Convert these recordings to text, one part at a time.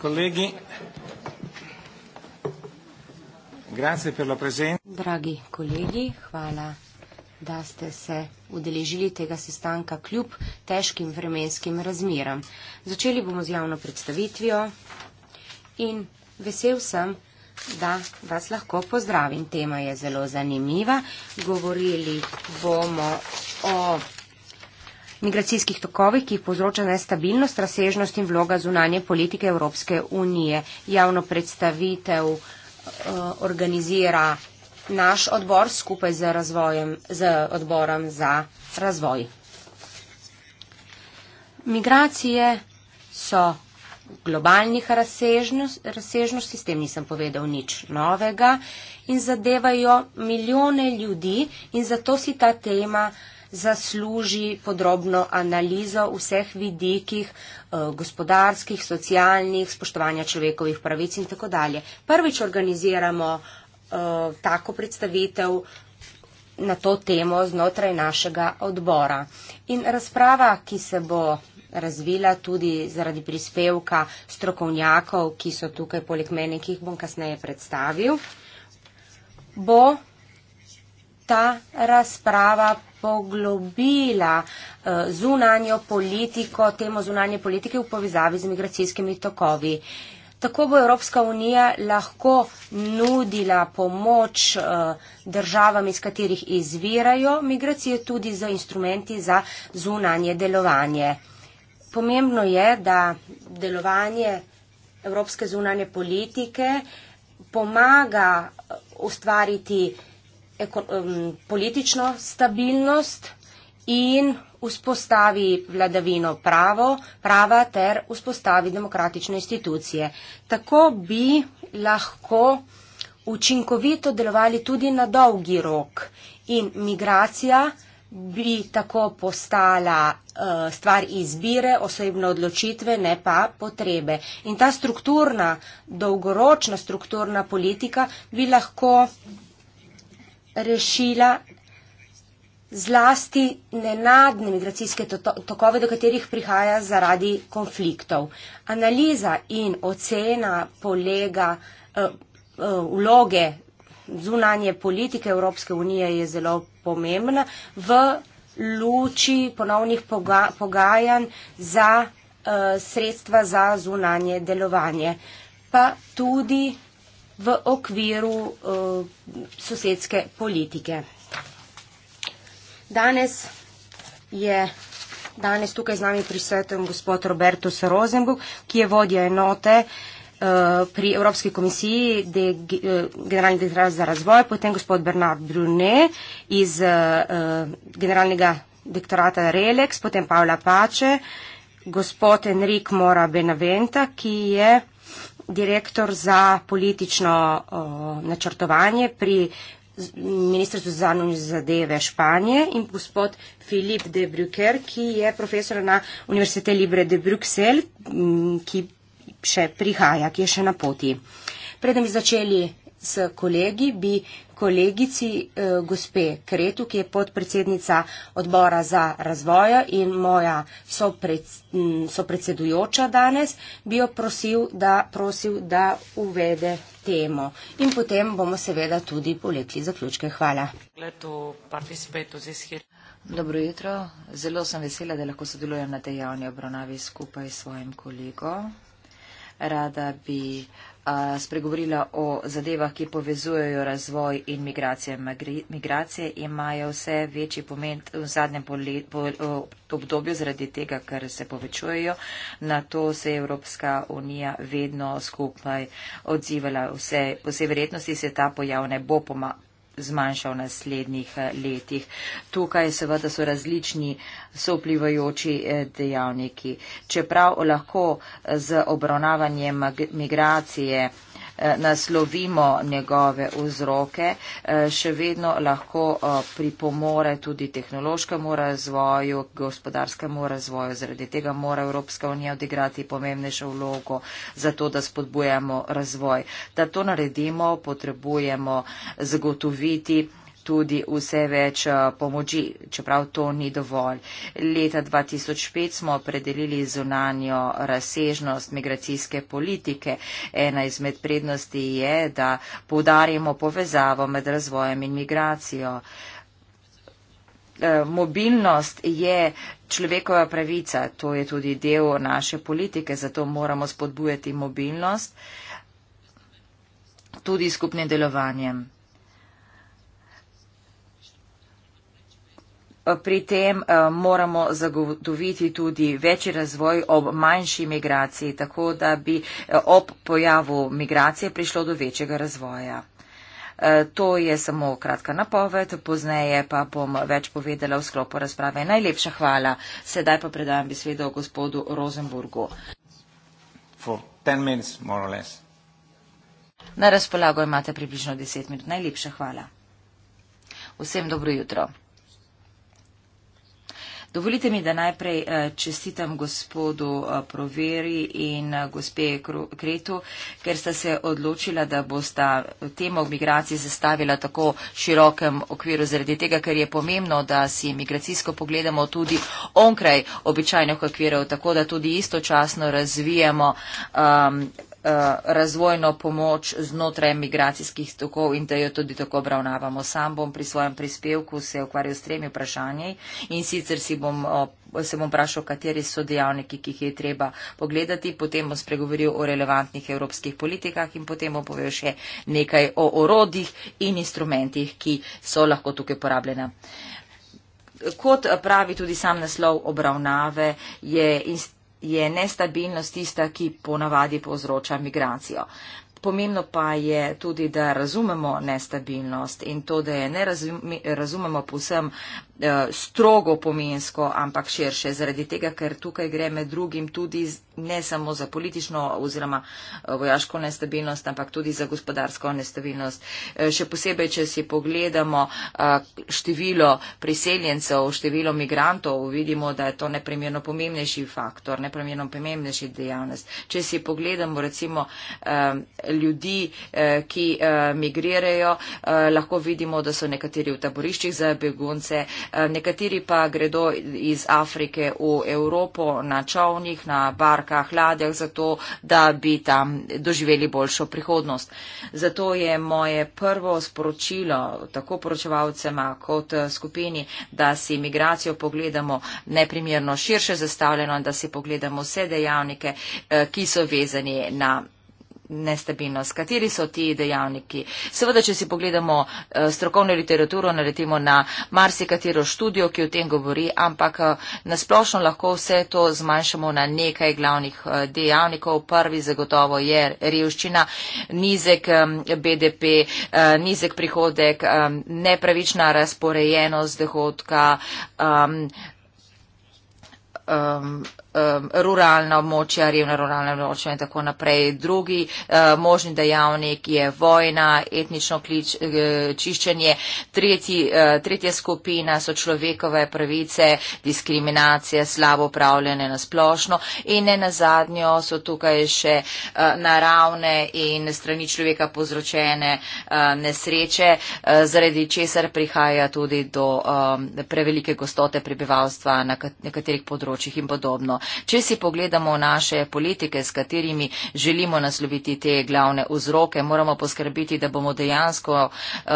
kolegi. Dragi kolegi, hvala, da ste se udeležili tega sestanka kljub težkim vremenskim razmeram. Začeli bomo z javno predstavitvijo in vesel sem, da vas lahko pozdravim. Tema je zelo zanimiva. Govorili bomo o migracijskih tokovih, ki jih povzroča nestabilnost, razsežnost in vloga zunanje politike Evropske unije. Javno predstavitev uh, organizira naš odbor skupaj z, razvojem, z odborom za razvoj. Migracije so globalnih razsežnosti, razsežnost, s tem nisem povedal nič novega, in zadevajo milijone ljudi in zato si ta tema zasluži podrobno analizo vseh vidikih eh, gospodarskih, socialnih, spoštovanja človekovih pravic in tako dalje. Prvič organiziramo eh, tako predstavitev na to temo znotraj našega odbora. In razprava, ki se bo razvila tudi zaradi prispevka strokovnjakov, ki so tukaj poleg mene, ki jih bom kasneje predstavil, bo ta razprava poglobila eh, zunanjo politiko, temo zunanje politike v povezavi z migracijskimi tokovi. Tako bo Evropska unija lahko nudila pomoč eh, državam, iz katerih izvirajo migracije, tudi z instrumenti za zunanje delovanje. Pomembno je, da delovanje Evropske zunanje politike pomaga eh, ustvariti eko, um, politično stabilnost in vzpostavi vladavino pravo, prava ter vzpostavi demokratične institucije. Tako bi lahko učinkovito delovali tudi na dolgi rok in migracija bi tako postala uh, stvar izbire, osebne odločitve, ne pa potrebe. In ta strukturna, dolgoročna strukturna politika bi lahko rešila zlasti nenadne migracijske tokove, do katerih prihaja zaradi konfliktov. Analiza in ocena polega eh, eh, vloge zunanje politike Evropske unije je zelo pomembna v luči ponovnih poga pogajanj za eh, sredstva za zunanje delovanje, pa tudi v okviru uh, sosedske politike. Danes je danes tukaj z nami prisoten gospod Roberto Sarozenbuk, ki je vodja enote uh, pri Evropski komisiji, de, uh, generalni direktor za razvoj, potem gospod Bernard Brunet iz uh, uh, generalnega direktorata Relex, potem Pavla Pače, gospod Enrik Mora Benaventa, ki je direktor za politično o, načrtovanje pri Ministrstvu za zanonje zadeve Španije in gospod Filip de Brucker, ki je profesor na Univerzite Libre de Bruxelles, ki še prihaja, ki je še na poti. Preden bi začeli s kolegi, bi kolegici eh, gospe Kretu, ki je podpredsednica odbora za razvoj in moja sopredsedujoča danes, bi jo prosil, da, prosil, da uvede temo. In potem bomo seveda tudi polekli zaključke. Hvala. Dobro jutro. Zelo sem vesela, da lahko sodelujem na tej javni obravnavi skupaj s svojim kolego. Rada bi uh, spregovorila o zadevah, ki povezujejo razvoj in migracije. Migracije imajo vse večji pomen v zadnjem obdobju zaradi tega, ker se povečujejo. Na to se je Evropska unija vedno skupaj odzivala. Vse, vse verjetnosti se ta pojav ne bo zmanjša v naslednjih eh, letih. Tukaj seveda so različni soplivajoči eh, dejavniki. Čeprav lahko eh, z obravnavanjem migracije Eh, naslovimo njegove vzroke, eh, še vedno lahko eh, pripomore tudi tehnološkemu razvoju, gospodarskemu razvoju. Zaradi tega mora Evropska unija odigrati pomembnejšo vlogo za to, da spodbujamo razvoj. Da to naredimo, potrebujemo zagotoviti tudi vse več eh, pomoči, čeprav to ni dovolj. Leta 2005 smo opredelili zunanjo razsežnost migracijske politike. Ena izmed prednosti je, da podarimo povezavo med razvojem in migracijo. Eh, mobilnost je človekova pravica, to je tudi del naše politike, zato moramo spodbujati mobilnost tudi skupnim delovanjem. Pri tem eh, moramo zagotoviti tudi večji razvoj ob manjši migraciji, tako da bi eh, ob pojavu migracije prišlo do večjega razvoja. Eh, to je samo kratka napoved, pozneje pa bom več povedala v sklopu razprave. Najlepša hvala. Sedaj pa predajam besedo gospodu Rosenburgu. Minutes, Na razpolago imate približno 10 minut. Najlepša hvala. Vsem dobro jutro. Dovolite mi, da najprej eh, čestitam gospodu eh, Proveri in eh, gospe Kretu, ker sta se odločila, da bosta temo migracij zastavila tako širokem okviru, zaradi tega, ker je pomembno, da si migracijsko pogledamo tudi onkraj običajnih okvirov, tako da tudi istočasno razvijamo um, Eh, razvojno pomoč znotraj migracijskih tokov in da jo tudi tako obravnavamo. Sam bom pri svojem prispevku se ukvarjal s tremi vprašanji in sicer si bom, eh, se bom vprašal, kateri so dejavniki, ki jih je treba pogledati, potem bom spregovoril o relevantnih evropskih politikah in potem bom povedal še nekaj o orodjih in instrumentih, ki so lahko tukaj porabljena. Kot pravi tudi sam naslov obravnave, je institucija, je nestabilnost tista, ki ponavadi povzroča migracijo. Pomembno pa je tudi, da razumemo nestabilnost in to, da je ne razumemo povsem Eh, strogo pomensko, ampak širše, zaradi tega, ker tukaj gre med drugim tudi ne samo za politično oziroma eh, vojaško nestabilnost, ampak tudi za gospodarsko nestabilnost. Eh, še posebej, če si pogledamo število priseljencev, število migrantov, vidimo, da je to nepremjerno pomembnejši faktor, nepremjerno pomembnejši dejavnost. Če si pogledamo recimo ljudi, ki migrirajo, lahko vidimo, da so nekateri v taboriščih za begunce, Eh, nekateri pa gredo iz Afrike v Evropo na čovnih, na barkah, ladjah, zato da bi tam doživeli boljšo prihodnost. Zato je moje prvo sporočilo tako poročevalcema kot eh, skupini, da si migracijo pogledamo neprimerno širše zastavljeno in da si pogledamo vse dejavnike, eh, ki so vezani na migracijo nestabilnost, kateri so ti dejavniki. Seveda, če si pogledamo eh, strokovno literaturo, naletimo na marsikatero študijo, ki o tem govori, ampak eh, nasplošno lahko vse to zmanjšamo na nekaj glavnih eh, dejavnikov. Prvi zagotovo je revščina, nizek BDP, nizek prihodek, nepravična razporejenost dohodka. Um, um, um, ruralna območja, revna ruralna območja in tako naprej. Drugi uh, možni dejavnik je vojna, etnično klič, uh, čiščenje. Tretji, uh, tretja skupina so človekove pravice, diskriminacija, slabo upravljanje na splošno in ne na zadnjo so tukaj še uh, naravne in strani človeka povzročene uh, nesreče, uh, zaradi česar prihaja tudi do um, prevelike gostote prebivalstva na, kat na katerih področjih in podobno. Če si pogledamo naše politike, s katerimi želimo nasloviti te glavne vzroke, moramo poskrbiti, da bomo dejansko uh,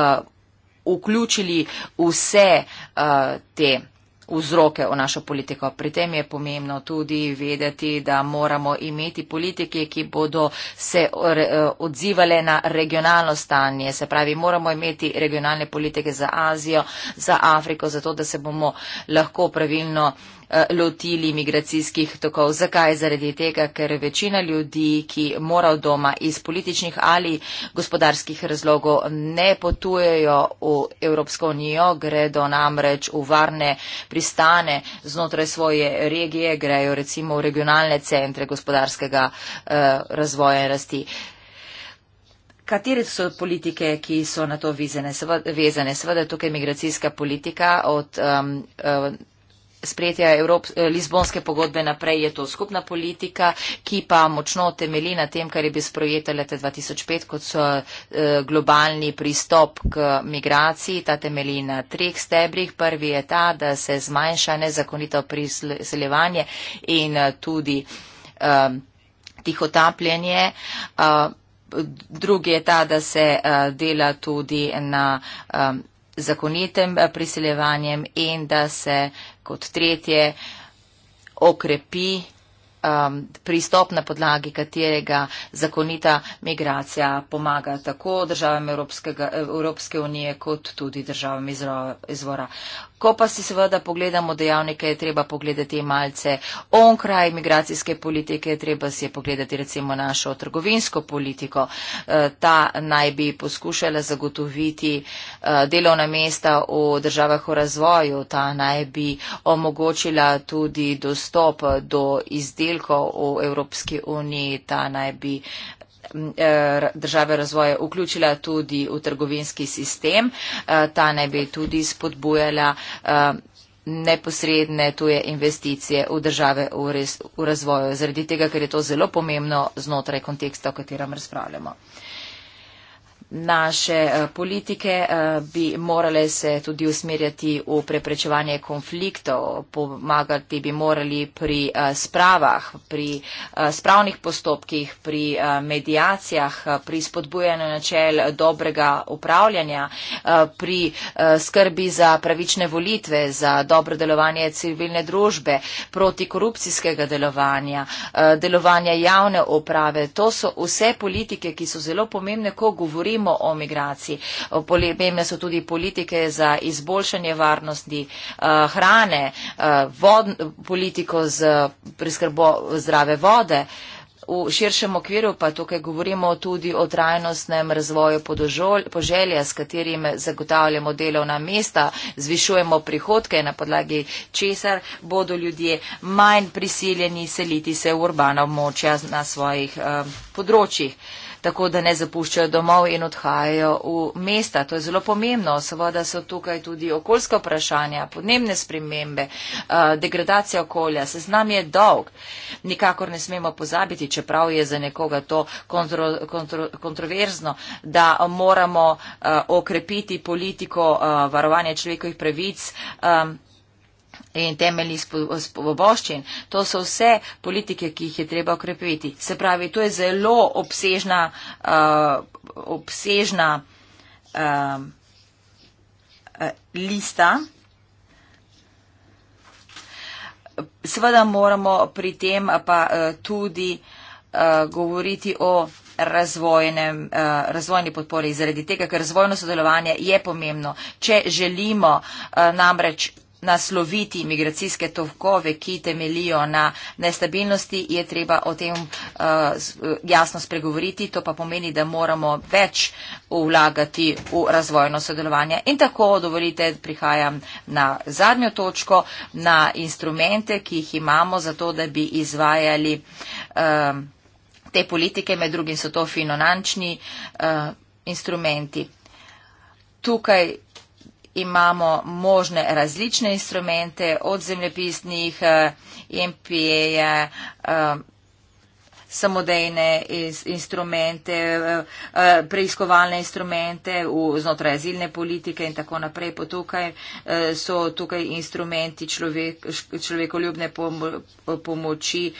vključili vse uh, te vzroke v našo politiko. Pri tem je pomembno tudi vedeti, da moramo imeti politike, ki bodo se eh, odzivale na regionalno stanje. Se pravi, moramo imeti regionalne politike za Azijo, za Afriko, zato da se bomo lahko pravilno uh, Eh, lotili migracijskih tokov. Zakaj? Zaradi tega, ker večina ljudi, ki mora od doma iz političnih ali gospodarskih razlogov, ne potujejo v Evropsko unijo, gredo namreč v varne pristane znotraj svoje regije, grejo recimo v regionalne centre gospodarskega eh, razvoja in rasti. Katere so politike, ki so na to vezane? Seveda tukaj je migracijska politika od um, um, sprejetja Evrop, eh, Lizbonske pogodbe naprej je to skupna politika, ki pa močno temeli na tem, kar je bil sprejet leta 2005, kot so eh, globalni pristop k migraciji. Ta temeli na treh stebrih. Prvi je ta, da se zmanjša nezakonito priseljevanje in eh, tudi um, tihotapljenje. Uh, drugi je ta, da se uh, dela tudi na. Um, zakonitem eh, priseljevanjem in da se kot tretje okrepi um, pristop na podlagi katerega zakonita migracija pomaga tako državam Evropske unije kot tudi državam izvora. Ko pa si seveda pogledamo dejavnike, je treba pogledati malce onkraj migracijske politike, treba si je pogledati recimo našo trgovinsko politiko. Eh, ta naj bi poskušala zagotoviti eh, delovna mesta v državah v razvoju, ta naj bi omogočila tudi dostop do izdelkov izdelkov v Evropski uniji, ta naj bi eh, države razvoja vključila tudi v trgovinski sistem, eh, ta naj bi tudi spodbujala eh, neposredne tuje investicije v države v, res, v razvoju, zaradi tega, ker je to zelo pomembno znotraj konteksta, o katerem razpravljamo naše eh, politike eh, bi morale se tudi usmerjati v preprečevanje konfliktov, pomagati bi morali pri eh, spravah, pri spravnih postopkih, pri medijacijah, pri spodbujanju načel dobrega upravljanja, pri skrbi za pravične volitve, za dobro delovanje civilne družbe, protikorupcijskega delovanja, delovanja javne uprave. To so vse politike, ki so zelo pomembne, ko govorimo govorimo o migraciji. Pomembne so tudi politike za izboljšanje varnosti eh, hrane, eh, vod, politiko z priskrbo zdrave vode. V širšem okviru pa tukaj govorimo tudi o trajnostnem razvoju poželja, s katerim zagotavljamo delovna mesta, zvišujemo prihodke, na podlagi česar bodo ljudje manj prisiljeni seliti se v urbana območja na svojih eh, področjih. Eh, tako da ne zapuščajo domov in odhajajo v mesta. To je zelo pomembno. Seveda so tukaj tudi okoljska vprašanja, podnebne spremembe, eh, degradacija okolja. Seznam je dolg. Nikakor ne smemo pozabiti, čeprav je za nekoga to kontro, kontro, kontroverzno, da moramo eh, okrepiti politiko eh, varovanja človekovih pravic in temeljni spoboščin. To so vse politike, ki jih je treba okrepiti. Se pravi, to je zelo obsežna, uh, obsežna um, uh, lista. Seveda moramo pri tem pa uh, tudi uh, govoriti o razvojnem, uh, razvojni podpori, zaradi tega, ker razvojno sodelovanje je pomembno. Če želimo uh, namreč nasloviti migracijske tokove, ki temelijo na nestabilnosti, je treba o tem uh, uh, jasno spregovoriti. To pa pomeni, da moramo več vlagati v razvojno sodelovanje. In tako, dovolite, prihajam na zadnjo točko, na instrumente, ki jih imamo za to, da bi izvajali uh, te politike. Med drugim so to finančni uh, instrumenti. Tukaj imamo možne različne instrumente od zemljepisnih eh, MPA-je, eh, samodejne instrumente, eh, preiskovalne instrumente znotraj azilne politike in tako naprej. Po tukaj so tukaj instrumenti človek, človekoljubne pomoči,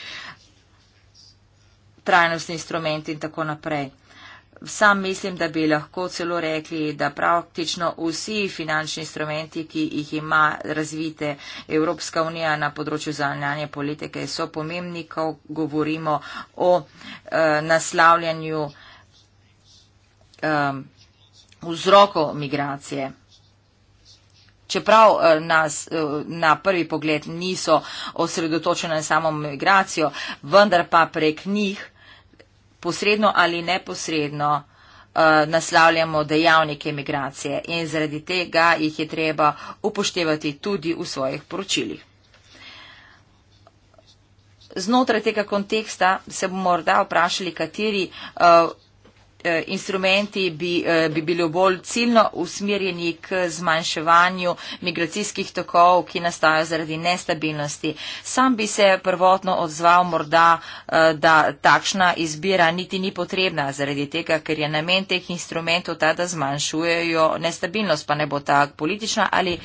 trajnostni instrumenti in tako naprej sam mislim, da bi lahko celo rekli, da praktično vsi finančni instrumenti, ki jih ima razvite Evropska unija na področju zanjanje politike, so pomembni, ko govorimo o eh, naslavljanju eh, vzrokov migracije. Čeprav eh, nas eh, na prvi pogled niso osredotočene samo migracijo, vendar pa prek njih posredno ali neposredno eh, naslavljamo dejavnike migracije in zaradi tega jih je treba upoštevati tudi v svojih poročilih. Znotraj tega konteksta se bomo morda vprašali, kateri uh, Eh, instrumenti bi, eh, bi bili bolj ciljno usmerjeni k zmanjševanju migracijskih tokov, ki nastajajo zaradi nestabilnosti. Sam bi se prvotno odzval morda, eh, da takšna izbira niti ni potrebna zaradi tega, ker je namen teh instrumentov ta, da zmanjšujejo nestabilnost, pa ne bo ta politična ali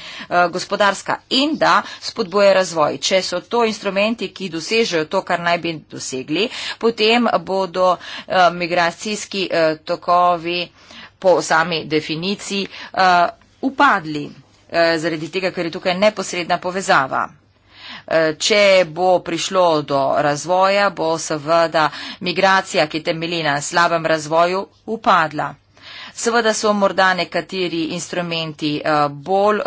gospodarska in da spodboje razvoj. Če so to instrumenti, ki dosežejo to, kar naj bi dosegli, potem bodo migracijski tokovi po sami definiciji eh, upadli eh, zaradi tega, ker je tukaj neposredna povezava. Eh, če bo prišlo do razvoja, bo seveda migracija, ki temelji na slabem razvoju, upadla. Seveda so morda nekateri instrumenti bolj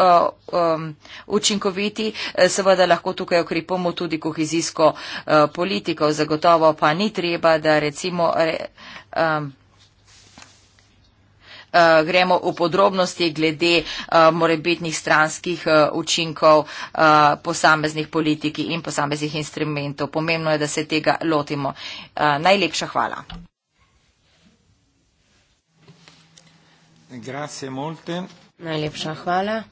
učinkoviti, seveda lahko tukaj okrepimo tudi kohezijsko politiko, zagotovo pa ni treba, da recimo. Re, um, uh, gremo v podrobnosti glede uh, morebitnih stranskih uh, učinkov uh, posameznih politiki in posameznih instrumentov. Pomembno je, da se tega lotimo. Uh, najlepša hvala. Najlepša hvala.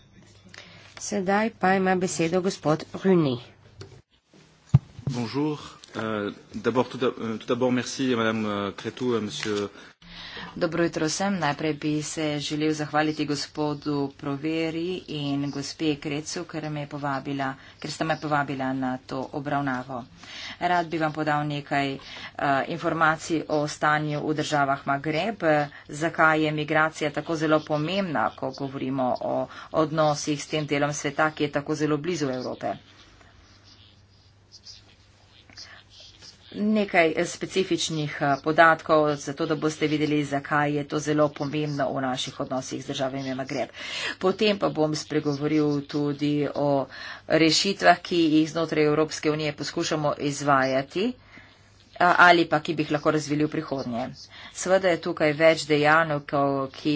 Sedaj pa ima besedo gospod Runi. Bonjour. Euh, D'abord, tout euh, d'abord, merci, Madame euh, Cretou, euh, Monsieur. Dobro jutro vsem. Najprej bi se želel zahvaliti gospodu Proveri in gospe Krecu, ker, me povabila, ker sta me povabila na to obravnavo. Rad bi vam podal nekaj uh, informacij o stanju v državah Magreb, zakaj je migracija tako zelo pomembna, ko govorimo o odnosih s tem delom sveta, ki je tako zelo blizu Evrope. nekaj eh, specifičnih eh, podatkov, zato da boste videli, zakaj je to zelo pomembno v naših odnosih z državami Magreb. Potem pa bom spregovoril tudi o rešitvah, ki jih znotraj Evropske unije poskušamo izvajati ali pa ki bi jih lahko razvili v prihodnje. Sveda je tukaj več dejanov, ki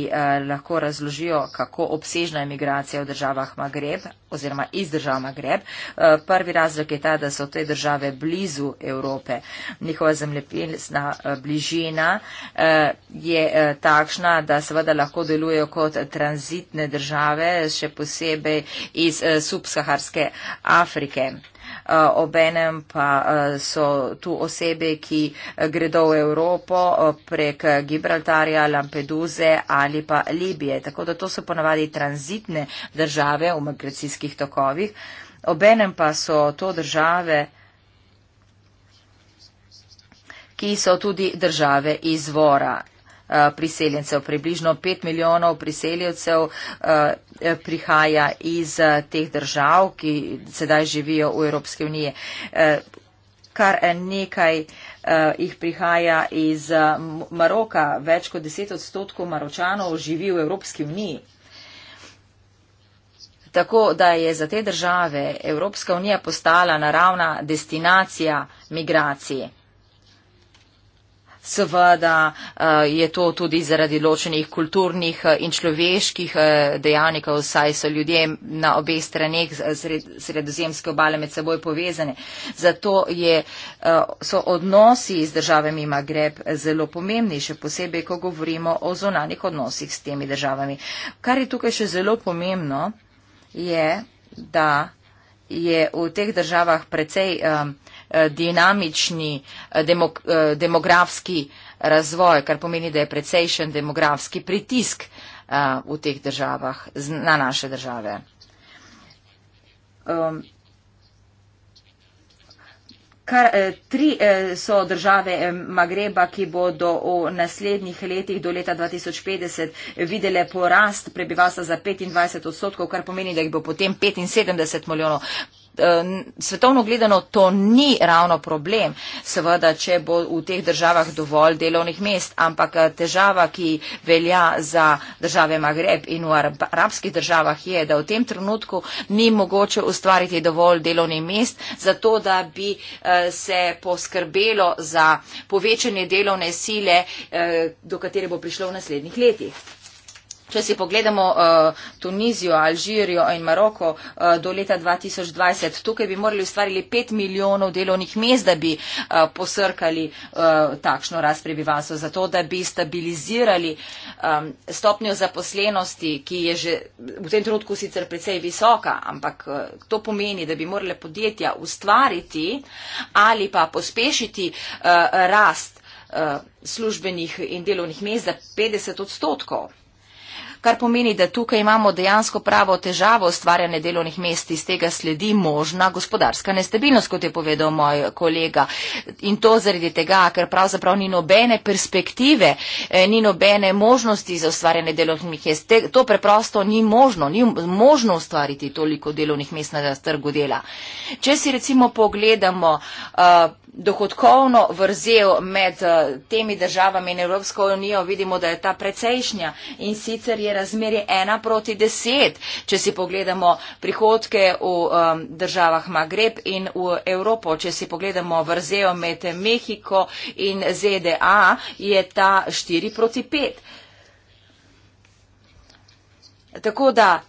lahko razložijo, kako obsežna je migracija v državah Magreb oziroma iz držav Magreb. Prvi razlog je ta, da so te države blizu Evrope. Njihova zemljepilsna bližina je takšna, da seveda lahko delujejo kot tranzitne države, še posebej iz subsaharske Afrike. Eh, obenem pa eh, so tu osebe, ki eh, gredo v Evropo prek Gibraltarja, Lampeduze ali pa Libije. Tako da to so ponavadi tranzitne države v migracijskih tokovih. Obenem pa so to države ki so tudi države izvora Eh, priseljencev. Približno 5 milijonov priseljencev eh, eh, prihaja iz teh držav, ki sedaj živijo v Evropske unije. Kar nekaj jih prihaja iz Maroka, več kot 10 odstotkov maročanov živi v Evropski uniji. Tako da je za te države Evropska unija postala naravna destinacija migracije. Seveda eh, je to tudi zaradi ločenih kulturnih eh, in človeških eh, dejavnikov, saj so ljudje na obeh straneh sredozemske obale med seboj povezane. Zato je, so odnosi z državami Magreb zelo pomembni, še posebej, ko govorimo o zonanih odnosih s temi državami. Kar je tukaj še zelo pomembno, je, da je v teh državah precej um, Eh, dinamični eh, demok, eh, demografski razvoj, kar pomeni, da je precejšen demografski pritisk v teh državah, na naše države. Ehm, kar, tri so države Magreba, ki bodo v naslednjih letih do leta 2050 videle porast prebivalstva za 25 odstotkov, kar pomeni, da jih bo potem 75 milijonov. Eh, svetovno gledano to ni ravno problem, seveda, če bo v teh državah dovolj delovnih mest, ampak eh, težava, ki velja za države Magreb in v arabskih državah je, da v tem trenutku ni mogoče ustvariti dovolj delovnih mest, zato da bi eh, se poskrbelo za povečanje delovne sile, do katere bo prišlo v naslednjih letih. Če si pogledamo uh, Tunizijo, Alžirijo in Maroko uh, do leta 2020, tukaj bi morali ustvariti 5 milijonov delovnih mest, da bi uh, posrkali uh, takšno rast prebivalstva, zato da bi stabilizirali um, stopnjo zaposlenosti, ki je že v tem trenutku sicer precej visoka, ampak uh, to pomeni, da bi morale podjetja ustvariti ali pa pospešiti uh, rast uh, službenih in delovnih mest za 50 odstotkov kar pomeni, da tukaj imamo dejansko pravo težavo ustvarjanja delovnih mest, iz tega sledi možna gospodarska nestabilnost, kot je povedal moj kolega. In to zaradi tega, ker pravzaprav ni nobene perspektive, eh, ni nobene možnosti za ustvarjanje delovnih mest. To preprosto ni možno, ni možno ustvariti toliko delovnih mest na trgu dela. Če si recimo pogledamo. Uh, dohodkovno vrzel med eh, temi državami in Evropsko unijo, vidimo, da je ta precejšnja in sicer je razmerje ena proti deset, če si pogledamo prihodke v državah Magreb in v Evropo, če si pogledamo vrzel med Mehiko in ZDA, je ta štiri proti pet. Tako da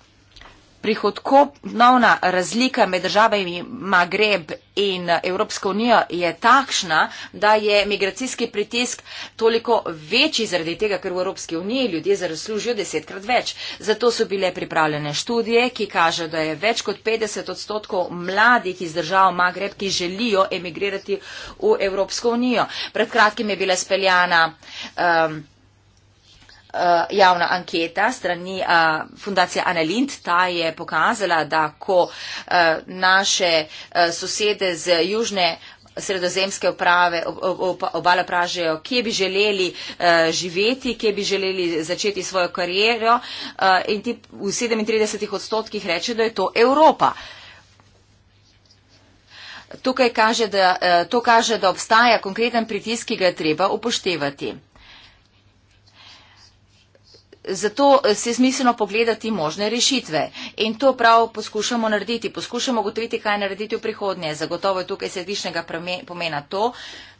prihodkovna razlika med državami Magreb in Evropsko unijo je takšna, da je migracijski pritisk toliko večji zaradi tega, ker v Evropski uniji ljudje zaslužijo desetkrat več. Zato so bile pripravljene študije, ki kaže, da je več kot 50 odstotkov mladih iz držav Magreb, ki želijo emigrirati v Evropsko unijo. Pred kratkim je bila speljana. Um, uh, javna anketa strani uh, Fundacije Analind, ta je pokazala, da ko uh, naše uh, sosede z južne sredozemske uprave obala pražejo, kje bi želeli uh, živeti, kje bi želeli začeti svojo karijero uh, in ti v 37 odstotkih reče, da je to Evropa. Tukaj kaže, da, uh, to kaže, da obstaja konkreten pritisk, ki ga je treba upoštevati. Zato eh, se je smiselno pogledati možne rešitve in to prav poskušamo narediti. Poskušamo ugotoviti, kaj narediti v prihodnje. Zagotovo je tukaj središnjega pomena to,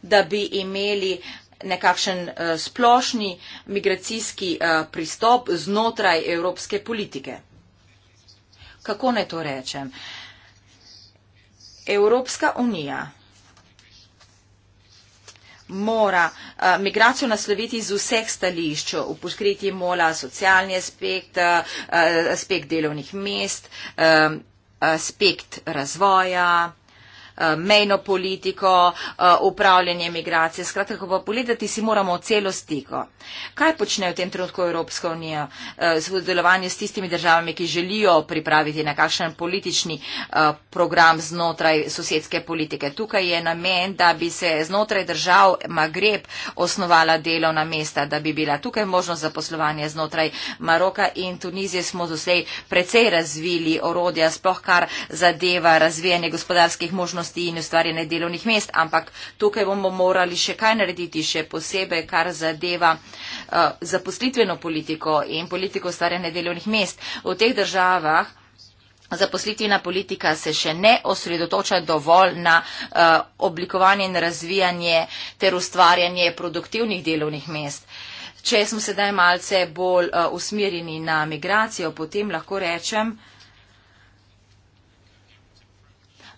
da bi imeli nekakšen eh, splošni migracijski eh, pristop znotraj evropske politike. Kako naj to rečem? Evropska unija mora eh, migracijo nasloviti z vseh stališč, upoškriti mora socialni aspekt, eh, aspekt delovnih mest, eh, aspekt razvoja. Eh, mejno politiko, eh, upravljanje migracije. Skratka, ko pa pogledati, si moramo celosti. Kaj počne v tem trenutku Evropska unija? Eh, sodelovanje s tistimi državami, ki želijo pripraviti na kakšen politični program znotraj sosedske politike. Tukaj je namen, da bi se znotraj držav Magreb osnovala delovna mesta, da bi bila tukaj možnost zaposlovanja znotraj Maroka in Tunizije smo doslej precej razvili orodja, sploh kar zadeva razvijanje gospodarskih možnosti prihodnosti in ustvarjanje delovnih mest. Ampak tukaj bomo morali še kaj narediti, še posebej, kar zadeva uh, zaposlitveno politiko in politiko ustvarjanja delovnih mest. V teh državah zaposlitvena politika se še ne osredotoča dovolj na uh, oblikovanje in razvijanje ter ustvarjanje produktivnih delovnih mest. Če smo sedaj malce bolj uh, usmerjeni na migracijo, potem lahko rečem,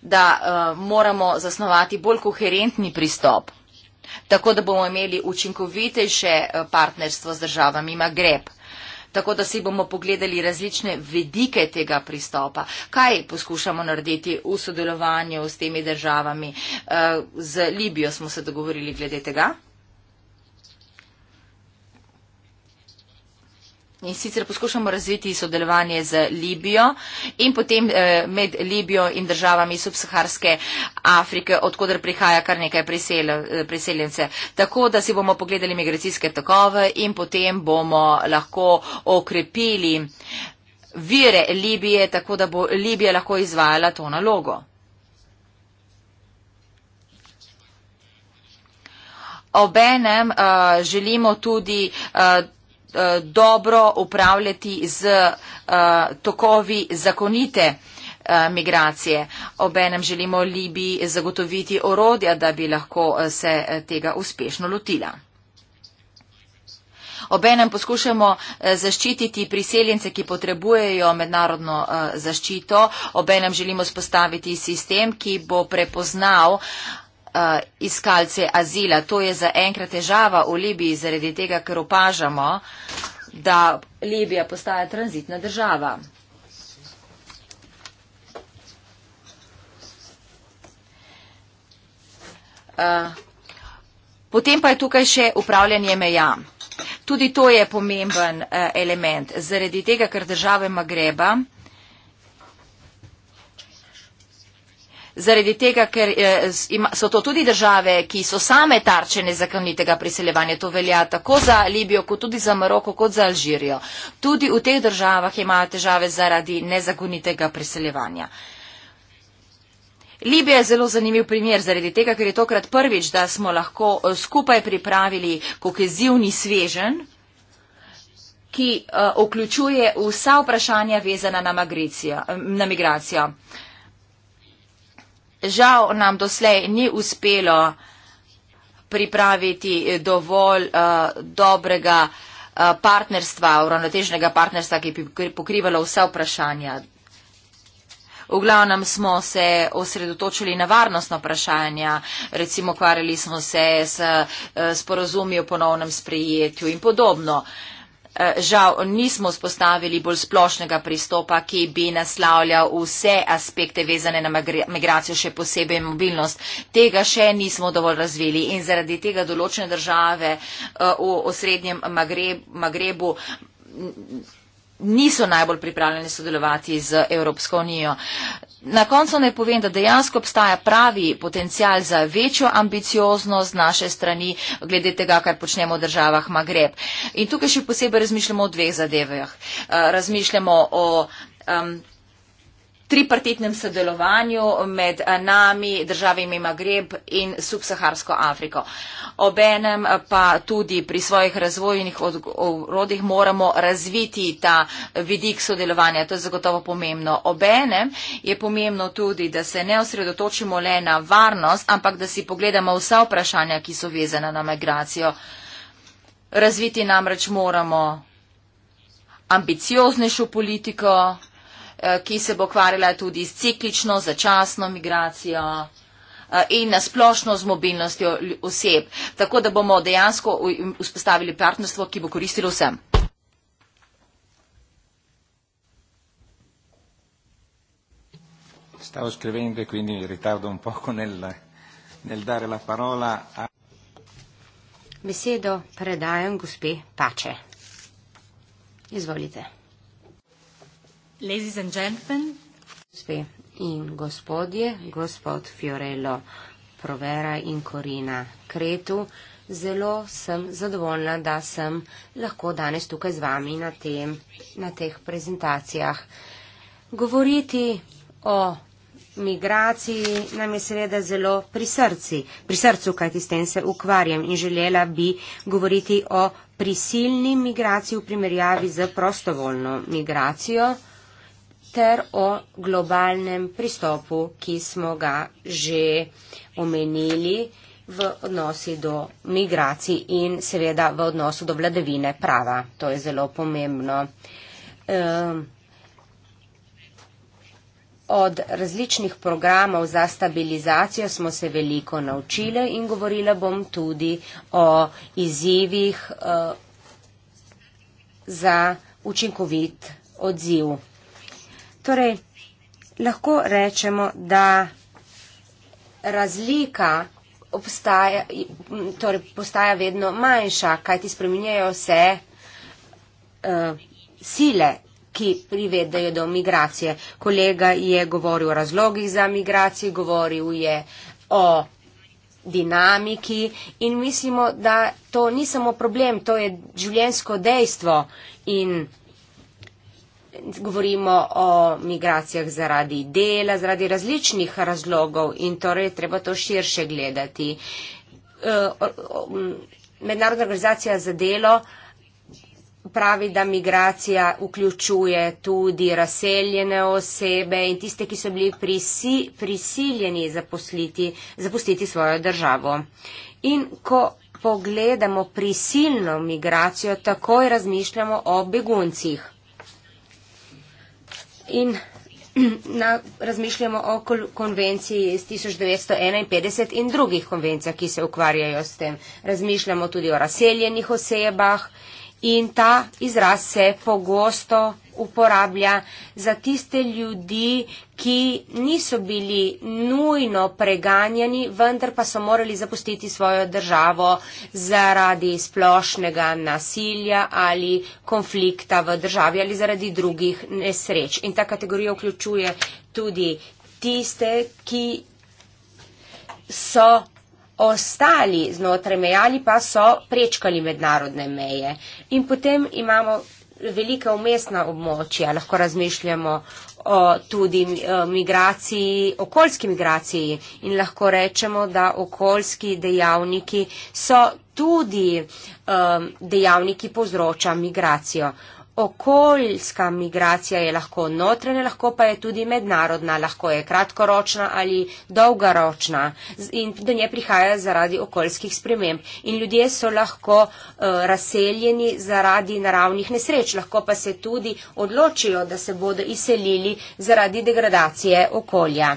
da uh, moramo zasnovati bolj koherentni pristop, tako da bomo imeli učinkovitejše eh, partnerstvo z državami Magreb. Tako da si bomo pogledali različne vedike tega pristopa, kaj poskušamo narediti v sodelovanju s temi državami. Eh, z Libijo smo se dogovorili glede tega. in sicer poskušamo razviti sodelovanje z Libijo in potem eh, med Libijo in državami subsaharske Afrike, odkudar prihaja kar nekaj eh, priseljence. Tako da si bomo pogledali migracijske tokove in potem bomo lahko okrepili vire Libije, tako da bo Libija lahko izvajala to nalogo. Obenem uh, želimo tudi uh, Eh, dobro upravljati z eh, tokovi zakonite eh, migracije. Obenem želimo Libiji zagotoviti orodja, da bi lahko se tega uspešno lotila. Obenem poskušamo zaščititi priseljence, ki potrebujejo mednarodno zaščito. Obenem želimo spostaviti sistem, ki bo prepoznal uh, uh, iskalce azila. To je za enkrat težava v Libiji, zaradi tega, ker opažamo, da Libija postaja tranzitna država. Uh, potem pa je tukaj še upravljanje meja. Tudi to je pomemben uh, element, zaradi tega, ker države Magreba zaradi tega, ker eh, so to tudi države, ki so same tarče nezakonitega priseljevanja. To velja tako za Libijo, kot tudi za Maroko, kot za Alžirijo. Tudi v teh državah imajo težave zaradi nezakonitega priseljevanja. Libija je zelo zanimiv primer zaradi tega, ker je tokrat prvič, da smo lahko eh, skupaj pripravili kohezivni svežen, ki uh, vključuje vsa vprašanja vezana na, na migracijo. Uh, Žal nam doslej ni uspelo pripraviti eh, dovolj uh, dobrega uh, partnerstva, uravnotežnega partnerstva, ki bi pokrivalo vsa vprašanja. V glavnem smo se osredotočili na varnostno vprašanje, recimo kvarjali smo se s sporozumijo o ponovnem sprejetju in podobno. Uh, Eh, žal nismo spostavili bolj splošnega pristopa, ki bi naslavljal vse aspekte vezane na migracijo, še posebej mobilnost. Tega še nismo dovolj razvili in zaradi tega določene države eh, v osrednjem Magrebu niso najbolj pripravljeni sodelovati z Evropsko unijo. Na koncu naj povem, da dejansko obstaja pravi potencial za večjo ambicioznost naše strani glede tega, kar počnemo v državah Magreb. In tukaj še posebej razmišljamo o dveh zadevah. Uh, razmišljamo o um, tripartitnem sodelovanju med eh, nami, državami Magreb in subsaharsko Afriko. Obenem pa tudi pri svojih razvojnih orodjih moramo razviti ta vidik sodelovanja. To je zagotovo pomembno. Obenem je pomembno tudi, da se ne osredotočimo le na varnost, ampak da si pogledamo vsa vprašanja, ki so vezana na migracijo. Razviti namreč moramo ambicioznejšo politiko, Eh, ki se bo kvarjala tudi s ciklično, začasno migracijo eh, in nasplošno z mobilnostjo oseb, tako da bomo dejansko vzpostavili partnerstvo, ki bo koristilo vsem. Stavo scrivendo e quindi ritardo un poco nel, nel dare la parola a. Besedo predajam gospe Pače. Izvolite. Ladies and gentlemen. Gospe in gospodje, gospod Fiorello Provera in Korina Kretu, zelo sem zadovoljna, da sem lahko danes tukaj z vami na, tem, na teh prezentacijah. Govoriti o migraciji nam je seveda zelo pri, srci, pri srcu, kajti s tem se ukvarjam in želela bi govoriti o prisilni migraciji v primerjavi z prostovoljno migracijo ter o globalnem pristopu, ki smo ga že omenili v odnosi do migracij in seveda v odnosu do vladavine prava. To je zelo pomembno. Ehm, od različnih programov za stabilizacijo smo se veliko naučili in govorila bom tudi o izzivih eh, za učinkovit odziv. Torej, lahko rečemo, da razlika obstaja, torej postaja vedno manjša, kajti spreminjajo se uh, sile ki privedajo do migracije. Kolega je govoril o razlogih za migracijo, govoril je o dinamiki in mislimo, da to ni samo problem, to je življensko dejstvo in govorimo o migracijah zaradi dela, zaradi različnih razlogov in torej treba to širše gledati. E, Mednarodna organizacija za delo pravi, da migracija vključuje tudi razseljene osebe in tiste, ki so bili prisi, prisiljeni zapustiti, zapustiti svojo državo. In ko pogledamo prisilno migracijo, takoj razmišljamo o beguncih in na, razmišljamo o konvenciji iz 1951 in drugih konvencijah, ki se ukvarjajo s tem. Razmišljamo tudi o razseljenih osebah in ta izraz se pogosto uporablja za tiste ljudi, ki niso bili nujno preganjani, vendar pa so morali zapustiti svojo državo zaradi splošnega nasilja ali konflikta v državi ali zaradi drugih nesreč. In ta kategorija vključuje tudi tiste, ki so ostali znotraj meja ali pa so prečkali mednarodne meje. In potem imamo velike umestna območja, lahko razmišljamo o tudi eh, migraciji, okoljski migraciji in lahko rečemo, da okoljski dejavniki so tudi um, dejavniki povzroča migracijo. Uh, okoljska migracija je lahko notranja, lahko pa je tudi mednarodna, lahko je kratkoročna ali dolgoročna in do nje prihaja zaradi okoljskih sprememb. In ljudje so lahko uh, razseljeni zaradi naravnih nesreč, lahko pa se tudi odločijo, da se bodo izselili zaradi degradacije okolja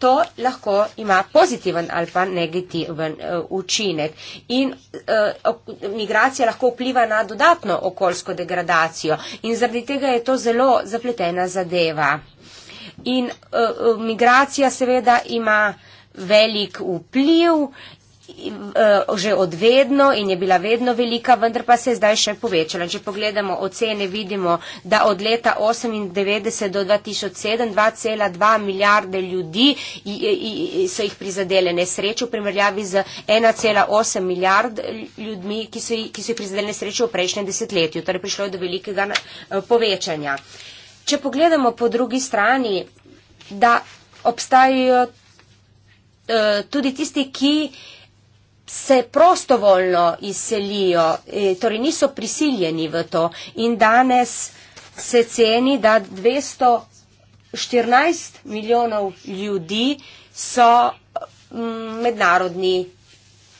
to lahko ima pozitiven ali pa negativen uh, učinek. In uh, migracija lahko vpliva na dodatno okoljsko degradacijo in zaradi tega je to zelo zapletena zadeva. In uh, migracija seveda ima velik vpliv Eh, že od vedno in je bila vedno velika, vendar pa se je zdaj še povečala. Če pogledamo ocene, vidimo, da od leta 1998 do 2007 2,2 milijarde ljudi so jih prizadele nesreče v primerjavi z 1,8 milijard ljudmi, ki so jih prizadele nesreče v prejšnjem desetletju. Torej prišlo je do velikega eh, povečanja. Če pogledamo po drugi strani, da obstajajo eh, tudi tisti, ki se prostovoljno izselijo, e, torej niso prisiljeni v to in danes se ceni, da 214 milijonov ljudi so mm, mednarodni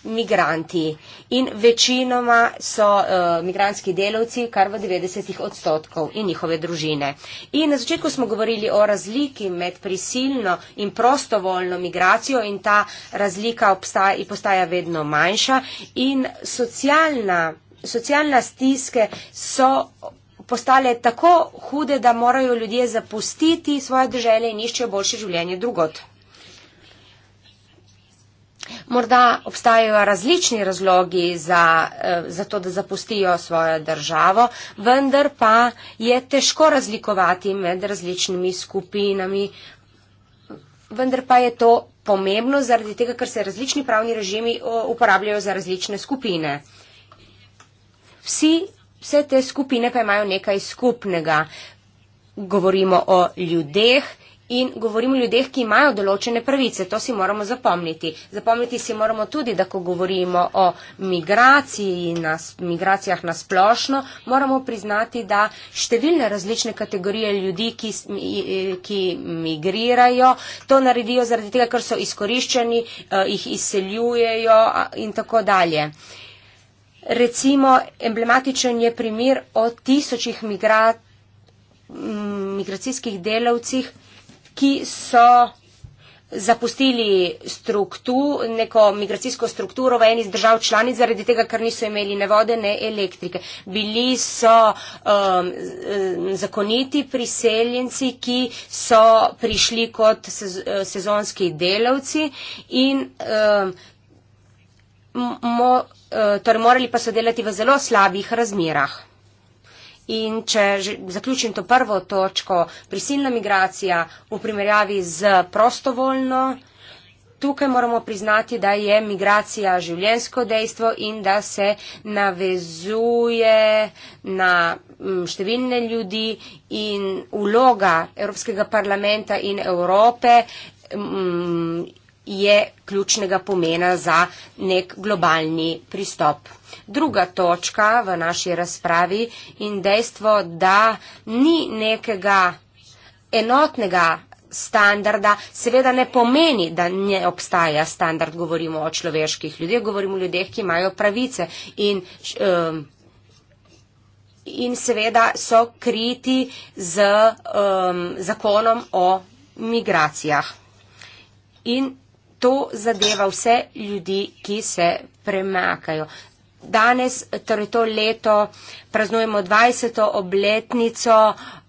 migranti in večinoma so uh, eh, migranski delavci, kar v 90 odstotkov in njihove družine. In na začetku smo govorili o razliki med prisilno in prostovoljno migracijo in ta razlika obstaja in postaja vedno manjša in socialna, socialna stiske so postale tako hude, da morajo ljudje zapustiti svoje države in iščejo boljše življenje drugot morda obstajajo različni razlogi za, eh, za to, da zapustijo svojo državo, vendar pa je težko razlikovati med različnimi skupinami. Vendar pa je to pomembno zaradi tega, ker se različni pravni režimi uporabljajo za različne skupine. Vsi, vse te skupine pa imajo nekaj skupnega. Govorimo o ljudeh, in govorim o ljudeh, ki imajo določene pravice. To si moramo zapomniti. Zapomniti si moramo tudi, da ko govorimo o migraciji in migracijah na splošno, moramo priznati, da številne različne kategorije ljudi, ki, e, ki migrirajo, to naredijo zaradi tega, ker so izkoriščeni, e, jih izseljujejo in tako dalje. Recimo, emblematičen je primer o tisočih migracijskih delavcih, ki so zapustili strukturo, neko migracijsko strukturo v eni z držav članic zaradi tega, ker niso imeli ne vode, ne elektrike. Bili so um, zakoniti priseljenci, ki so prišli kot eh, sezonski delavci in um, mo, eh, torej morali pa so delati v zelo slabih razmerah. In če zaključim to prvo točko, prisilna migracija v primerjavi z prostovoljno, tukaj moramo priznati, da je migracija življensko dejstvo in da se navezuje na mm, številne ljudi in vloga Evropskega parlamenta in Evrope mm, je ključnega pomena za nek globalni pristop. Druga točka v naši razpravi in dejstvo, da ni nekega enotnega standarda, seveda ne pomeni, da ne obstaja standard, govorimo o človeških ljudeh, govorimo o ljudeh, ki imajo pravice in, um, in seveda so kriti z um, zakonom o migracijah. In to zadeva vse ljudi, ki se premakajo. Danes, torej to leto, praznujemo 20. obletnico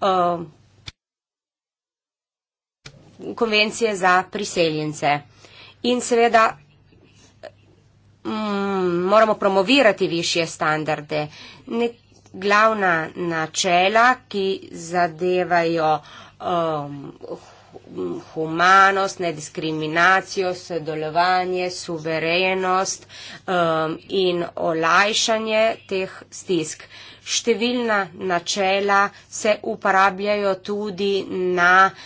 uh, konvencije za priseljence. In seveda mm, moramo promovirati višje standarde. Ne, glavna načela, ki zadevajo um, humanost, nediskriminacijo, sodelovanje, suverenost um, in olajšanje teh stisk. Številna načela se uporabljajo tudi na uh,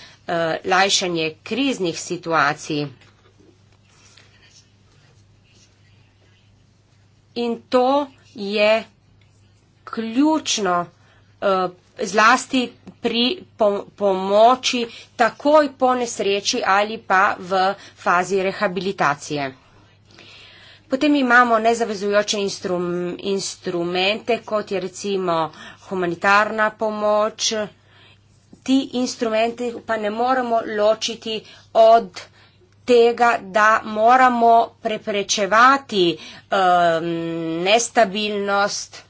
lajšanje kriznih situacij. In to je ključno uh, zlasti pri pomoči takoj po nesreči ali pa v fazi rehabilitacije. Potem imamo nezavezujoče instrum, instrumente, kot je recimo humanitarna pomoč. Ti instrumenti pa ne moramo ločiti od tega, da moramo preprečevati um, nestabilnost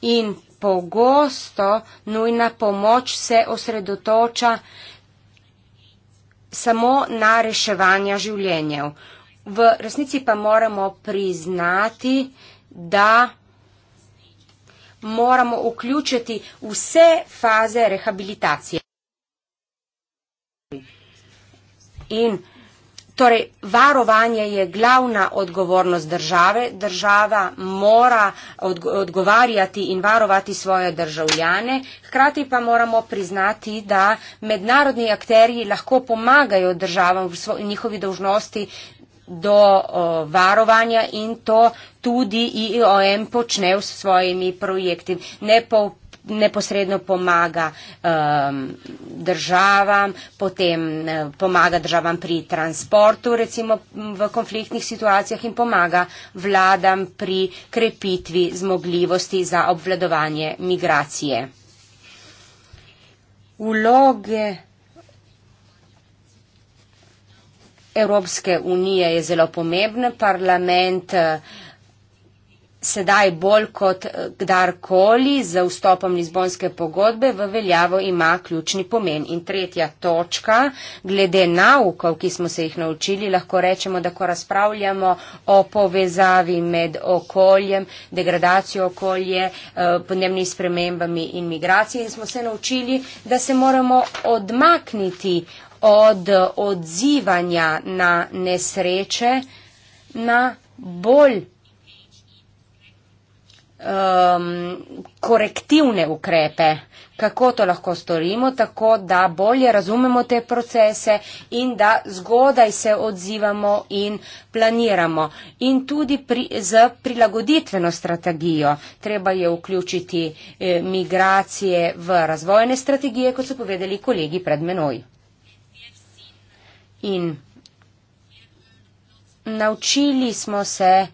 in pogosto nujna pomoč se osredotoča samo na reševanje življenja. V resnici pa moramo priznati, da moramo vključiti vse faze rehabilitacije. In Torej, varovanje je glavna odgovornost države. Država mora odgovarjati in varovati svoje državljane. Hkrati pa moramo priznati, da mednarodni akteri lahko pomagajo državam v njihovi dožnosti do o, varovanja in to tudi IOM počne s svojimi projekti. Ne po neposredno pomaga um, državam, potem eh, pomaga državam pri transportu, recimo v konfliktnih situacijah in pomaga vladam pri krepitvi zmogljivosti za obvladovanje migracije. Uloge Evropske unije je zelo pomembna. Parlament uh, sedaj bolj kot eh, kdarkoli z vstopom Lizbonske pogodbe v veljavo ima ključni pomen. In tretja točka, glede naukov, ki smo se jih naučili, lahko rečemo, da ko razpravljamo o povezavi med okoljem, degradacijo okolje, eh, podnebnimi spremembami in migracijo in smo se naučili, da se moramo odmakniti od odzivanja na nesreče na bolj um, korektivne ukrepe, kako to lahko storimo, tako da bolje razumemo te procese in da zgodaj se odzivamo in planiramo. In tudi pri, z prilagoditveno strategijo treba je vključiti eh, migracije v razvojne strategije, kot so povedali kolegi pred menoj. In naučili smo se,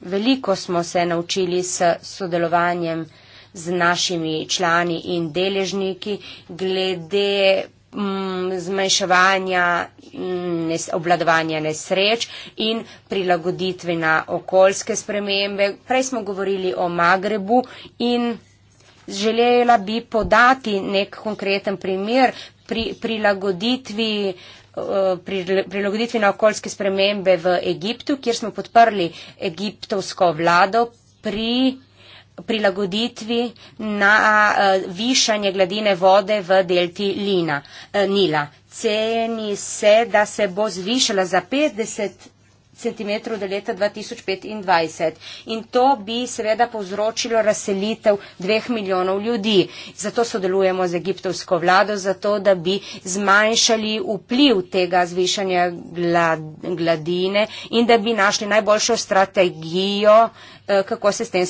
Veliko smo se naučili s sodelovanjem z našimi člani in deležniki glede m, mm, zmanjševanja m, mm, obladovanja nesreč in prilagoditve na okoljske spremembe. Prej smo govorili o Magrebu in želela bi podati nek konkreten primer pri prilagoditvi Eh, prilagoditvi na okoljske spremembe v Egiptu, kjer smo podprli egiptovsko vlado pri prilagoditvi na eh, višanje gladine vode v delti Lina, eh, Nila. Ceni se, da se bo zvišala za 50 centimetrov do leta 2025. In to bi seveda povzročilo razselitev dveh milijonov ljudi. Zato sodelujemo z egiptovsko vlado, zato da bi zmanjšali vpliv tega zvišanja glad, gladine in da bi našli najboljšo strategijo uh, Eh, kako se s tem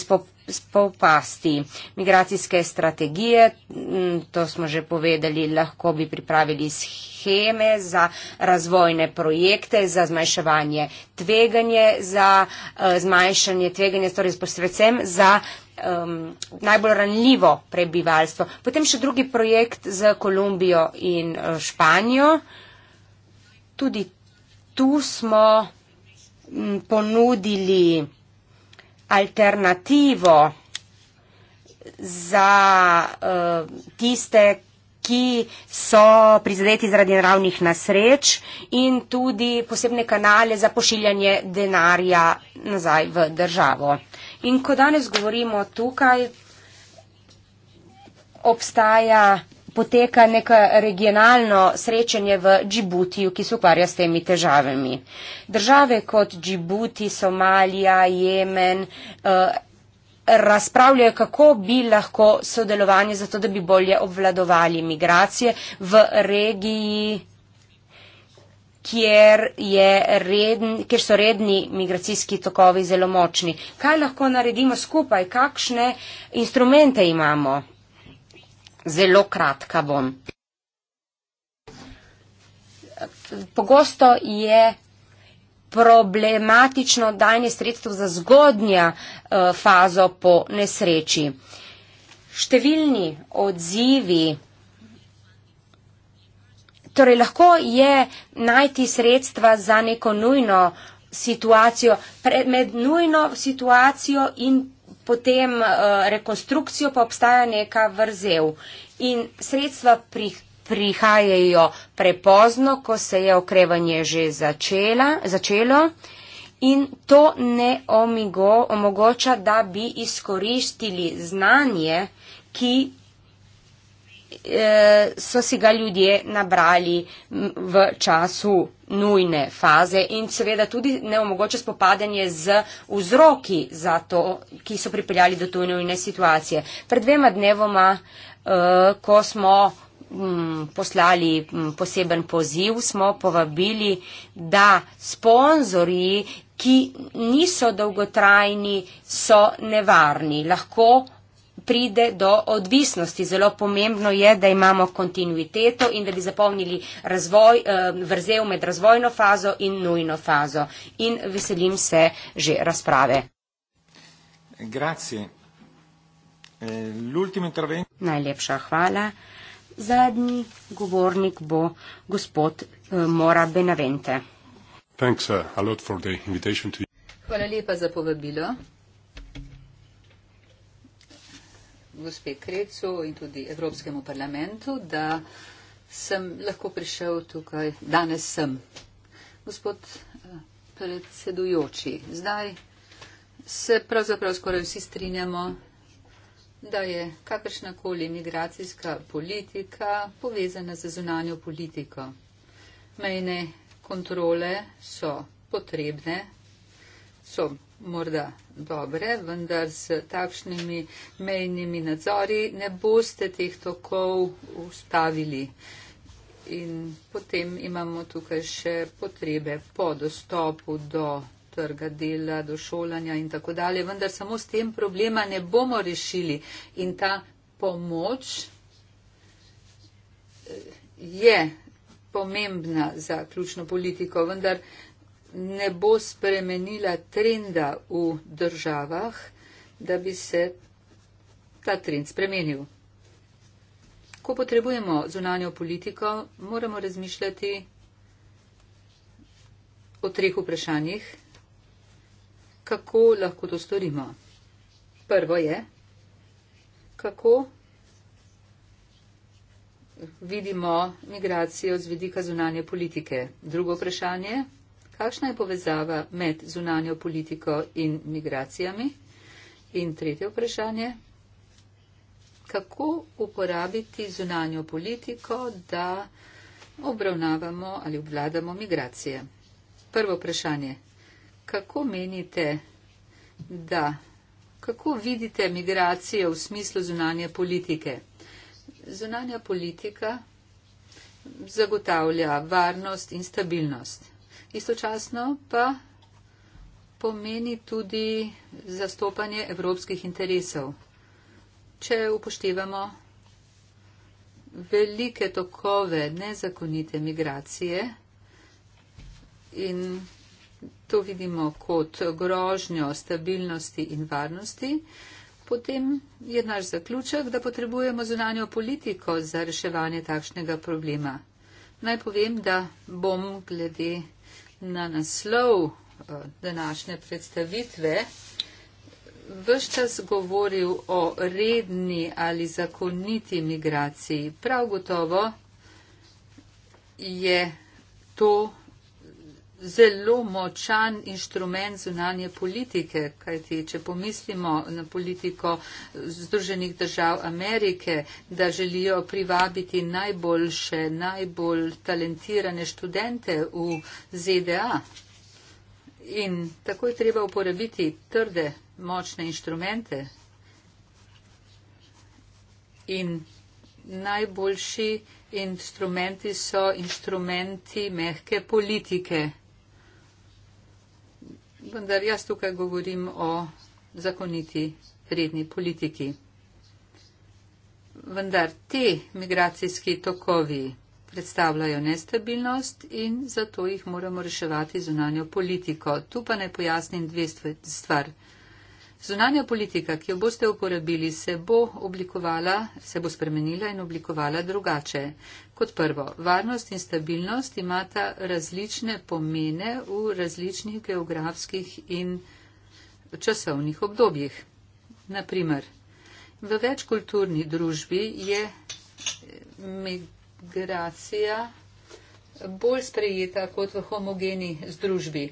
spopasti. Migracijske strategije, mm, to smo že povedali, lahko bi pripravili scheme za razvojne projekte, za zmanjševanje tveganje, za eh, zmanjšanje tveganja, torej predvsem za um, najbolj ranljivo prebivalstvo. Potem še drugi projekt z Kolumbijo in eh, Španijo. Tudi tu smo ponudili alternativo za uh, tiste, ki so prizadeti zaradi naravnih nasreč in tudi posebne kanale za pošiljanje denarja nazaj v državo. In ko danes govorimo tukaj, obstaja poteka neko regionalno srečanje v Džibutiju, ki se ukvarja s temi težavami. Države kot Džibuti, Somalija, Jemen eh, razpravljajo, kako bi lahko sodelovanje za to, da bi bolje obvladovali migracije v regiji, kjer, redn, kjer so redni migracijski tokovi zelo močni. Kaj lahko naredimo skupaj? Kakšne instrumente imamo? zelo kratka bom. Pogosto je problematično dajanje sredstev za zgodnja eh, fazo po nesreči. Številni odzivi, torej lahko je najti sredstva za neko nujno situacijo, med nujno situacijo in potem uh, rekonstrukcijo pa obstaja neka vrzel. In sredstva pri, prihajajo prepozno, ko se je okrevanje že začela, začelo in to ne omigo, omogoča, da bi izkoristili znanje, ki Eh, so si ga ljudje nabrali v času nujne faze in seveda tudi ne omogoča spopadanje z vzroki za to, ki so pripeljali do tujne nujne situacije. Pred dvema dnevoma, eh, ko smo mm, poslali mm, poseben poziv, smo povabili, da sponzori, ki niso dolgotrajni, so nevarni. Lahko pride do odvisnosti. Zelo pomembno je, da imamo kontinuiteto in da bi zapolnili razvoj, eh, vrzel med razvojno fazo in nujno fazo. In veselim se že razprave. Grazie. Eh, l'ultimo intervento. Najlepša hvala. Zadnji govornik bo gospod eh, Mora Benavente. Thanks uh, a lot for the invitation to you. Hvala lepa za povabilo. gospe Krecu in tudi Evropskemu parlamentu, da sem lahko prišel tukaj. Danes sem. Gospod eh, predsedujoči, zdaj se pravzaprav skoraj vsi strinjamo, da je kakršnakoli migracijska politika povezana z zunanjo politiko. Mejne kontrole so potrebne, so morda dobre, vendar s takšnimi mejnimi nadzori ne boste teh tokov ustavili. In potem imamo tukaj še potrebe po dostopu do trga dela, do šolanja in tako dalje, vendar samo s tem problema ne bomo rešili. In ta pomoč eh, je pomembna za ključno politiko, vendar ne bo spremenila trenda v državah, da bi se ta trend spremenil. Ko potrebujemo zunanjo politiko, moramo razmišljati o treh vprašanjih, kako lahko to storimo. Prvo je, kako vidimo migracijo z vidika zunanje politike. Drugo vprašanje, Kakšna je povezava med zunanjo politiko in migracijami? In tretje vprašanje. Kako uporabiti zunanjo politiko, da obravnavamo ali obvladamo migracije? Prvo vprašanje. Kako menite, da, kako vidite migracije v smislu zunanje politike? Zunanja politika zagotavlja varnost in stabilnost istočasno pa pomeni tudi zastopanje evropskih interesov. Če upoštevamo velike tokove nezakonite migracije in to vidimo kot grožnjo stabilnosti in varnosti, potem je naš zaključek, da potrebujemo zunanjo politiko za reševanje takšnega problema. Naj povem, da bom glede na naslov eh, današnje predstavitve vse čas govoril o redni ali zakoniti migraciji. Prav gotovo je to zelo močan inštrument zunanje politike, kajti če pomislimo na politiko Združenih držav Amerike, da želijo privabiti najboljše, najbolj talentirane študente v ZDA. In tako je treba uporabiti trde, močne inštrumente. In najboljši inštrumenti so inštrumenti mehke politike vendar jaz tukaj govorim o zakoniti redni politiki. Vendar te migracijski tokovi predstavljajo nestabilnost in zato jih moramo reševati zunanjo politiko. Tu pa naj pojasnim dve stvari. Zunanja politika, ki jo boste uporabili, se bo oblikovala, se bo spremenila in oblikovala drugače. Kot prvo, varnost in stabilnost imata različne pomene v različnih geografskih in časovnih obdobjih. Naprimer, v večkulturni družbi je migracija bolj sprejeta kot v homogeni združbi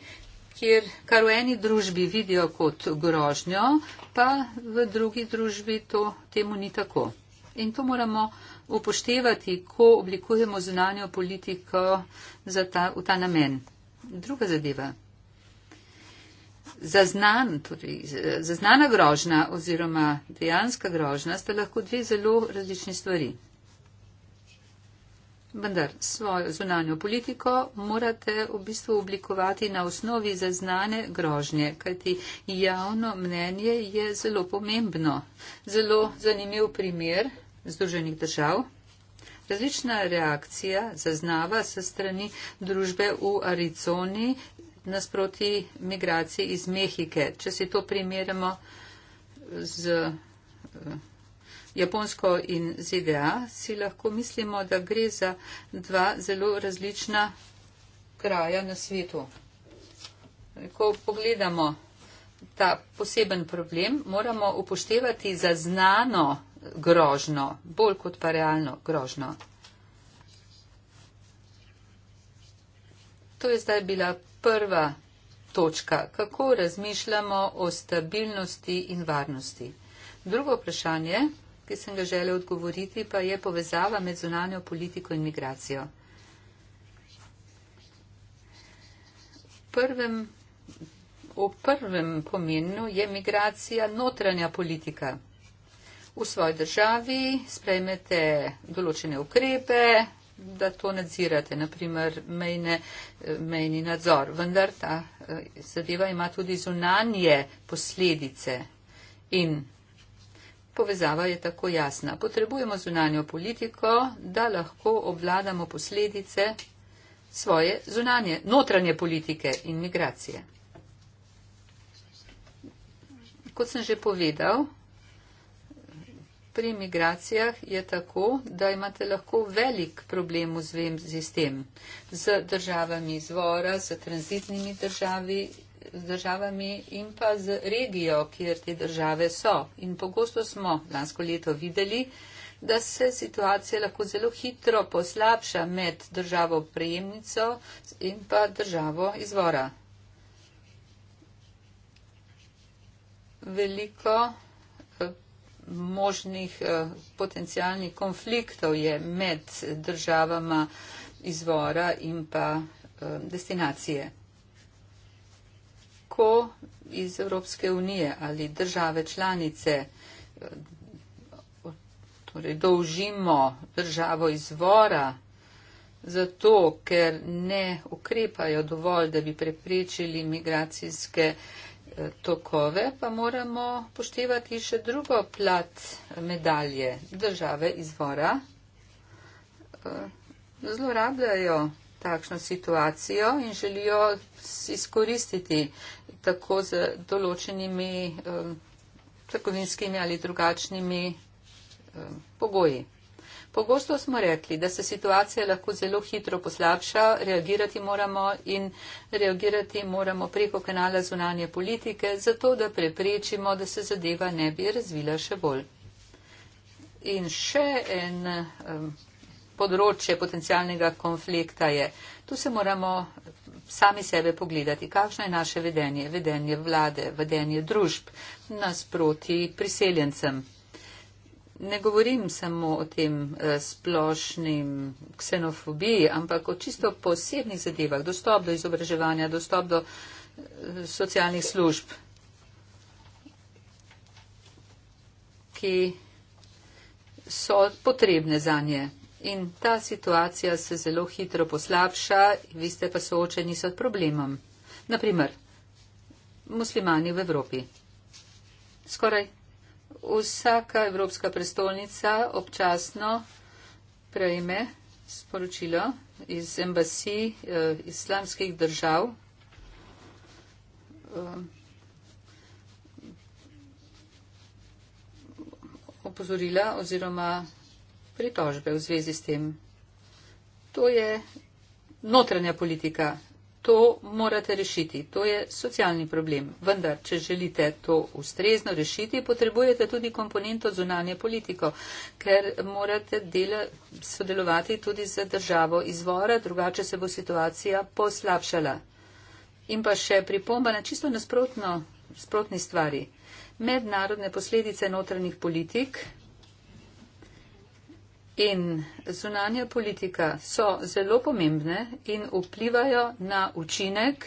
kjer kar v eni družbi vidijo kot grožnjo, pa v drugi družbi to, temu ni tako. In to moramo upoštevati, ko oblikujemo zunanjo politiko ta, v ta namen. Druga zadeva. Zaznan, torej, zaznana grožna oziroma dejanska grožna sta lahko dve zelo različni stvari. Vendar svojo zunanjo politiko morate v bistvu oblikovati na osnovi zaznane grožnje, kajti javno mnenje je zelo pomembno. Zelo zanimiv primer Združenih držav. Različna reakcija zaznava se strani družbe v Arizoni nasproti migraciji iz Mehike. Če si to primerjamo z. Eh, Japonsko in ZDA, si lahko mislimo, da gre za dva zelo različna kraja na svetu. Ko pogledamo ta poseben problem, moramo upoštevati zaznano grožno, bolj kot pa realno grožno. To je zdaj bila prva točka, kako razmišljamo o stabilnosti in varnosti. Drugo vprašanje ki sem ga želel odgovoriti, pa je povezava med zunanjo politiko in migracijo. Prvem, v prvem pomenu je migracija notranja politika. V svoji državi sprejmete določene ukrepe, da to nadzirate, naprimer mejne, mejni nadzor. Vendar ta eh, zadeva ima tudi zunanje posledice in Povezava je tako jasna. Potrebujemo zunanjo politiko, da lahko obvladamo posledice svoje zunanje, notranje politike in migracije. Kot sem že povedal, pri migracijah je tako, da imate lahko velik problem v zvem z tem, z državami izvora, z tranzitnimi državami z državami in pa z regijo, kjer te države so. In pogosto smo lansko leto videli, da se situacija lahko zelo hitro poslabša med državo prejemnico in pa državo izvora. Veliko eh, možnih eh, potencijalnih konfliktov je med državama izvora in pa eh, destinacije lahko iz Evropske unije ali države članice, torej dolžimo državo izvora, zato ker ne ukrepajo dovolj, da bi preprečili migracijske eh, tokove, pa moramo poštevati še drugo plat medalje. Države izvora eh, zlorabljajo takšno situacijo in želijo izkoristiti tako z določenimi eh, trgovinskimi ali drugačnimi eh, pogoji. Pogosto smo rekli, da se situacija lahko zelo hitro poslabša, reagirati moramo in reagirati moramo preko kanala zunanje politike, zato da preprečimo, da se zadeva ne bi razvila še bolj. In še en eh, področje potencialnega konflikta je, tu se moramo sami sebe pogledati, kakšno je naše vedenje, vedenje vlade, vedenje družb nas proti priseljencem. Ne govorim samo o tem eh, splošnim ksenofobiji, ampak o čisto posebnih zadevah, dostop do izobraževanja, dostop do eh, socialnih služb, ki so potrebne za nje in ta situacija se zelo hitro poslabša, vi ste pa soočeni s problemom. Naprimer, muslimani v Evropi. Skoraj vsaka evropska prestolnica občasno prejme sporočilo iz embasi eh, islamskih držav. Eh, opozorila oziroma pritožbe v zvezi s tem. To je notranja politika. To morate rešiti. To je socialni problem. Vendar, če želite to ustrezno rešiti, potrebujete tudi komponento zunanje politiko, ker morate dele, sodelovati tudi z državo izvora, drugače se bo situacija poslabšala. In pa še pripomba na čisto nasprotno, nasprotni stvari. Mednarodne posledice notranjih politik in zunanja politika so zelo pomembne in vplivajo na učinek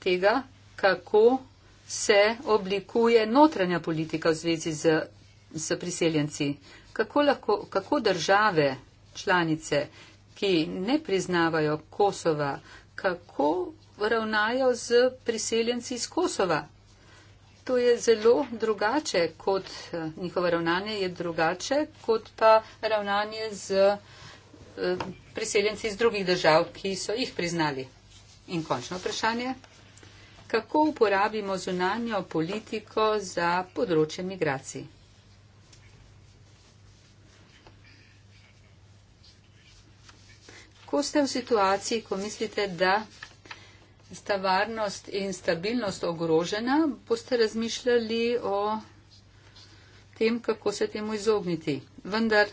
tega, kako se oblikuje notranja politika v zvezi z, z priseljenci. Kako, lahko, kako države članice, ki ne priznavajo Kosova, kako ravnajo z priseljenci iz Kosova, to je zelo drugače kot eh, njihovo ravnanje, je drugače kot pa ravnanje z eh, priseljenci iz drugih držav, ki so jih priznali. In končno vprašanje, kako uporabimo zunanjo politiko za področje migracij? Ko ste v situaciji, ko mislite, da sta varnost in stabilnost ogrožena, boste razmišljali o tem, kako se temu izogniti. Vendar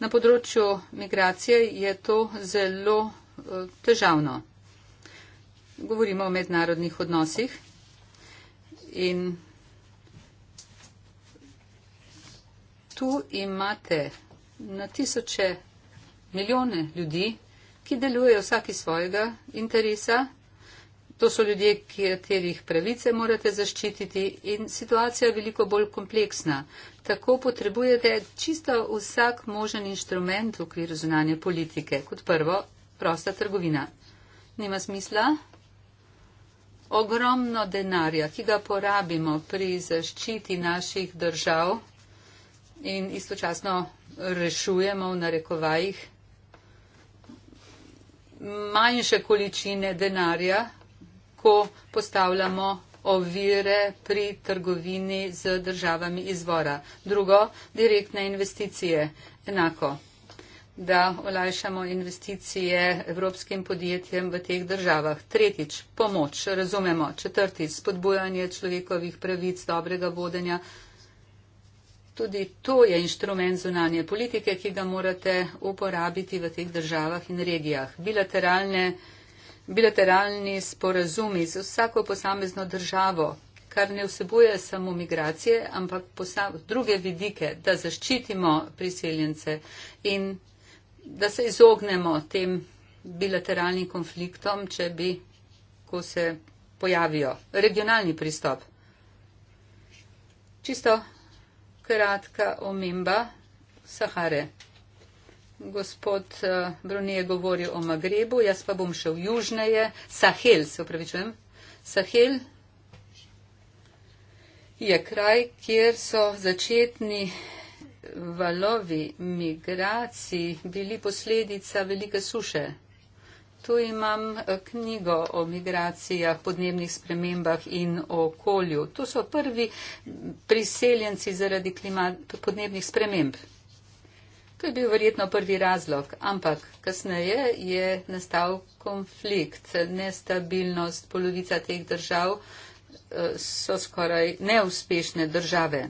na področju migracije je to zelo eh, težavno. Govorimo o mednarodnih odnosih in tu imate na tisoče, milijone ljudi, ki delujejo vsaki svojega interesa To so ljudje, katerih pravice morate zaščititi in situacija je veliko bolj kompleksna. Tako potrebujete čisto vsak možen inštrument v okviru zunanje politike. Kot prvo, prosta trgovina. Nima smisla. Ogromno denarja, ki ga porabimo pri zaščiti naših držav in istočasno rešujemo v narekovajih manjše količine denarja, ko postavljamo ovire pri trgovini z državami izvora. Drugo, direktne investicije. Enako, da olajšamo investicije evropskim podjetjem v teh državah. Tretjič, pomoč, razumemo. Četrtič, spodbujanje človekovih pravic, dobrega vodenja. Tudi to je inštrument zunanje politike, ki ga morate uporabiti v teh državah in regijah. Bilateralne bilateralni sporazumi z vsako posamezno državo, kar ne vsebuje samo migracije, ampak druge vidike, da zaščitimo priseljence in da se izognemo tem bilateralnim konfliktom, če bi, ko se pojavijo. Regionalni pristop. Čisto kratka omemba Sahare. Gospod eh, Bruni je govoril o Magrebu, jaz pa bom šel južneje, Sahel, se upravičujem. Sahel je kraj, kjer so začetni valovi migracij bili posledica velike suše. Tu imam eh, knjigo o migracijah, podnebnih spremembah in okolju. Tu so prvi priseljenci zaradi klima, podnebnih sprememb. To je bil verjetno prvi razlog, ampak kasneje je nastal konflikt, nestabilnost, polovica teh držav eh, so skoraj neuspešne države.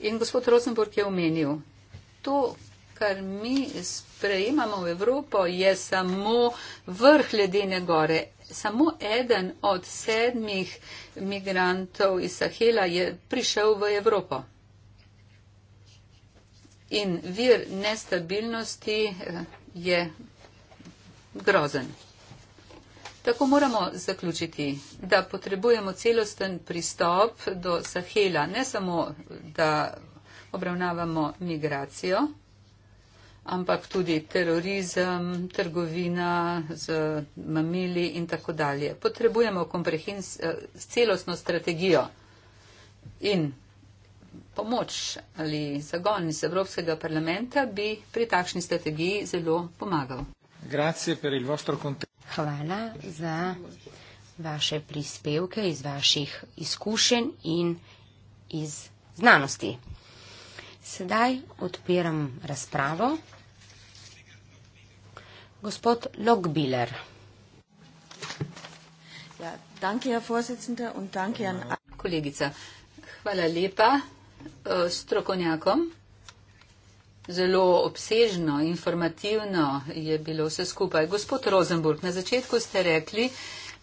In gospod Rosenborg je omenil, to, kar mi sprejemamo v Evropo, je samo vrh ledene gore. Samo eden od sedmih migrantov iz Sahela je prišel v Evropo. In vir nestabilnosti eh, je grozen. Tako moramo zaključiti, da potrebujemo celosten pristop do Sahela, ne samo, da obravnavamo migracijo, ampak tudi terorizem, trgovina z mamili in tako dalje. Potrebujemo komprehens, eh, celostno strategijo in pomoč ali zagon iz Evropskega parlamenta bi pri takšni strategiji zelo pomagal. Hvala za vaše prispevke iz vaših izkušenj in iz znanosti. Sedaj odpiram razpravo. Gospod Lokbiler. Ja, danke, ja, danke, an... Kolegica, hvala lepa. Eh, strokovnjakom. Zelo obsežno, informativno je bilo vse skupaj. Gospod Rosenburg, na začetku ste rekli,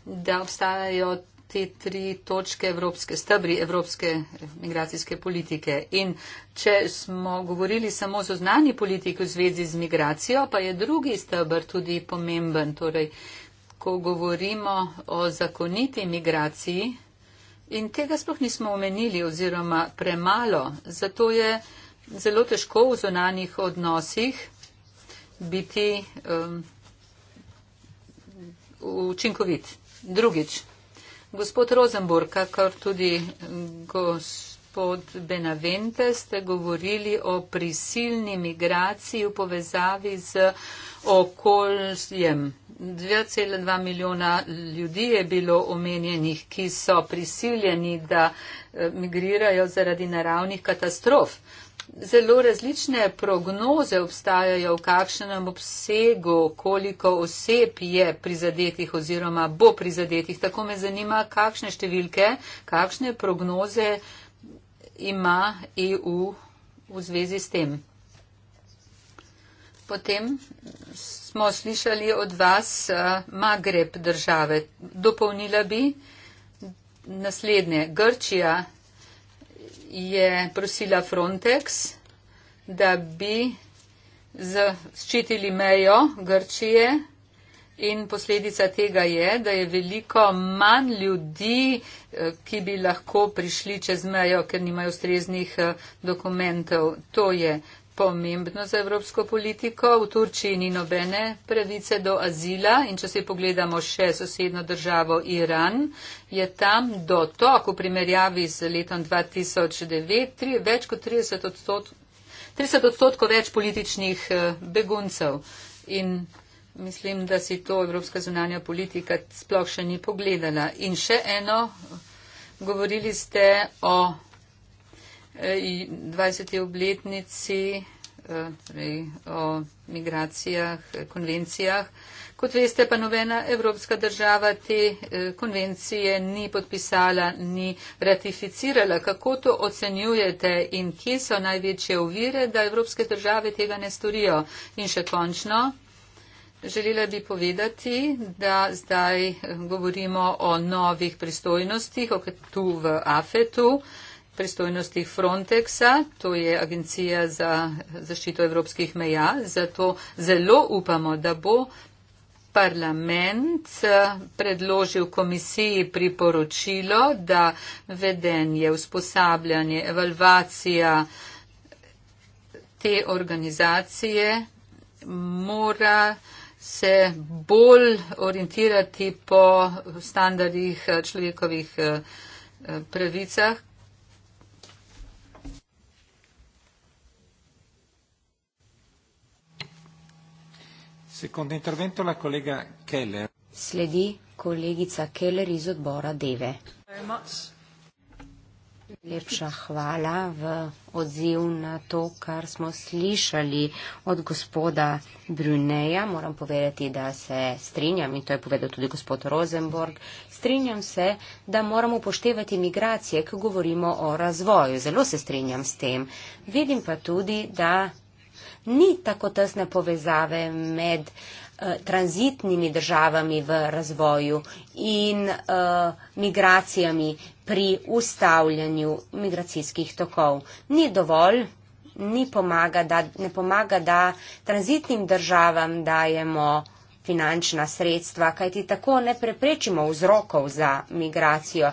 da obstajajo te tri točke evropske, stebri evropske migracijske politike. In če smo govorili samo z oznani politik v zvezi z migracijo, pa je drugi stebr tudi pomemben. Torej, ko govorimo o zakoniti migraciji, In tega sploh nismo omenili oziroma premalo, zato je zelo težko v zonanih odnosih biti um, učinkovit. Drugič, gospod Rosenburg, kakor tudi gospod gospod Benavente, ste govorili o prisilni migraciji v povezavi z okoljem. 2,2 milijona ljudi je bilo omenjenih, ki so prisiljeni, da eh, migrirajo zaradi naravnih katastrof. Zelo različne prognoze obstajajo, v kakšnem obsegu, koliko oseb je prizadetih oziroma bo prizadetih. Tako me zanima, kakšne številke, kakšne prognoze ima EU v zvezi s tem. Potem smo slišali od vas eh, Magreb države. Dopolnila bi naslednje. Grčija je prosila Frontex, da bi zaščitili mejo Grčije. In posledica tega je, da je veliko manj ljudi, eh, ki bi lahko prišli čez mejo, ker nimajo ustreznih eh, dokumentov. To je pomembno za evropsko politiko. V Turčiji ni nobene pravice do azila in če se pogledamo še sosedno državo Iran, je tam dotok v primerjavi z letom 2009 tri, več kot 30 odstotkov, 30 odstotkov več političnih eh, beguncev. In Mislim, da si to evropska zunanja politika sploh še ni pogledala. In še eno, govorili ste o 20. E, obletnici, e, torej o migracijah, konvencijah. Kot veste, pa nobena evropska država te e, konvencije ni podpisala, ni ratificirala. Kako to ocenjujete in kje so največje ovire, da evropske države tega ne storijo? In še končno. Želela bi povedati, da zdaj eh, govorimo o novih pristojnostih tu v AFET-u, pristojnostih Frontexa, to je Agencija za zaščito evropskih meja, zato zelo upamo, da bo parlament eh, predložil komisiji priporočilo, da vedenje, usposabljanje, evalvacija te organizacije mora se bolj orientirati po standardih eh, človekovih eh, eh, pravicah. Sekundo intervento, la kolega Keller. Sledi kolegica Keller iz odbora Deve. Thank you very much. Lepša hvala v odziv na to, kar smo slišali od gospoda Bruneja. Moram povedati, da se strinjam in to je povedal tudi gospod Rosenborg. Strinjam se, da moramo upoštevati migracije, ko govorimo o razvoju. Zelo se strinjam s tem. Vidim pa tudi, da ni tako tesne povezave med. Uh, Eh, tranzitnimi državami v razvoju in eh, migracijami pri ustavljanju migracijskih tokov. Ni dovolj, ni pomaga, da, ne pomaga, da tranzitnim državam dajemo finančna sredstva, kajti tako ne preprečimo vzrokov za migracijo.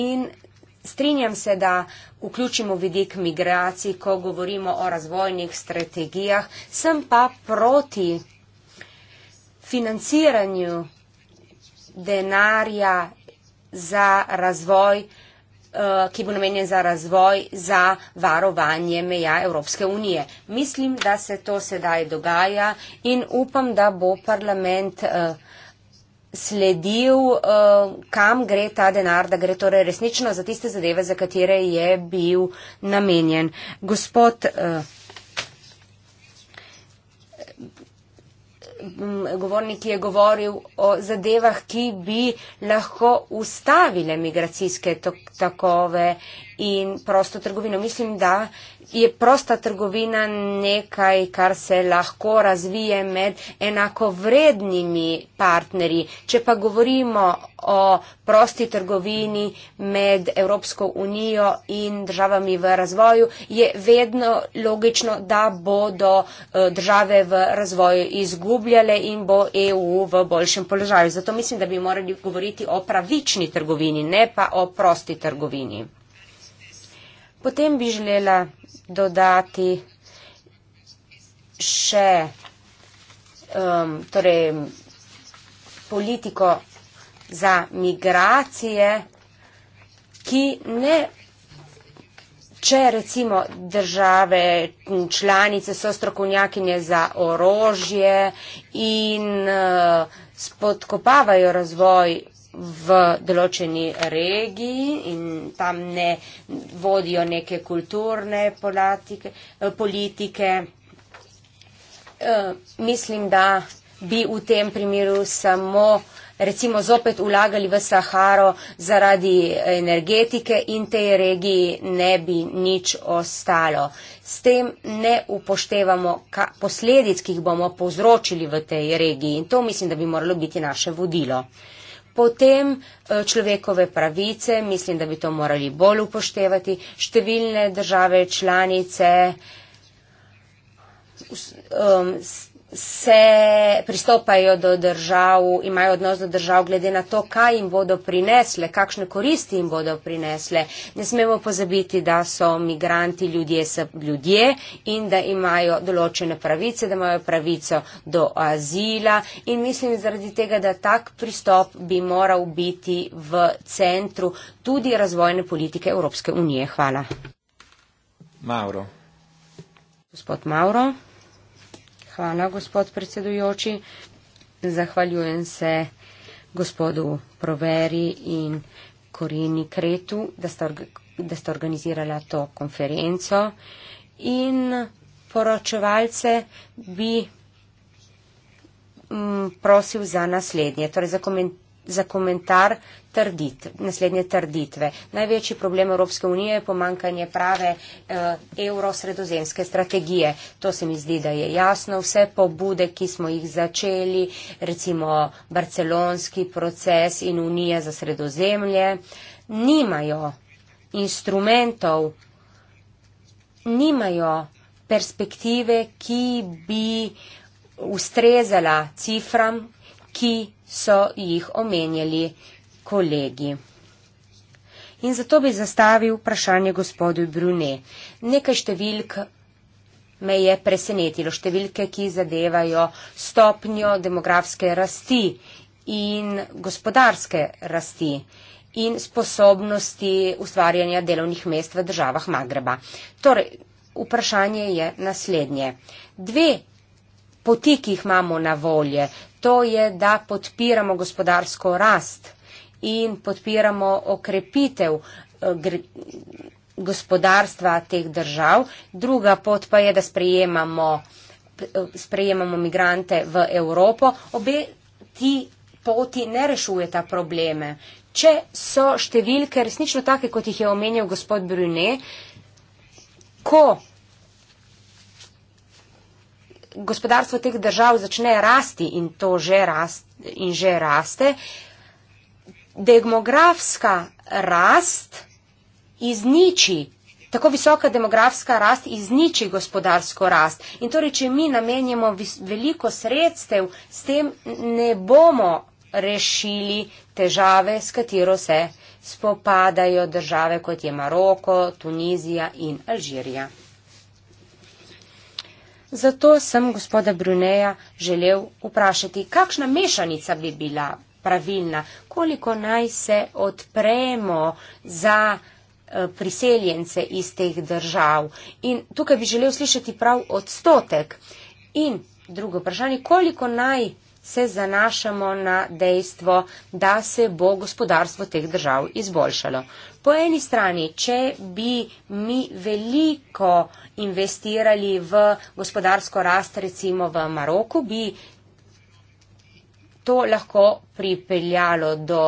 In strinjam se, da vključimo vidik migracij, ko govorimo o razvojnih strategijah, sem pa proti financiranju denarja za razvoj, eh, ki bo namenjen za razvoj, za varovanje meja Evropske unije. Mislim, da se to sedaj dogaja in upam, da bo parlament eh, sledil, eh, kam gre ta denar, da gre torej resnično za tiste zadeve, za katere je bil namenjen. Gospod Mm, govornik je govoril o zadevah, ki bi lahko ustavile migracijske tokove in prosto trgovino. Mislim, da je prosta trgovina nekaj, kar se lahko razvije med enakovrednimi partnerji. Če pa govorimo o prosti trgovini med Evropsko unijo in državami v razvoju, je vedno logično, da bodo eh, države v razvoju izgubljale in bo EU v boljšem položaju. Zato mislim, da bi morali govoriti o pravični trgovini, ne pa o prosti trgovini. Potem bi želela dodati še um, torej, politiko za migracije, ki ne, če recimo države članice so strokovnjakinje za orožje in uh, spodkopavajo razvoj v določeni regiji in tam ne vodijo neke kulturne eh, politike. Eh, mislim, da bi v tem primeru samo recimo zopet ulagali v Saharo zaradi energetike in tej regiji ne bi nič ostalo. S tem ne upoštevamo posledic, ki jih bomo povzročili v tej regiji in to mislim, da bi moralo biti naše vodilo. Potem eh, človekove pravice, mislim, da bi to morali bolj upoštevati. Številne države članice. Um, se pristopajo do držav, imajo odnos do držav glede na to, kaj jim bodo prinesle, kakšne koristi jim bodo prinesle. Ne smemo pozabiti, da so migranti ljudje, ljudje in da imajo določene pravice, da imajo pravico do azila in mislim zaradi tega, da tak pristop bi moral biti v centru tudi razvojne politike Evropske unije. Hvala. Mauro. Gospod Mauro. Hvala, gospod predsedujoči. Zahvaljujem se gospodu Proveri in Korini Kretu, da sta, da sta organizirala to konferenco. In poročevalce bi mm, prosil za naslednje, torej za komentar za komentar trdit, naslednje trditve. Največji problem Evropske unije je pomankanje prave eh, evrosredozemske strategije. To se mi zdi, da je jasno. Vse pobude, ki smo jih začeli, recimo barcelonski proces in unija za sredozemlje, nimajo instrumentov, nimajo perspektive, ki bi ustrezala cifram, ki so jih omenjali kolegi. In zato bi zastavil vprašanje gospodu Brune. Nekaj številk me je presenetilo, številke, ki zadevajo stopnjo demografske rasti in gospodarske rasti in sposobnosti ustvarjanja delovnih mest v državah Magreba. Torej, vprašanje je naslednje. Dve poti, ki jih imamo na volje, to je, da podpiramo gospodarsko rast in podpiramo okrepitev eh, gospodarstva teh držav. Druga pot pa je, da sprejemamo, eh, sprejemamo migrante v Evropo. Obe ti poti ne rešujeta probleme. Če so številke resnično take, kot jih je omenil gospod Brune, ko gospodarstvo teh držav začne rasti in to že, rast, in že raste, demografska rast izniči, tako visoka demografska rast izniči gospodarsko rast. In torej, če mi namenjamo vis, veliko sredstev, s tem ne bomo rešili težave, s katero se spopadajo države, kot je Maroko, Tunizija in Alžirija. Zato sem gospoda Bruneja želel vprašati, kakšna mešanica bi bila pravilna, koliko naj se odpremo za eh, priseljence iz teh držav. In tukaj bi želel slišati prav odstotek. In drugo vprašanje, koliko naj se zanašamo na dejstvo, da se bo gospodarstvo teh držav izboljšalo. Po eni strani, če bi mi veliko investirali v gospodarsko rast, recimo v Maroku, bi to lahko pripeljalo do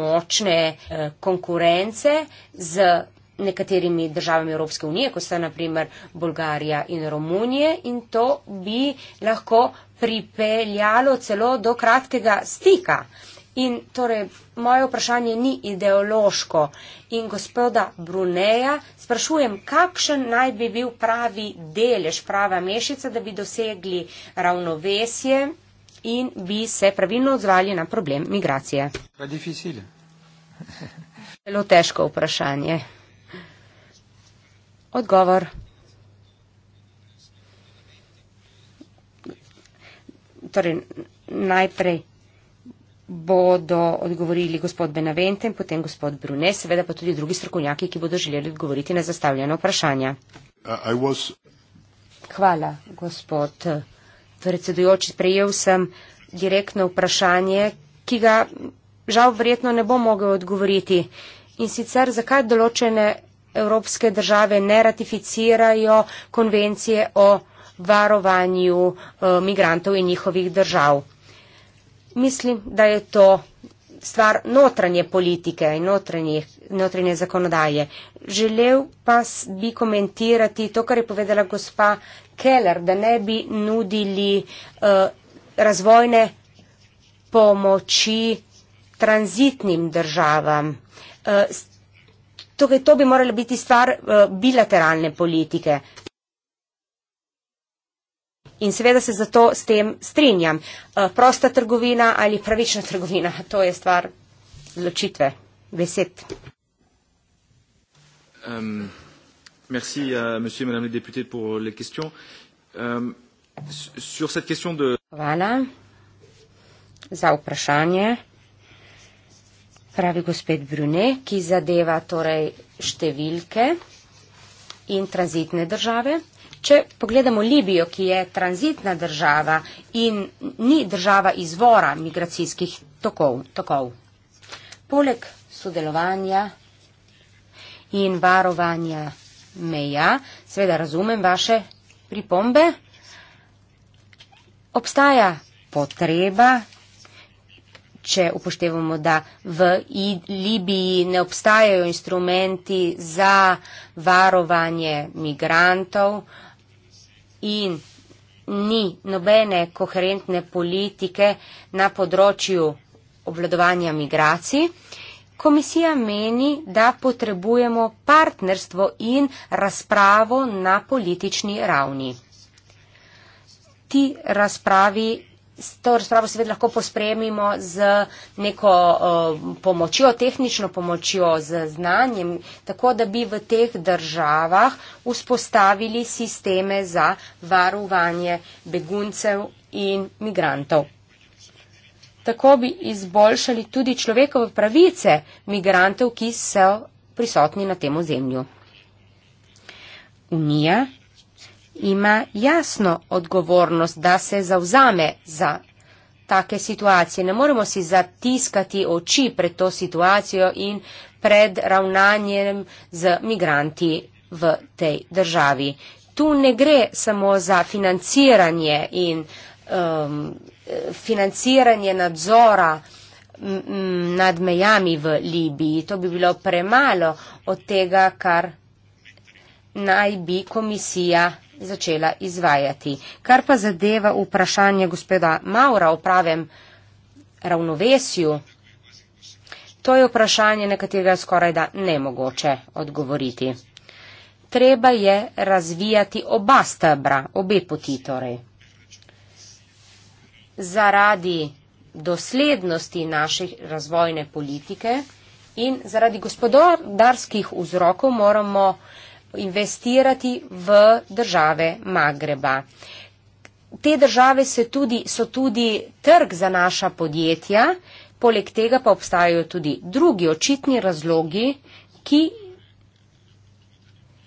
močne eh, konkurence z nekaterimi državami Evropske unije, kot sta naprimer Bolgarija in Romunije in to bi lahko pripeljalo celo do kratkega stika. In torej, moje vprašanje ni ideološko. In gospoda Bruneja sprašujem, kakšen naj bi bil pravi delež, prava mešica, da bi dosegli ravnovesje in bi se pravilno odzvali na problem migracije. Zelo težko vprašanje. Odgovor. Torej, najprej bodo odgovorili gospod Benavente in potem gospod Brune, seveda pa tudi drugi strokovnjaki, ki bodo želeli odgovoriti na zastavljeno vprašanje. Uh, was... Hvala, gospod eh, predsedujoči. Prejel sem direktno vprašanje, ki ga žal verjetno ne bo mogel odgovoriti. In sicer, zakaj določene evropske države ne ratificirajo konvencije o varovanju uh, migrantov in njihovih držav? mislim, da je to stvar notranje politike in notranje, notranje zakonodaje. Želel pa bi komentirati to, kar je povedala gospa Keller, da ne bi nudili uh, razvojne pomoči tranzitnim državam. Uh, eh, to, torej, to bi morala biti stvar uh, bilateralne politike. In seveda se zato s tem strinjam. Eh, prosta trgovina ali pravična trgovina, to je stvar ločitve besed. Um, merci, uh, monsieur, madame le député, pour euh, les questions. Um, sur cette question de... Hvala za vprašanje. Pravi gospod Brune, ki zadeva torej številke in tranzitne države. Če pogledamo Libijo, ki je tranzitna država in ni država izvora migracijskih tokov, tokov. poleg sodelovanja in varovanja meja, seveda razumem vaše pripombe, obstaja potreba, če upoštevamo, da v Libiji ne obstajajo instrumenti za varovanje migrantov, in ni nobene koherentne politike na področju obvladovanja migracij. Komisija meni, da potrebujemo partnerstvo in razpravo na politični ravni. Ti razpravi to razpravo seveda lahko pospremimo z neko uh, pomočjo, tehnično pomočjo, z znanjem, tako da bi v teh državah vzpostavili sisteme za varovanje beguncev in migrantov. Tako bi izboljšali tudi človekove pravice migrantov, ki so prisotni na tem ozemlju. Unija ima jasno odgovornost, da se zavzame za take situacije. Ne moremo si zatiskati oči pred to situacijo in pred ravnanjem z migranti v tej državi. Tu ne gre samo za financiranje in um, financiranje nadzora mm, nad mejami v Libiji. To bi bilo premalo od tega, kar naj bi komisija začela izvajati. Kar pa zadeva vprašanje gospoda Maura o pravem ravnovesju, to je vprašanje, na katerega je skoraj da nemogoče odgovoriti. Treba je razvijati oba stebra, obe poti torej. Zaradi doslednosti naše razvojne politike in zaradi gospodarskih vzrokov moramo investirati v države Magreba. Te države tudi, so tudi trg za naša podjetja, poleg tega pa obstajajo tudi drugi očitni razlogi, ki,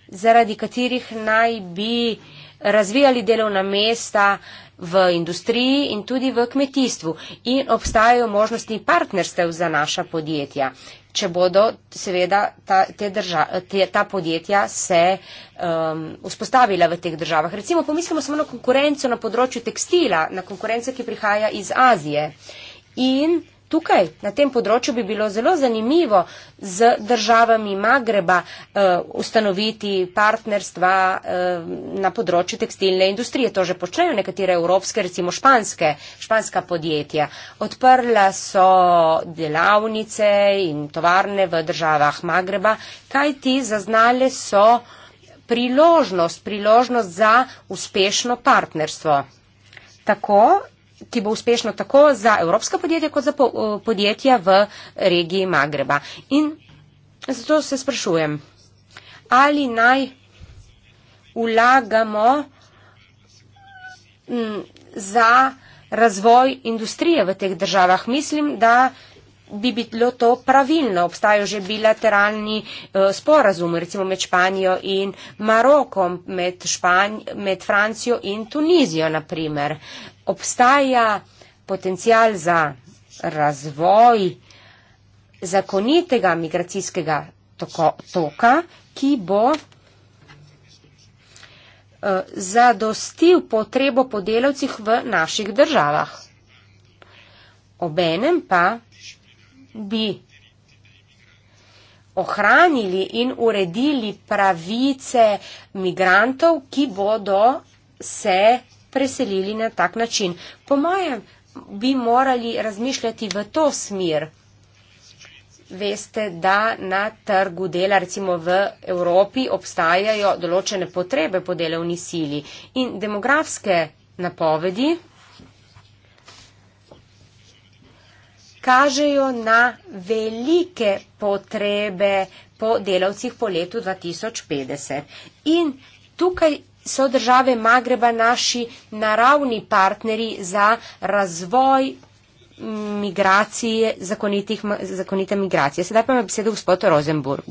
zaradi katerih naj bi razvijali delovna mesta v industriji in tudi v kmetijstvu in obstajajo možnosti partnerstev za naša podjetja če bodo seveda ta, te drža, te, ta podjetja se um, vzpostavila v teh državah. Recimo pomislimo samo na konkurenco na področju tekstila, na konkurenco, ki prihaja iz Azije. In tukaj na tem področju bi bilo zelo zanimivo z državami Magreba uh, ustanoviti partnerstva uh, na področju tekstilne industrije. To že počnejo nekatere evropske, recimo španske, španska podjetja. Odprla so delavnice in tovarne v državah Magreba, kaj ti zaznale so priložnost, priložnost za uspešno partnerstvo. Tako ki bo uspešno tako za evropska podjetja, kot za eh, podjetja v regiji Magreba. In zato se sprašujem, ali naj vlagamo mm, za razvoj industrije v teh državah. Mislim, da bi bilo to pravilno. Obstajajo že bilateralni eh, sporazum, recimo med Španijo in Marokom, med, Španj med Francijo in Tunizijo, naprimer. Eh, obstaja potencial za razvoj zakonitega migracijskega toko, toka, ki bo eh, zadostil potrebo po delavcih v naših državah. Obenem pa bi ohranili in uredili pravice migrantov, ki bodo se preselili na tak način. Po mojem bi morali razmišljati v to smer. Veste, da na trgu dela, recimo v Evropi, obstajajo določene potrebe po delovni sili in demografske napovedi kažejo na velike potrebe po delavcih po letu 2050. In tukaj so države Magreba naši naravni partneri za razvoj migracije, zakonitih, zakonite migracije. Sedaj pa ima besedo gospod Rosenburg.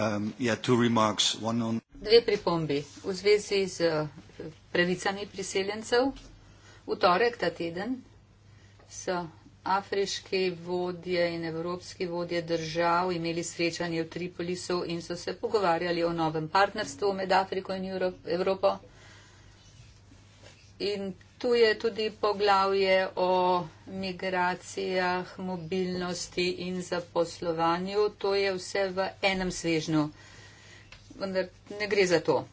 Um, yeah, on... Dve pripombi v zvezi z eh, pravicami priseljencev. V torek ta teden so afriški vodje in evropski vodje držav imeli srečanje v Tripolisu in so se pogovarjali o novem partnerstvu med Afriko in Evropo. In tu je tudi poglavje o migracijah, mobilnosti in zaposlovanju. To je vse v enem svežnju. Vendar ne gre za to.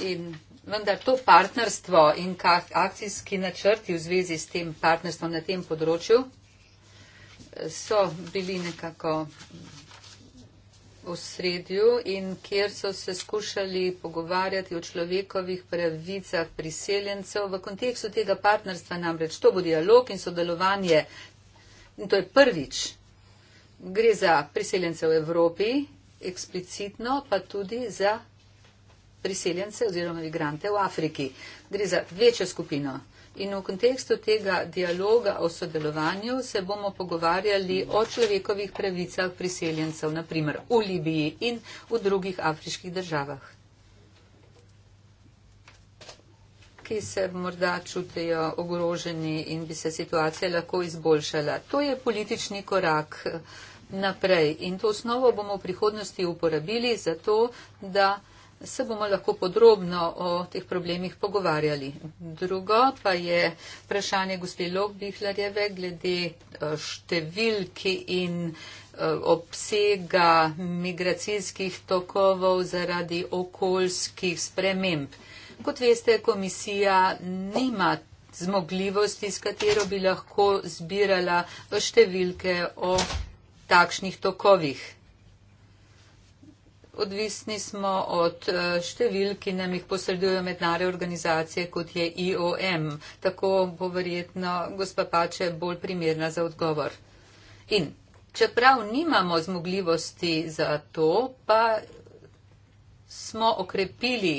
In Vendar to partnerstvo in akcijski načrti v zvezi s tem partnerstvom na tem področju eh, so bili nekako v sredju in kjer so se skušali pogovarjati o človekovih pravicah priseljencev. V kontekstu tega partnerstva namreč to bo dialog in sodelovanje. In to je prvič. Gre za priseljence v Evropi, eksplicitno pa tudi za priseljence oziroma migrante v Afriki. Gre za večjo skupino. In v kontekstu tega dialoga o sodelovanju se bomo pogovarjali o človekovih pravicah priseljencev, naprimer v Libiji in v drugih afriških državah, ki se morda čutijo ogroženi in bi se situacija lahko izboljšala. To je politični korak eh, naprej in to osnovo bomo v prihodnosti uporabili za to, da se bomo lahko podrobno o teh problemih pogovarjali. Drugo pa je vprašanje gospe Lobbihlerjeve glede eh, številki in eh, obsega migracijskih tokov zaradi okoljskih sprememb. Kot veste, komisija nima zmogljivosti, s katero bi lahko zbirala številke o takšnih tokovih. Odvisni smo od eh, števil, ki nam jih posredujejo mednare organizacije, kot je IOM. Tako bo verjetno gospa Pače bolj primerna za odgovor. In čeprav nimamo zmogljivosti za to, pa smo okrepili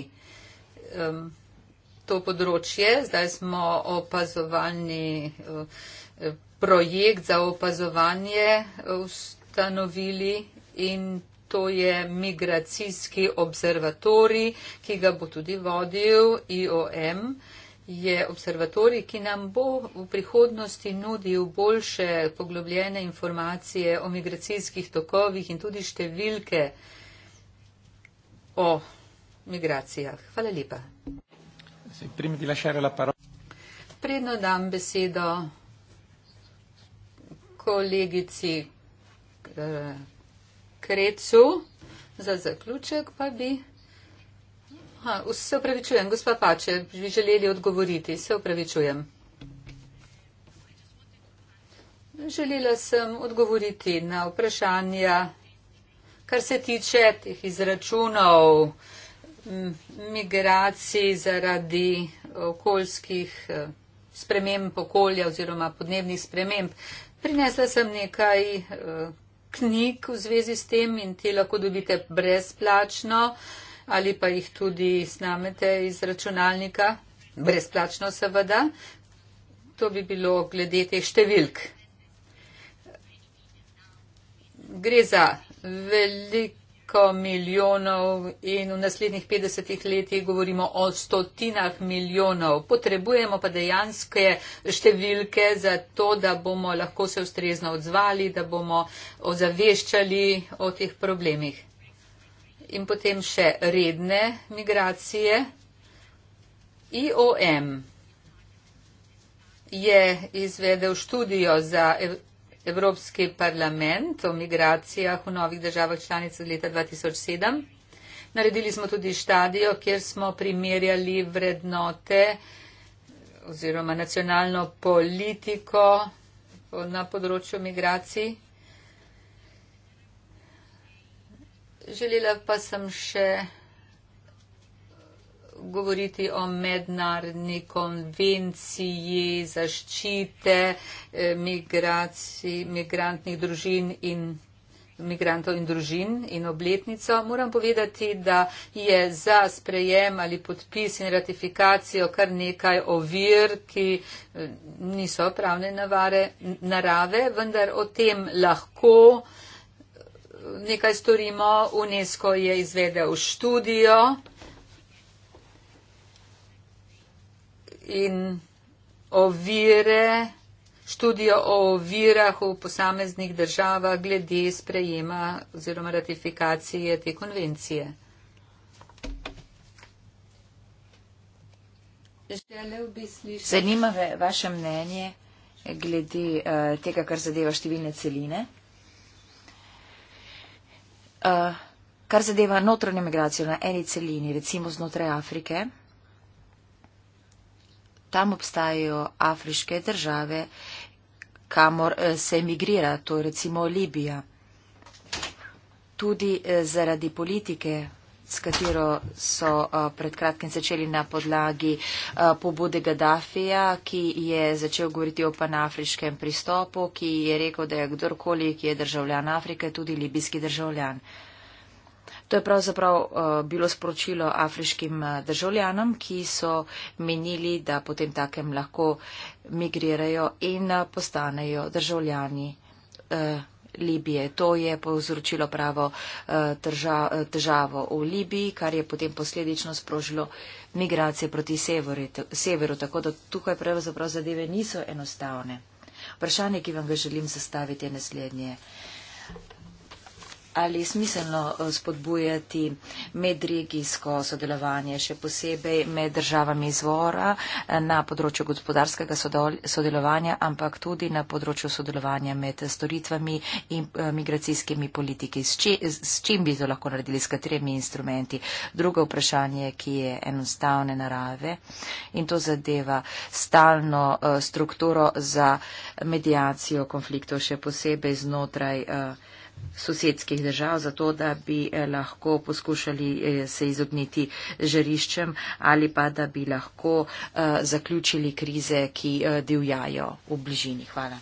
um, to področje. Zdaj smo opazovalni uh, projekt za opazovanje eh, ustanovili. In to je Migracijski observatorij, ki ga bo tudi vodil IOM. Je observatorij, ki nam bo v prihodnosti nudil boljše poglobljene informacije o migracijskih tokovih in tudi številke o migracijah. Hvala lepa. Predno dam besedo kolegici eh, krecu. Za zaključek pa bi. Aha, se upravičujem, gospa Pače, bi želeli odgovoriti. Se upravičujem. Želela sem odgovoriti na vprašanja, kar se tiče teh izračunov migracij zaradi okoljskih eh, sprememb okolja oziroma podnebnih sprememb. Prinesla sem nekaj eh, knjig v zvezi s tem in te lahko dobite brezplačno ali pa jih tudi snamete iz računalnika, brezplačno seveda. To bi bilo glede teh številk. Gre za veliko preko milijonov in v naslednjih 50 letih govorimo o stotinah milijonov. Potrebujemo pa dejansko številke za to, da bomo lahko se ustrezno odzvali, da bomo ozaveščali o teh problemih. In potem še redne migracije. IOM je izvedel študijo za Evropski parlament o migracijah v novih državah članicah leta 2007. Naredili smo tudi štadijo, kjer smo primerjali vrednote oziroma nacionalno politiko na področju migracij. Želela pa sem še govoriti o mednarodni konvenciji zaščite eh, migrantnih družin in migrantov in družin in obletnico. Moram povedati, da je za sprejem ali podpis in ratifikacijo kar nekaj ovir, ki eh, niso pravne navare, narave, vendar o tem lahko eh, nekaj storimo. UNESCO je izvedel študijo. in ovire, študijo o ovirah v posameznih državah glede sprejema oziroma ratifikacije te konvencije. Zanima me vaše mnenje glede uh, tega, kar zadeva številne celine. Uh, kar zadeva notranjo migracijo na eni celini, recimo znotraj Afrike tam obstajajo afriške države, kamor eh, se emigrira, to je recimo Libija. Tudi eh, zaradi politike, s katero so eh, pred kratkim začeli na podlagi pobude Gaddafija, ki je začel govoriti o panafriškem pristopu, ki je rekel, da je kdorkoli, ki je državljan Afrike, tudi libijski državljan. To je pravzaprav uh, bilo sporočilo afriškim eh, državljanom, ki so menili, da potem takem lahko migrirajo in eh, postanejo državljani. Uh, Libije. To je povzročilo pravo težavo v Libiji, kar je potem posledično sprožilo migracije proti severu, tako da tukaj pravzaprav zadeve niso enostavne. Vprašanje, ki vam ga želim zastaviti, je naslednje ali je smiselno eh, spodbujati medregijsko sodelovanje, še posebej med državami izvora eh, na področju gospodarskega sodelovanja, ampak tudi na področju sodelovanja med storitvami in eh, migracijskimi politiki. S, či, s čim bi to lahko naredili, s katerimi instrumenti? Drugo vprašanje, ki je enostavne narave in to zadeva stalno strukturo za medijacijo konfliktov, še posebej znotraj. Uh, sosedskih držav, zato da bi eh, lahko poskušali eh, se izogniti žariščem ali pa da bi lahko eh, zaključili krize, ki divjajo v bližini. Hvala.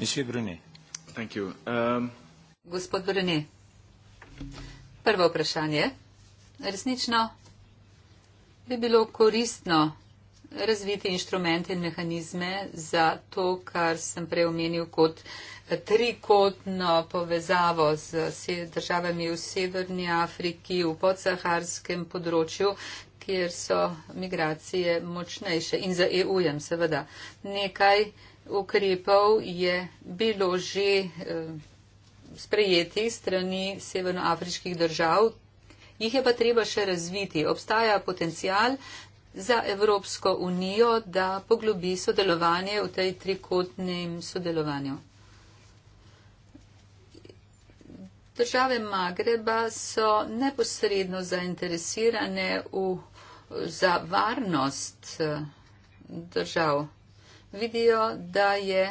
Monsieur Brunet. Thank you. Um, Gospod Brunet. Prvo vprašanje. Resnično bi bilo koristno razviti inštrumente in mehanizme za to, kar sem prej omenil kot trikotno povezavo z državami v Severni Afriki, v podsaharskem področju, kjer so migracije močnejše in za EU-jem seveda. Nekaj ukrepov je bilo že. Eh, sprejeti strani severnoafriških držav, jih je pa treba še razviti. Obstaja potencial za Evropsko unijo, da poglobi sodelovanje v tej trikotnem sodelovanju. Države Magreba so neposredno zainteresirane v, za varnost eh, držav. Vidijo, da je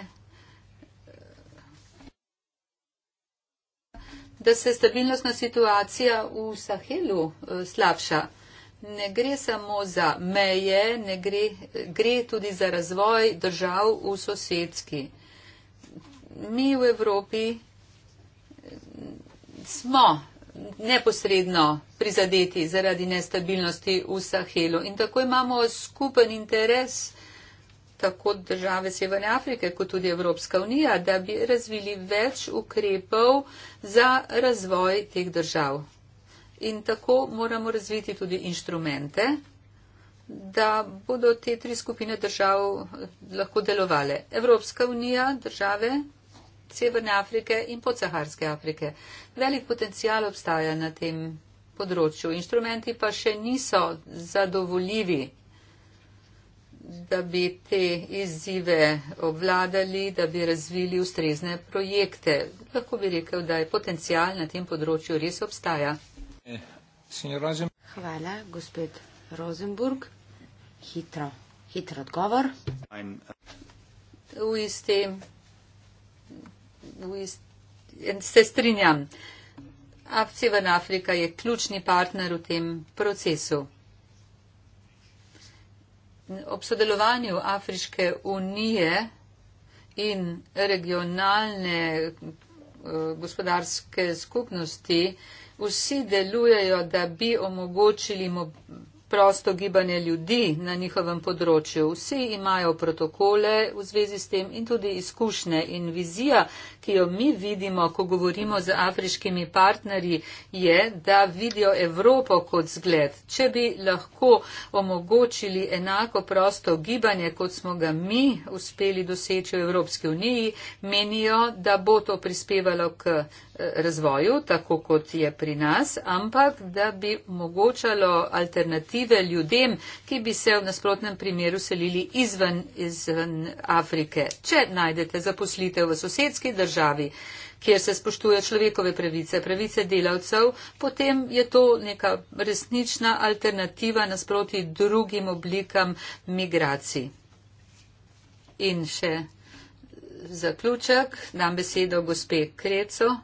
da se stabilnostna situacija v Sahelu eh, slabša. Ne gre samo za meje, ne gre, gre tudi za razvoj držav v sosedski. Mi v Evropi eh, smo neposredno prizadeti zaradi nestabilnosti v Sahelu in tako imamo skupen interes tako države Severne Afrike kot tudi Evropska unija, da bi razvili več ukrepov za razvoj teh držav. In tako moramo razviti tudi inštrumente, da bodo te tri skupine držav lahko delovale. Evropska unija, države Severne Afrike in podsaharske Afrike. Velik potencial obstaja na tem področju. Inštrumenti pa še niso zadovoljivi da bi te izzive obvladali, da bi razvili ustrezne projekte. Lahko bi rekel, da je potencial na tem področju res obstaja. Hvala, gospod Rosenburg. Hitro, hitro odgovor. V isti, v isti, se strinjam. Afcivan Afrika je ključni partner v tem procesu ob sodelovanju Afriške unije in regionalne eh, gospodarske skupnosti vsi delujejo, da bi omogočili mobilnost prosto gibanje ljudi na njihovem področju. Vsi imajo protokole v zvezi s tem in tudi izkušnje. In vizija, ki jo mi vidimo, ko govorimo z afriškimi partnerji, je, da vidijo Evropo kot zgled. Če bi lahko omogočili enako prosto gibanje, kot smo ga mi uspeli doseči v Evropski uniji, menijo, da bo to prispevalo k razvoju, tako kot je pri nas, ampak da bi omogočalo alternative ljudem, ki bi se v nasprotnem primeru selili izven, izven Afrike. Če najdete zaposlitev v sosedski državi, kjer se spoštuje človekove pravice, pravice delavcev, potem je to neka resnična alternativa nasproti drugim oblikam migracij. In še zaključek, dam besedo gospe Kreco.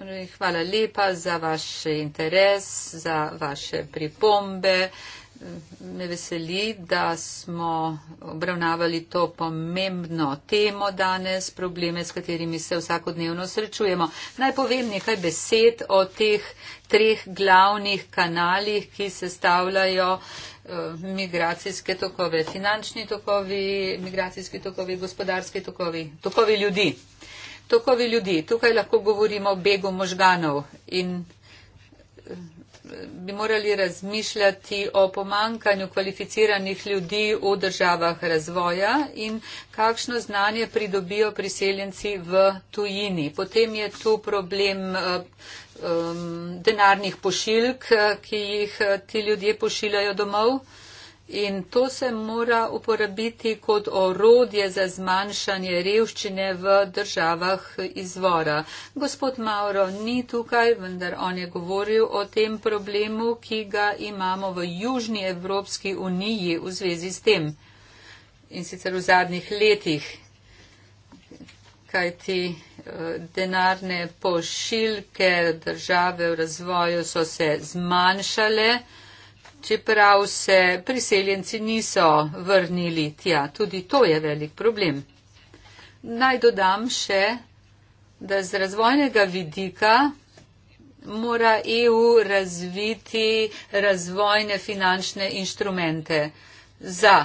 Torej, hvala lepa za vaš interes, za vaše pripombe. Me veseli, da smo obravnavali to pomembno temo danes, probleme, s katerimi se vsakodnevno srečujemo. Naj povem nekaj besed o teh treh glavnih kanalih, ki se stavljajo eh, migracijske tokove, finančni tokovi, migracijski tokovi, gospodarski tokovi, tokovi ljudi tokovi ljudi. Tukaj lahko govorimo o begu možganov in eh, bi morali razmišljati o pomankanju kvalificiranih ljudi v državah razvoja in kakšno znanje pridobijo priseljenci v tujini. Potem je tu problem eh, eh, denarnih pošiljk, ki jih ti ljudje pošiljajo domov. In to se mora uporabiti kot orodje za zmanjšanje revščine v državah izvora. Gospod Mauro ni tukaj, vendar on je govoril o tem problemu, ki ga imamo v Južni Evropski uniji v zvezi s tem. In sicer v zadnjih letih, kajti eh, denarne pošiljke države v razvoju so se zmanjšale čeprav se priseljenci niso vrnili tja. Tudi to je velik problem. Naj dodam še, da z razvojnega vidika mora EU razviti razvojne finančne inštrumente za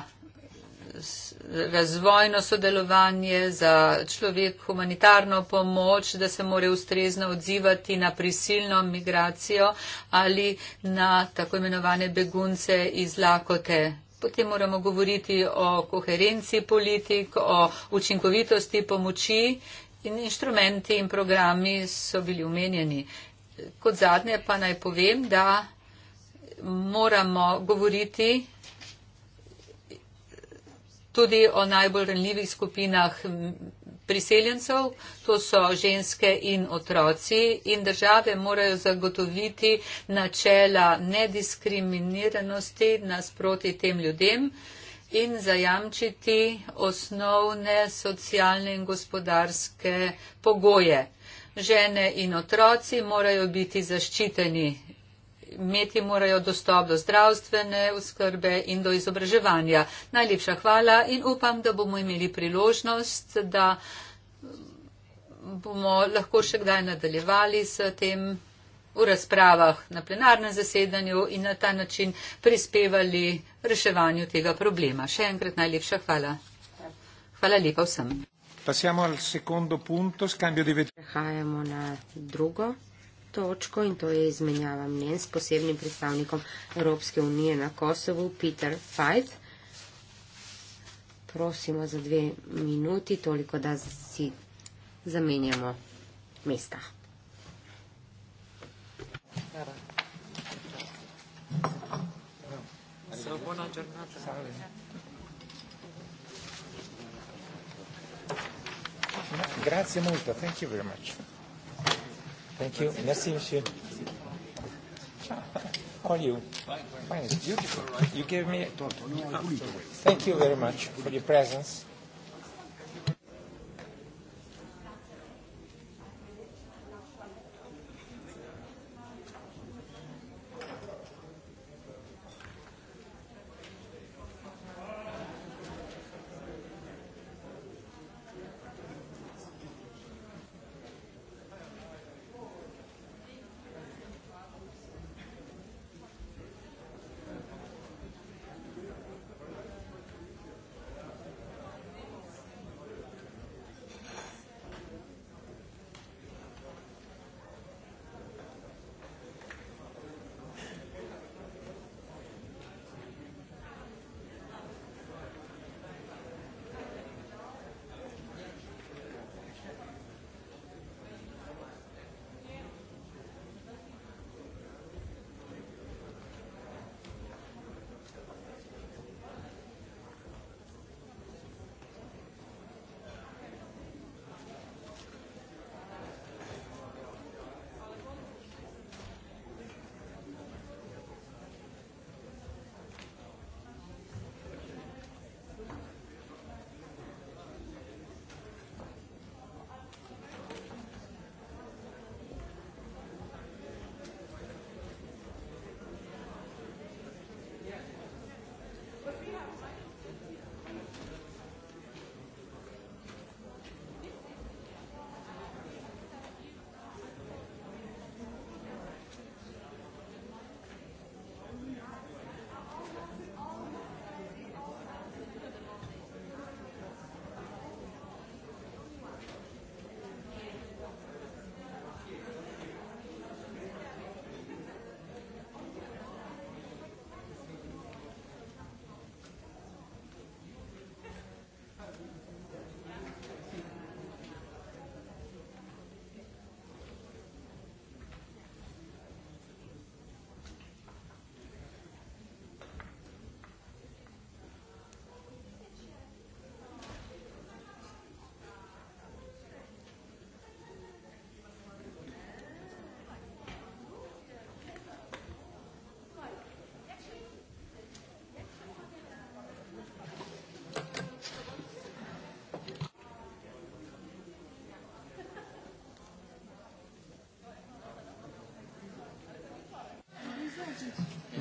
razvojno sodelovanje, za človek humanitarno pomoč, da se more ustrezno odzivati na prisilno migracijo ali na tako imenovane begunce iz lakote. Potem moramo govoriti o koherenci politik, o učinkovitosti pomoči in inštrumenti in programi so bili umenjeni. Kot zadnje pa naj povem, da moramo govoriti tudi o najbolj ranljivih skupinah priseljencev, to so ženske in otroci in države morajo zagotoviti načela nediskriminiranosti nasproti tem ljudem in zajamčiti osnovne socialne in gospodarske pogoje. Žene in otroci morajo biti zaščiteni imeti morajo dostop do zdravstvene oskrbe in do izobraževanja. Najlepša hvala in upam, da bomo imeli priložnost, da bomo lahko še kdaj nadaljevali s tem v razpravah na plenarnem zasedanju in na ta način prispevali reševanju tega problema. Še enkrat najlepša hvala. Hvala lepa vsem. Passiamo al secondo punto, scambio di vedute. Prehajamo na drugo točko in to je izmenjava mnen s posebnim predstavnikom Evropske unije na Kosovu, Peter Fajt. Prosimo za dve minuti, toliko da si zamenjamo mesta. Grazie molto, thank you very much. Thank you. Merci, monsieur. How are you? Fine, fine. fine. It's beautiful, right? You gave me. Thank you very much for your presence.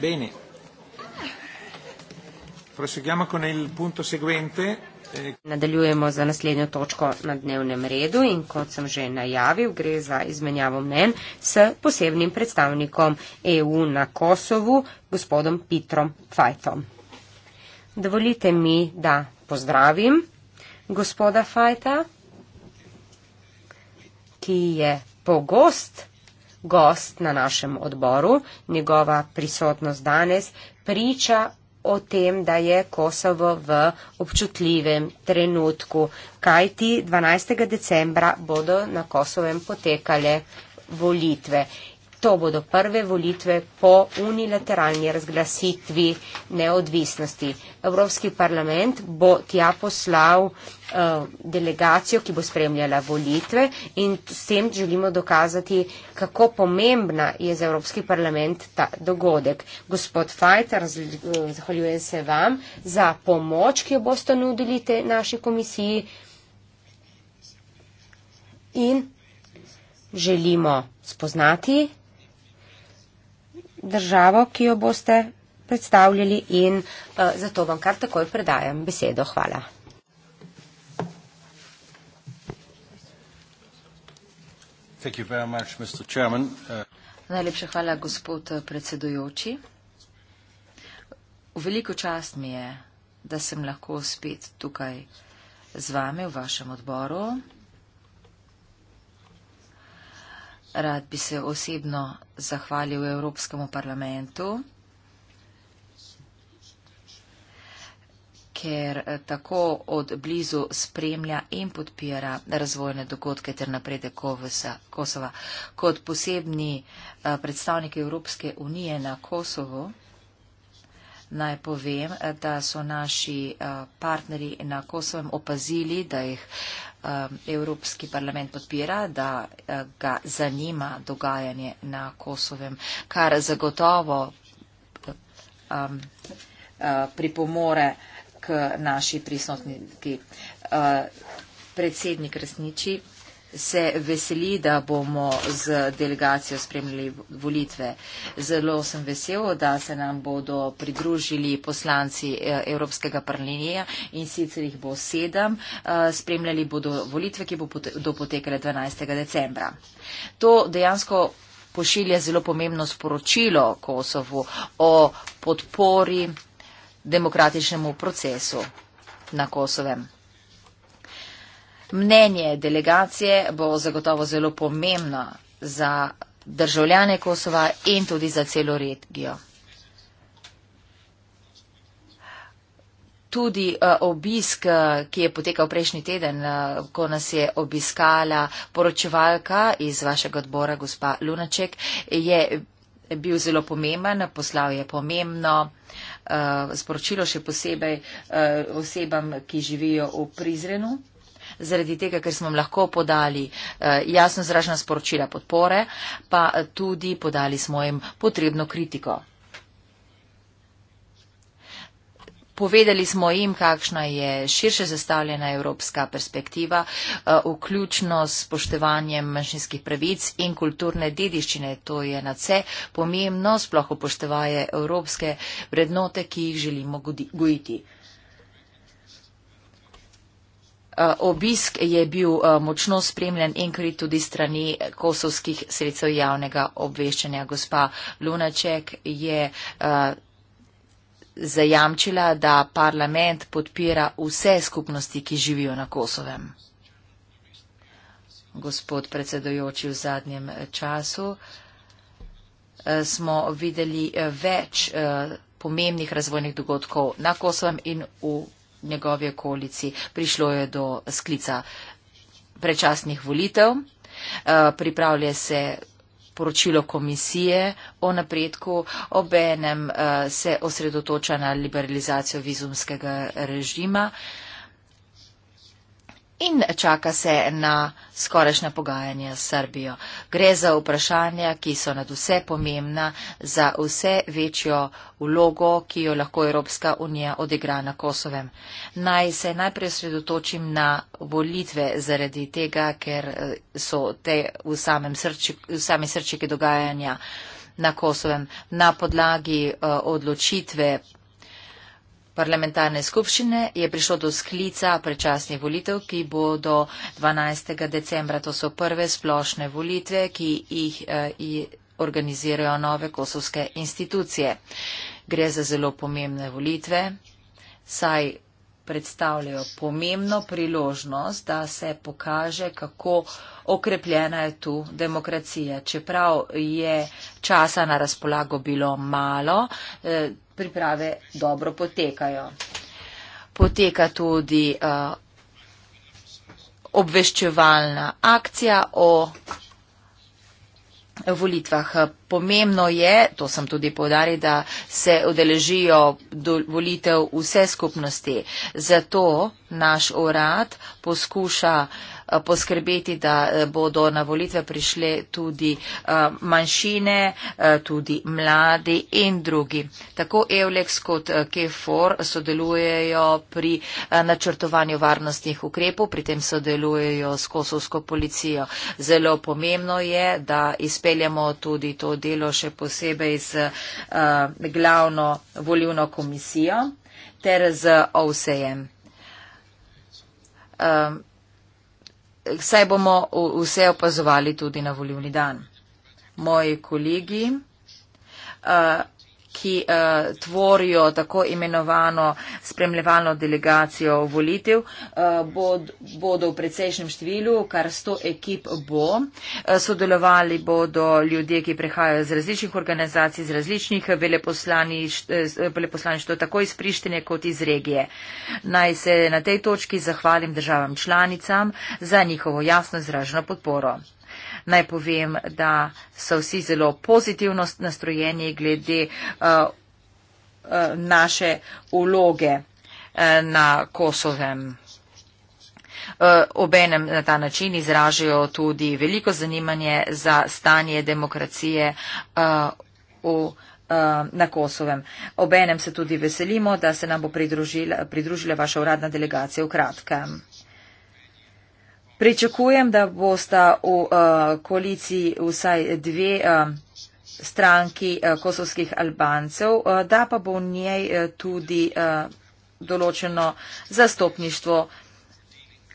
Bene. Proseguiamo con il punto seguente. Eh, Nadaljujemo za naslednjo točko na dnevnem redu in kot sem že najavil, gre za izmenjavo mnen s posebnim predstavnikom EU na Kosovu, gospodom Petrom Fajtom. Dovolite mi, da pozdravim gospoda Fajta, ki je pogost gost na našem odboru. Njegova prisotnost danes priča o tem, da je Kosovo v občutljivem trenutku, kajti 12. decembra bodo na Kosovem potekale volitve to bodo prve volitve po unilateralni razglasitvi neodvisnosti. Evropski parlament bo tja poslal uh, delegacijo, ki bo spremljala volitve in s tem želimo dokazati, kako pomembna je za Evropski parlament ta dogodek. Gospod Fajta, eh, zahvaljujem se vam za pomoč, ki jo boste nudili te naši komisiji. In želimo spoznati državo, ki jo boste predstavljali in uh, zato vam kar takoj predajam besedo. Hvala. Much, uh... Najlepša hvala, gospod eh, predsedujoči. Veliko čast mi je, da sem lahko spet tukaj z vami v vašem odboru. Rad bi se osebno zahvalil Evropskemu parlamentu, ker eh, tako od blizu spremlja in podpira razvojne dogodke ter napredek Kosova. Kot posebni eh, predstavnik Evropske unije na Kosovo, Naj povem, da so naši eh, partnerji na Kosovem opazili, da jih eh, Evropski parlament podpira, da eh, ga zanima dogajanje na Kosovem, kar zagotovo pripomore k naši prisotniki. Predsednik resniči se veseli, da bomo z delegacijo spremljali volitve. Zelo sem vesel, da se nam bodo pridružili poslanci eh, Evropskega parlamenta in sicer jih bo sedem. Eh, spremljali bodo volitve, ki bodo potekale 12. decembra. To dejansko pošilja zelo pomembno sporočilo Kosovu o podpori demokratičnemu procesu na Kosovem. Mnenje delegacije bo zagotovo zelo pomembno za državljane Kosova in tudi za celo regijo. Tudi eh, obisk, eh, ki je potekal prejšnji teden, eh, ko nas je obiskala poročevalka iz vašega odbora, gospa Lunaček, je bil zelo pomemben, poslal je pomembno sporočilo še posebej osebam, ki živijo v Prizrenu zaradi tega, ker smo jim lahko podali eh, jasno zražena sporočila podpore, pa tudi podali smo jim potrebno kritiko. Povedali smo jim, kakšna je širše zastavljena evropska perspektiva, eh, vključno s poštevanjem manjšinskih pravic in kulturne dediščine. To je na vse pomembno, sploh upoštevaje evropske vrednote, ki jih želimo gojiti. Eh, obisk je bil eh, močno spremljen enkrat tudi strani kosovskih sredstev javnega obveščanja. Gospa Lunaček je eh, zajamčila, da parlament podpira vse skupnosti, ki živijo na Kosovem. Gospod predsedojoči, v zadnjem času smo videli več pomembnih razvojnih dogodkov na Kosovem in v njegovi okolici. Prišlo je do sklica prečasnih volitev, eh, pripravlja se poročilo komisije o napredku, obenem eh, se osredotoča na liberalizacijo vizumskega režima in čaka se na skorešnja pogajanja s Srbijo. Gre za vprašanja, ki so nad vse pomembna, za vse večjo vlogo, ki jo lahko Evropska unija odigra na Kosovem. Naj se najprej sredotočim na volitve zaradi tega, ker eh, so te v, srči, v sami srčiki dogajanja na Kosovem. Na podlagi uh, odločitve parlamentarne skupščine je prišlo do sklica predčasnih volitev, ki bo do 12. decembra. To so prve splošne volitve, ki jih eh, organizirajo nove kosovske institucije. Gre za zelo pomembne volitve, saj predstavljajo pomembno priložnost, da se pokaže, kako okrepljena je tu demokracija. Čeprav je časa na razpolago bilo malo, eh, priprave dobro potekajo. Poteka tudi uh, obveščevalna akcija o volitvah. Pomembno je, to sem tudi povdaril, da se odeležijo volitev vse skupnosti. Zato naš urad poskuša uh, Eh, poskrbeti, da eh, bodo na volitve prišle tudi eh, manjšine, tudi mladi in drugi. Tako Eulex kot KFOR sodelujejo pri načrtovanju varnostnih ukrepov, pri tem sodelujejo s kosovsko policijo. Zelo pomembno je, da izpeljamo tudi to delo še posebej z glavno volivno komisijo ter z OVSEJEM. Um, saj bomo vse opazovali tudi na volivni dan. Moji kolegi, uh, ki uh, tvorijo tako imenovano spremljevalno delegacijo volitev, uh, bod, bodo v precejšnjem številu, kar 100 ekip bo. Uh, sodelovali bodo ljudje, ki prihajajo iz različnih organizacij, iz različnih veleposlanišč, to tako iz Prištine kot iz regije. Naj se na tej točki zahvalim državam članicam za njihovo jasno izraženo podporo. Naj povem, da so vsi zelo pozitivno nastrojeni glede uh, uh, naše uloge uh, na Kosovem. Obenem na ta način izražajo tudi veliko zanimanje za stanje demokracije v na Kosovem. Obenem se tudi veselimo, da se nam bo pridružila, pridružila vaša uradna delegacija v kratkem. Pričakujem, da bosta v uh, koaliciji vsaj dve uh, stranki uh, kosovskih Albancev, uh, da pa bo v njej uh, tudi uh, določeno zastopništvo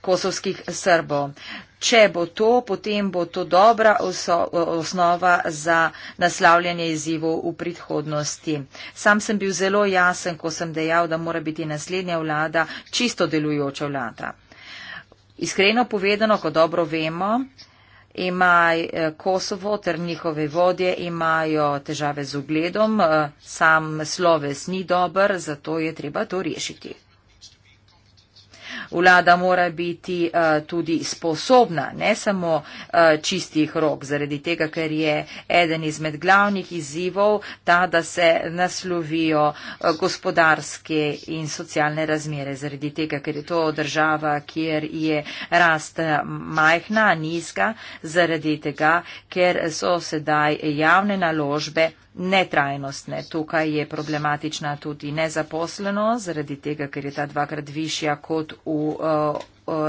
kosovskih Srbov. Če bo to, potem bo to dobra oso, osnova za naslavljanje izzivov v prihodnosti. Sam sem bil zelo jasen, ko sem dejal, da mora biti naslednja vlada čisto delujoča vlada. Iskreno povedano, ko dobro vemo, imajo eh, Kosovo ter njihove vodje imajo težave z ugledom, eh, sam sloves ni dober, zato je treba to rešiti vlada mora biti uh, tudi sposobna, ne samo uh, čistih rok, zaradi tega, ker je eden izmed glavnih izzivov ta, da se naslovijo uh, gospodarske in socialne razmere, zaradi tega, ker je to država, kjer je rast majhna, nizka, zaradi tega, ker so sedaj javne naložbe netrajnostne. Tukaj je problematična tudi nezaposleno, zaradi tega, ker je ta dvakrat višja kot v uh,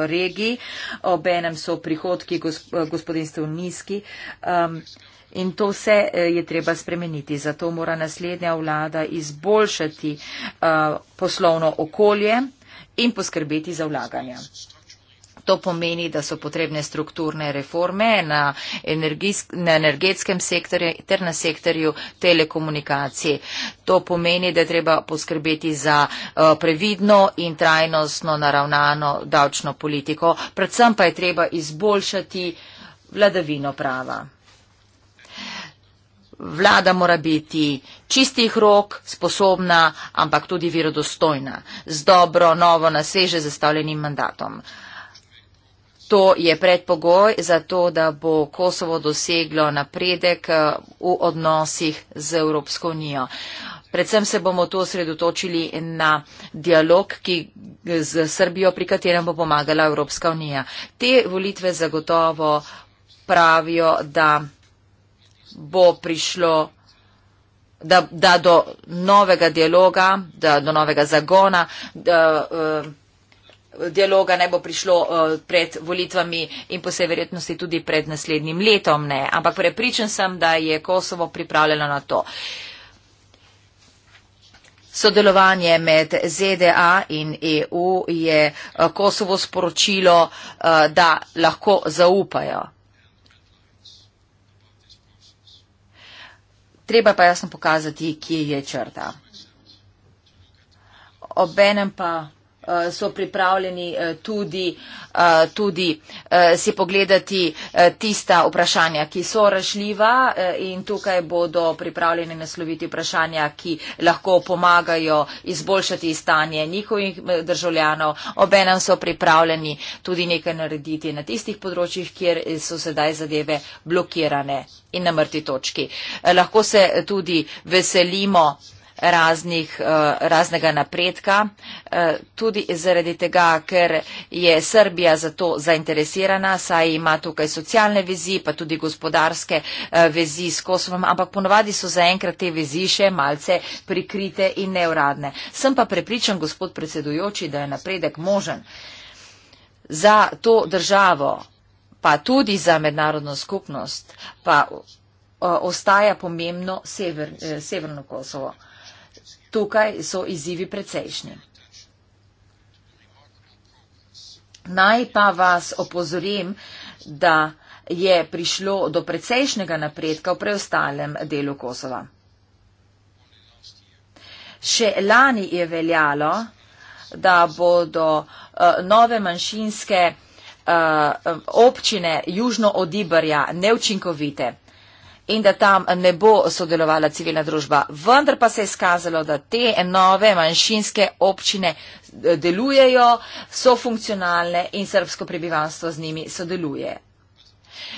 regiji. Obenem so prihodki gosp eh, gospodinstv nizki. Um, In to vse eh, je treba spremeniti. Zato mora naslednja vlada izboljšati uh, poslovno okolje in poskrbeti za vlaganja. To pomeni, da so potrebne strukturne reforme na, na energetskem sektorju ter na sektorju telekomunikacij. To pomeni, da je treba poskrbeti za uh, previdno in trajnostno naravnano davčno politiko, predvsem pa je treba izboljšati vladavino prava. Vlada mora biti čistih rok, sposobna, ampak tudi virodostojna, z dobro, novo, na sveže zastavljenim mandatom. To je predpogoj za to, da bo Kosovo doseglo napredek eh, v odnosih z Evropsko unijo. Predvsem se bomo to sredotočili na dialog ki, z Srbijo, pri katerem bo pomagala Evropska unija. Te volitve zagotovo pravijo, da bo prišlo. Da, da do novega dialoga, da, do novega zagona. Da, uh, dialoga ne bo prišlo uh, pred volitvami in po vsej verjetnosti tudi pred naslednjim letom. Ne. Ampak prepričan sem, da je Kosovo pripravljeno na to. Sodelovanje med ZDA in EU je eh, Kosovo sporočilo, eh, da lahko zaupajo. Treba pa jasno pokazati, kje je črta. Obenem pa. Eh, so pripravljeni eh, tudi, eh, tudi si pogledati tista vprašanja, ki so rašljiva in tukaj bodo pripravljeni nasloviti vprašanja, ki lahko pomagajo izboljšati stanje njihovih državljanov. Obenem so pripravljeni tudi nekaj narediti na tistih področjih, kjer so sedaj zadeve blokirane in na mrti točki. Lahko se tudi veselimo raznih, eh, raznega napredka, eh, tudi zaradi tega, ker je Srbija za to zainteresirana, saj ima tukaj socialne vezi, pa tudi gospodarske eh, vezi s Kosovom, ampak ponovadi so zaenkrat te vezi še malce prikrite in neuradne. Sem pa prepričan, gospod predsedujoči, da je napredek možen za to državo, pa tudi za mednarodno skupnost, pa ostaja pomembno sever, severno Kosovo. Tukaj so izzivi precejšnji. Naj pa vas opozorim, da je prišlo do precejšnjega napredka v preostalem delu Kosova. Še lani je veljalo, da bodo uh, nove manjšinske uh, občine južno od Ibarja neučinkovite in da tam ne bo sodelovala civilna družba. Vendar pa se je skazalo, da te nove manjšinske občine eh, delujejo, so funkcionalne in srbsko prebivalstvo z njimi sodeluje.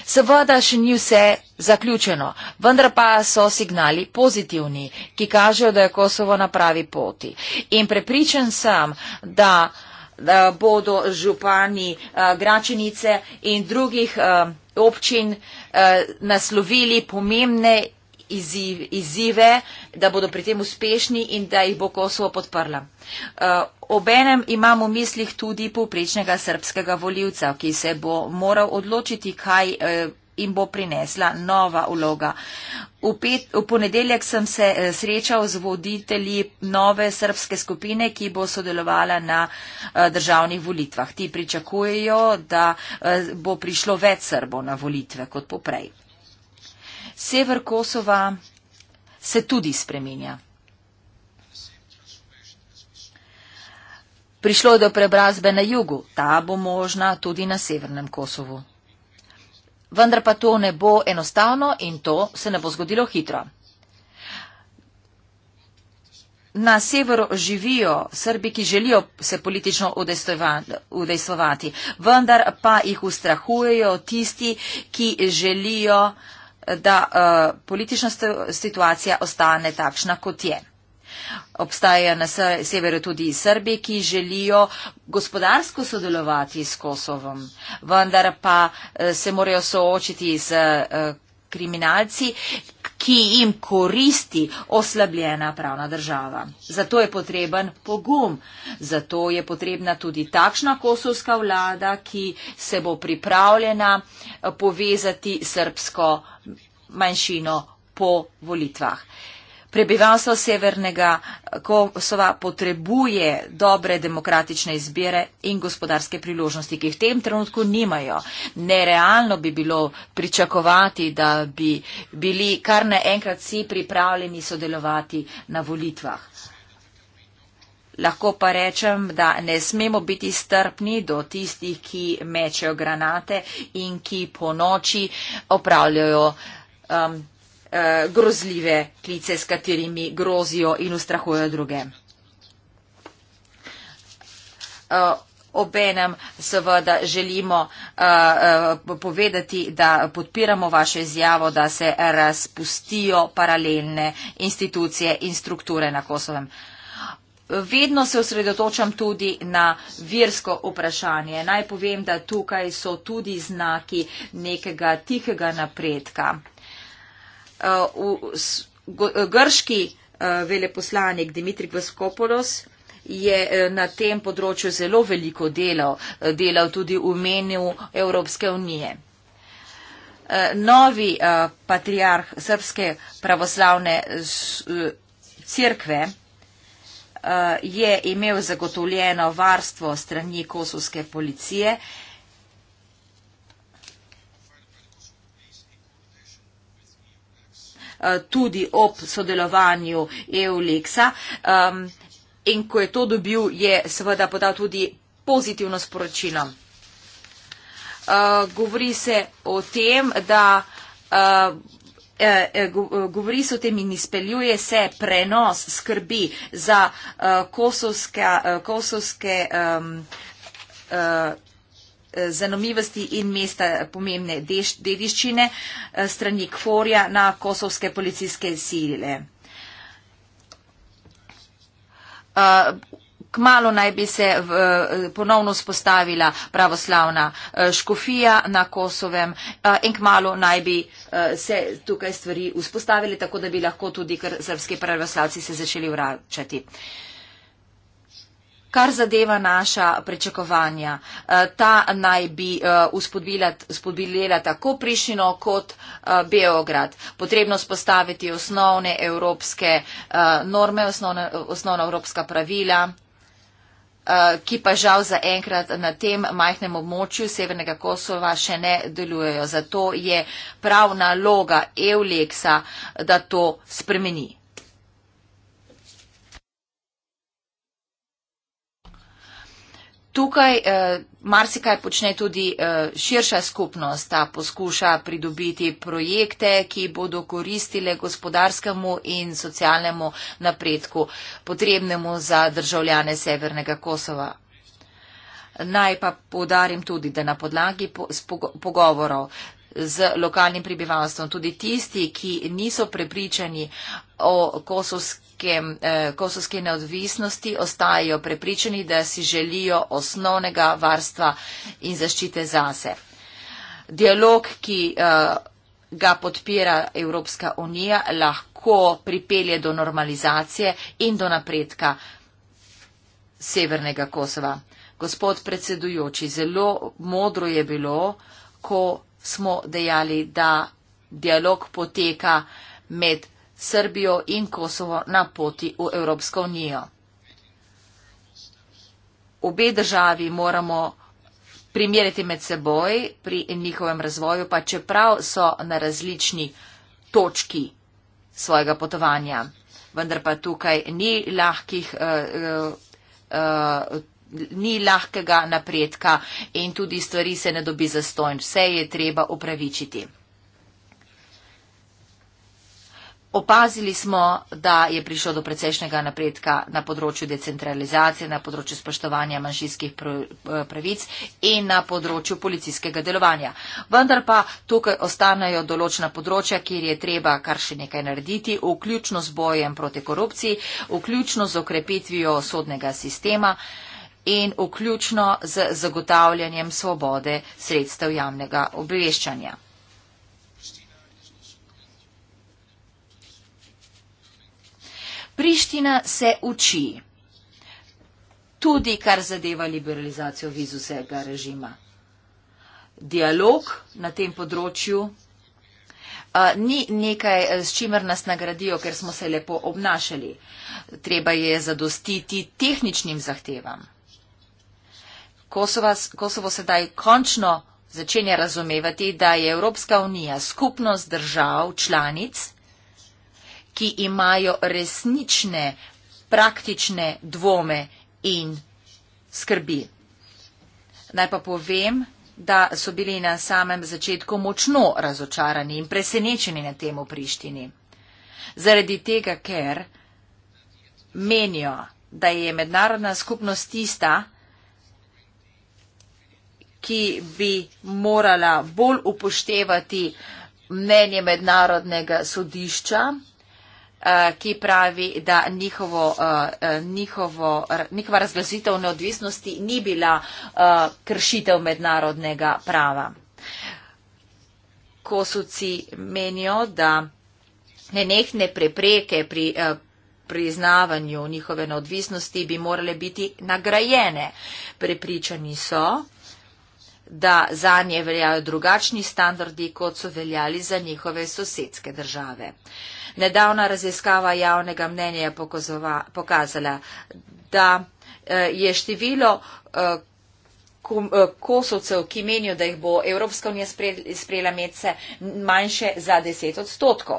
Seveda še ni vse zaključeno, vendar pa so signali pozitivni, ki kažejo, da je Kosovo na pravi poti. In prepričan sem, da, da bodo župani a, eh, Gračenice in drugih a, eh, občin eh, naslovili pomembne izzive, da bodo pri tem uspešni in da jih bo Kosovo podprla. Eh, obenem imamo v mislih tudi povprečnega srpskega voljivca, ki se bo moral odločiti, kaj eh, in bo prinesla nova vloga. V, pet, v ponedeljek sem se eh, srečal z voditelji nove srpske skupine, ki bo sodelovala na eh, državnih volitvah. Ti pričakujejo, da eh, bo prišlo več srbo na volitve kot poprej. Sever Kosova se tudi spreminja. Prišlo je do preobrazbe na jugu, ta bo možna tudi na severnem Kosovu vendar pa to ne bo enostavno in to se ne bo zgodilo hitro. Na severu živijo Srbi, ki želijo se politično udejstvovati, vendar pa jih ustrahujejo tisti, ki želijo, da uh, politična situacija ostane takšna, kot je. Obstaja na severu tudi Srbije, ki želijo gospodarsko sodelovati s Kosovom, vendar pa eh, se morajo soočiti z eh, kriminalci, ki jim koristi oslabljena pravna država. Zato je potreben pogum, zato je potrebna tudi takšna kosovska vlada, ki se bo pripravljena eh, povezati srbsko manjšino po volitvah prebivalstvo severnega eh, Kosova potrebuje dobre demokratične izbire in gospodarske priložnosti, ki jih v tem trenutku nimajo. Nerealno bi bilo pričakovati, da bi bili kar naenkrat vsi pripravljeni sodelovati na volitvah. Lahko pa rečem, da ne smemo biti strpni do tistih, ki mečejo granate in ki po noči opravljajo um, uh, grozljive klice, s katerimi grozijo in ustrahujo druge. Uh, obenem seveda želimo uh, uh, povedati, da podpiramo vašo izjavo, da se razpustijo paralelne institucije in strukture na Kosovem. Vedno se osredotočam tudi na versko vprašanje. Naj povem, da tukaj so tudi znaki nekega tihega napredka uh, v, s, go, eh, grški uh, veleposlanik Dimitri Vaskopolos je na tem področju zelo veliko delal, delal tudi v menju Evropske unije. Novi patrijarh Srpske pravoslavne crkve je imel zagotovljeno varstvo strani kosovske policije Eh, tudi ob sodelovanju EULEX-a um, in ko je to dobil, je seveda podal tudi pozitivno sporočilo. Uh, govori se o tem, da. Uh, Govori se o tem in izpeljuje se prenos skrbi za kosovske, kosovske um, uh, Eh, zanomivosti in mesta pomembne deš, dediščine eh, strani Kforja na kosovske policijske sile. Eh, kmalo naj bi se ponovno spostavila pravoslavna škofija na Kosovem in kmalo naj bi se tukaj stvari vzpostavili, tako da bi lahko tudi srpski pravoslavci se začeli vračati kar zadeva naša prečakovanja. Eh, ta naj bi uspodbilila eh, tako Prišino kot eh, Beograd. Potrebno spostaviti osnovne evropske norme, osnovne, osnovna evropska pravila ki pa žal za enkrat na tem majhnem območju Severnega Kosova še ne delujejo. Zato je prav naloga Euleksa, da to spremeni. Tukaj eh, marsikaj počne tudi eh, širša skupnost, ta poskuša pridobiti projekte, ki bodo koristile gospodarskemu in socialnemu napredku, potrebnemu za državljane Severnega Kosova. Naj pa povdarim tudi, da na podlagi po, spogo, pogovorov z lokalnim prebivalstvom, tudi tisti, ki niso prepričani o kosovskem, eh, kosovske neodvisnosti, ostajajo prepričani, da si želijo osnovnega varstva in zaščite zase. Dialog, ki eh, ga podpira Evropska unija, lahko pripelje do normalizacije in do napredka severnega Kosova. Gospod predsedujoči, zelo modro je bilo, ko smo dejali, da dialog poteka med Srbijo in Kosovo na poti v Evropsko unijo. Obe državi moramo primerjati med seboj pri njihovem razvoju, pa čeprav so na različni točki svojega potovanja. Vendar pa tukaj ni lahkih uh, uh, ni lahkega napredka in tudi stvari se ne dobi za stojn. Vse je treba upravičiti. Opazili smo, da je prišlo do precejšnjega napredka na področju decentralizacije, na področju spoštovanja manjšinskih eh, pravic in na področju policijskega delovanja. Vendar pa tukaj ostanejo določena področja, kjer je treba kar še nekaj narediti, vključno z bojem proti korupciji, vključno z okrepitvijo sodnega sistema in vključno z zagotavljanjem svobode sredstev javnega obveščanja. Priština se uči tudi, kar zadeva liberalizacijo vizusega režima. Dialog na tem področju uh, ni nekaj, s čimer nas nagradijo, ker smo se lepo obnašali. Treba je zadostiti tehničnim zahtevam. Kosovas, Kosovo sedaj končno začenja razumevati, da je Evropska unija skupnost držav članic, ki imajo resnične, praktične dvome in skrbi. Naj pa povem, da so bili na samem začetku močno razočarani in presenečeni na tem v Prištini. Zaradi tega, ker menijo, da je mednarodna skupnost tista, ki bi morala bolj upoštevati mnenje mednarodnega sodišča, eh, ki pravi, da njihovo, eh, eh, njihovo, njihova razglasitev neodvisnosti ni bila kršitev mednarodnega prava. Kosuci menijo, da nenehne prepreke pri priznavanju njihove neodvisnosti bi morale biti nagrajene. Prepričani so, da za nje veljajo drugačni standardi, kot so veljali za njihove sosedske države. Nedavna raziskava javnega mnenja je pokazala, da eh, je število eh, eh, kosovcev, ki menijo, da jih bo Evropska unija sprejela medse, manjše za 10 odstotkov.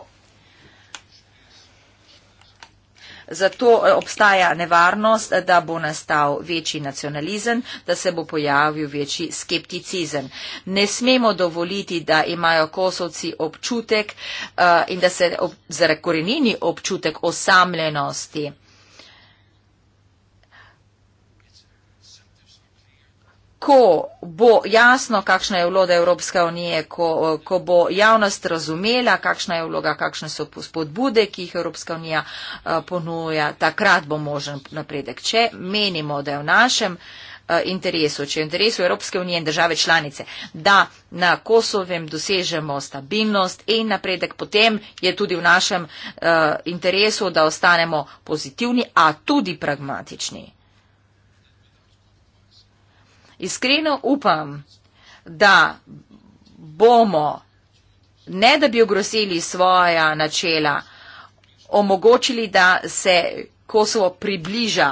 Zato eh, obstaja nevarnost, da bo nastal večji nacionalizem, da se bo pojavil večji skepticizem. Ne smemo dovoliti, da imajo kosovci občutek uh, in da se ob, zaradi korenini občutek osamljenosti ko bo jasno, kakšna je vloga Evropske unije, ko, ko bo javnost razumela, kakšna je vloga, kakšne so spodbude, ki jih Evropska unija eh, ponuja, takrat bo možen napredek. Če menimo, da je v našem eh, interesu, če je v interesu Evropske unije in države članice, da na Kosovem dosežemo stabilnost in napredek, potem je tudi v našem uh, interesu, da ostanemo pozitivni, a tudi pragmatični. Iskreno upam, da bomo, ne da bi ogrozili svoja načela, omogočili, da se Kosovo približa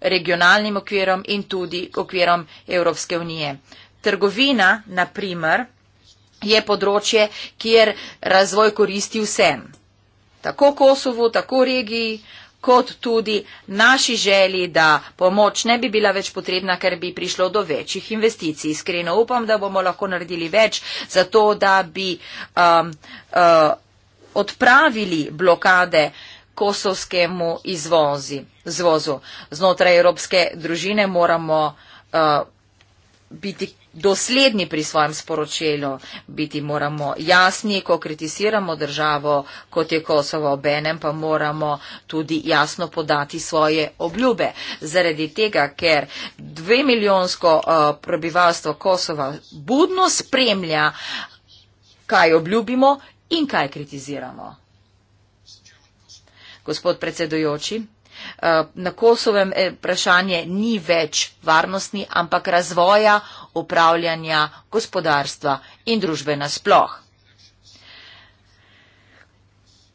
regionalnim okvirom in tudi okvirom Evropske unije. Trgovina, na primer, je področje, kjer razvoj koristi vsem. Tako Kosovo, tako regiji, kot tudi naši želi, da pomoč ne bi bila več potrebna, ker bi prišlo do večjih investicij. Iskreno upam, da bomo lahko naredili več za to, da bi um, uh, odpravili blokade kosovskemu izvozi, izvozu. Znotraj evropske družine moramo uh, biti dosledni pri svojem sporočilu, biti moramo jasni, ko kritiziramo državo, kot je Kosovo obenem, pa moramo tudi jasno podati svoje obljube. Zaradi tega, ker dve milijonsko uh, eh, prebivalstvo Kosova budno spremlja, kaj obljubimo in kaj kritiziramo. Gospod predsedujoči. Eh, na Kosovem eh, vprašanje ni več varnostni, ampak razvoja, upravljanja, gospodarstva in družbe nasploh.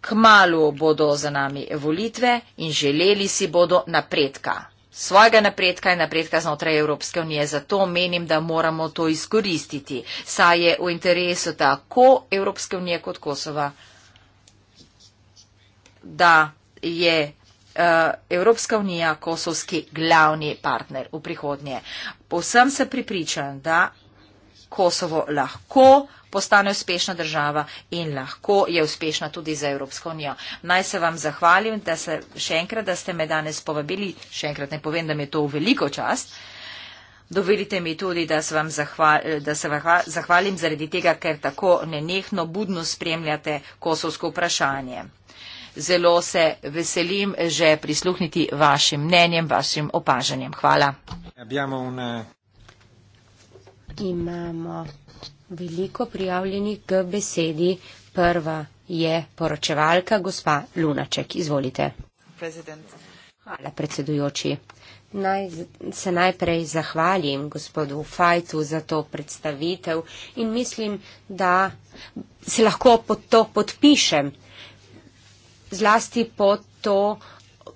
Kmalo bodo za nami volitve in želeli si bodo napredka. Svojega napredka in napredka znotraj Evropske unije. Zato menim, da moramo to izkoristiti, saj je v interesu tako Evropske unije kot Kosova, da je Eh, Evropska unija kosovski glavni partner v prihodnje. Povsem se pripričam, da Kosovo lahko postane uspešna država in lahko je uspešna tudi za Evropsko unijo. Naj se vam zahvalim, da se še enkrat, da ste me danes povabili, še enkrat ne povem, da mi je to v veliko čast. Dovolite mi tudi, da se vam zahvalim, da se zahvalim zaradi tega, ker tako nenehno budno spremljate kosovsko vprašanje zelo se veselim že prisluhniti vašim mnenjem, vašim opažanjem. Hvala. Eh, Imamo veliko prijavljenih k besedi. Prva je poročevalka, gospa Lunaček. Izvolite. President. Hvala, predsedujoči. Naj se najprej zahvalim gospodu Fajtu za to predstavitev in mislim, da se lahko pod to podpišem zlasti po to,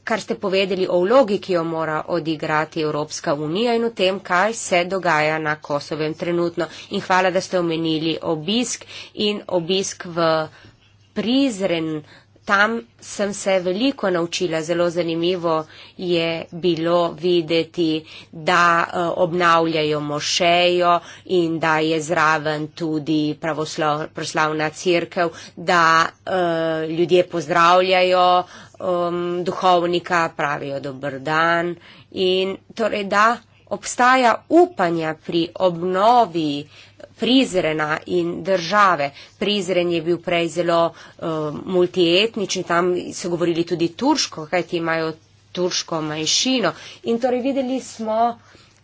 kar ste povedali o vlogi, ki jo mora odigrati Evropska unija in o tem, kaj se dogaja na Kosovem trenutno. In hvala, da ste omenili obisk in obisk v prizren tam sem se veliko naučila, zelo zanimivo je bilo videti, da e, obnavljajo mošejo in da je zraven tudi pravoslavna crkev, da uh, ljudje pozdravljajo um, duhovnika, pravijo dober dan in torej da obstaja upanja pri obnovi uh, Prizrena in države. Prizren je bil prej zelo uh, eh, multietnični, tam so govorili tudi turško, kajti imajo turško manjšino. In torej videli smo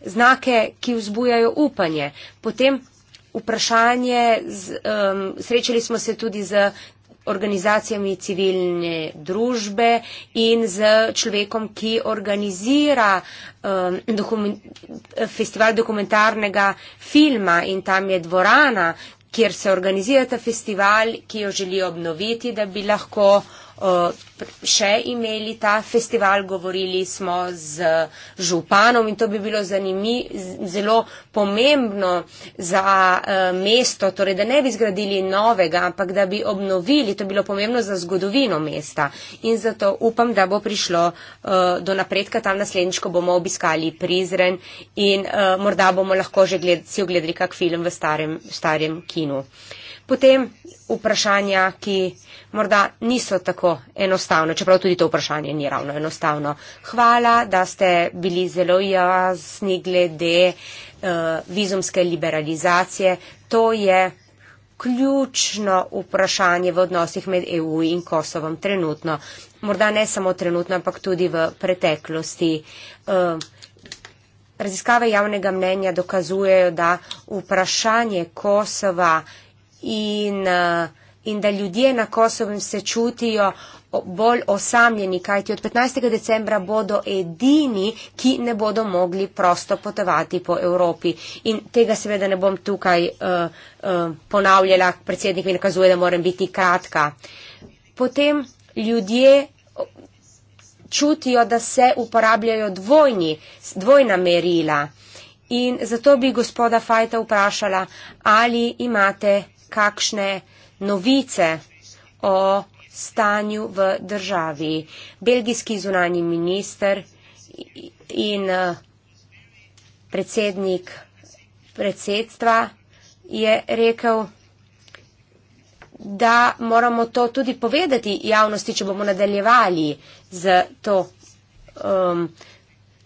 znake, ki vzbujajo upanje. Potem vprašanje, z, um, srečali smo se tudi z organizacijami civilne družbe in z človekom, ki organizira um, dokumen, festival dokumentarnega filma in tam je dvorana, kjer se organizira ta festival, ki jo želi obnoviti, da bi lahko Eh, še imeli ta festival, govorili smo z županom in to bi bilo zanimi, zelo pomembno za eh, mesto, torej da ne bi zgradili novega, ampak da bi obnovili, to bi bilo pomembno za zgodovino mesta in zato upam, da bo prišlo eh, do napredka, tam naslednjič, ko bomo obiskali Prizren in morda bomo lahko že gled, si ogledali kak film v starem, starem kinu. Uh, potem vprašanja, ki morda niso tako enostavna, čeprav tudi to vprašanje ni ravno enostavno. Hvala, da ste bili zelo jasni glede uh, vizumske liberalizacije. To je ključno vprašanje v odnosih med EU in Kosovom trenutno. Morda ne samo trenutno, ampak tudi v preteklosti. Uh, Raziskave javnega mnenja dokazujejo, da vprašanje Kosova in, eh, in da ljudje na Kosovem se čutijo bolj osamljeni, kajti od 15. decembra bodo edini, ki ne bodo mogli prosto potovati po Evropi. In tega seveda ne bom tukaj uh, uh, ponavljala, predsednik mi nakazuje, da moram biti kratka. Potem ljudje čutijo, da se uporabljajo dvojni, dvojna merila. In zato bi gospoda Fajta vprašala, ali imate kakšne novice o stanju v državi. Belgijski zunani minister in eh, predsednik predsedstva je rekel, da moramo to tudi povedati javnosti, če bomo nadaljevali z to um,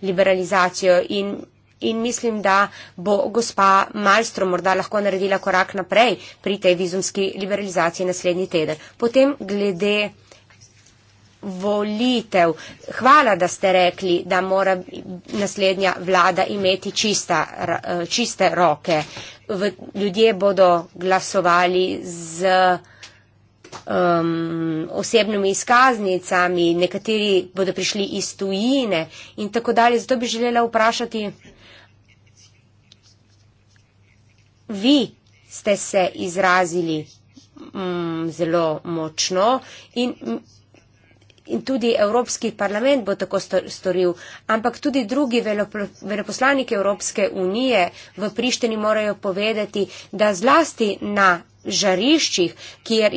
liberalizacijo in In mislim, da bo gospa Malstrom morda lahko naredila korak naprej pri tej vizumski liberalizaciji naslednji teden. Potem glede volitev. Hvala, da ste rekli, da mora naslednja vlada imeti čista, eh, čiste roke. V, ljudje bodo glasovali z um, osebnimi izkaznicami, nekateri bodo prišli iz tujine in tako dalje. Zato bi želela vprašati. vi ste se izrazili mm, zelo močno in, in tudi Evropski parlament bo tako storil, ampak tudi drugi veleposlaniki Evropske unije v Prišteni morajo povedati, da zlasti na žariščih, kjer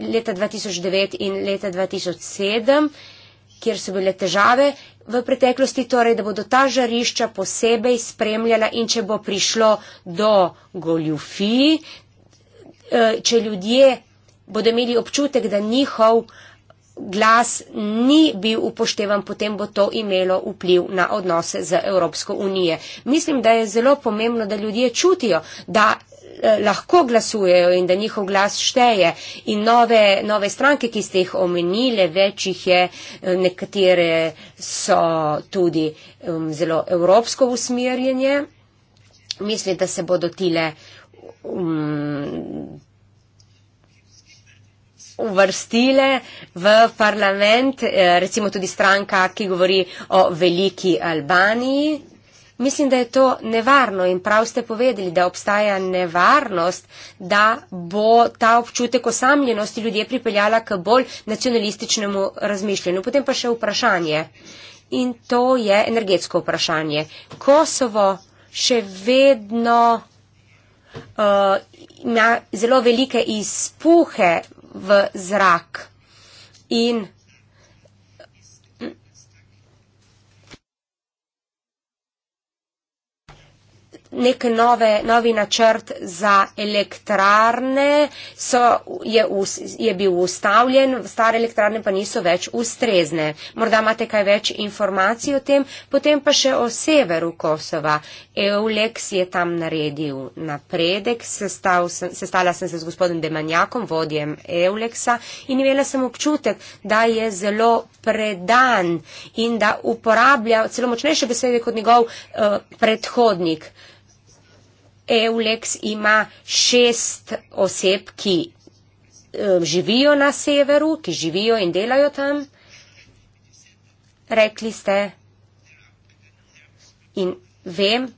leta 2009 in leta 2007 kjer so bile težave v preteklosti, torej da bodo ta žarišča posebej spremljala in če bo prišlo do goljufij, eh, če ljudje bodo imeli občutek, da njihov glas ni bil upoštevan, potem bo to imelo vpliv na odnose z Evropsko unijo. Mislim, da je zelo pomembno, da ljudje čutijo, da Eh, lahko glasujejo in da njihov glas šteje. In nove, nove stranke, ki ste jih omenili, več jih je, eh, nekatere so tudi um, zelo evropsko usmerjene. Mislim, da se bodo tile um, uvrstile v parlament, eh, recimo tudi stranka, ki govori o veliki Albaniji. Mislim, da je to nevarno in prav ste povedali, da obstaja nevarnost, da bo ta občutek osamljenosti ljudje pripeljala k bolj nacionalističnemu razmišljanju. Potem pa še vprašanje. In to je energetsko vprašanje. Kosovo še vedno uh, ima zelo velike izpuhe v zrak in nek nove, novi načrt za elektrarne so, je, us, je bil ustavljen, stare elektrarne pa niso več ustrezne. Morda imate kaj več informacij o tem, potem pa še o severu Kosova. Eulex je tam naredil napredek, sestal sem, sestala sem se z gospodom Demanjakom, vodjem Eulexa in imela sem občutek, da je zelo predan in da uporablja celo močnejše besede kot njegov uh, predhodnik. Eulex ima šest oseb, ki um, živijo na severu, ki živijo in delajo tam, rekli ste. In vem,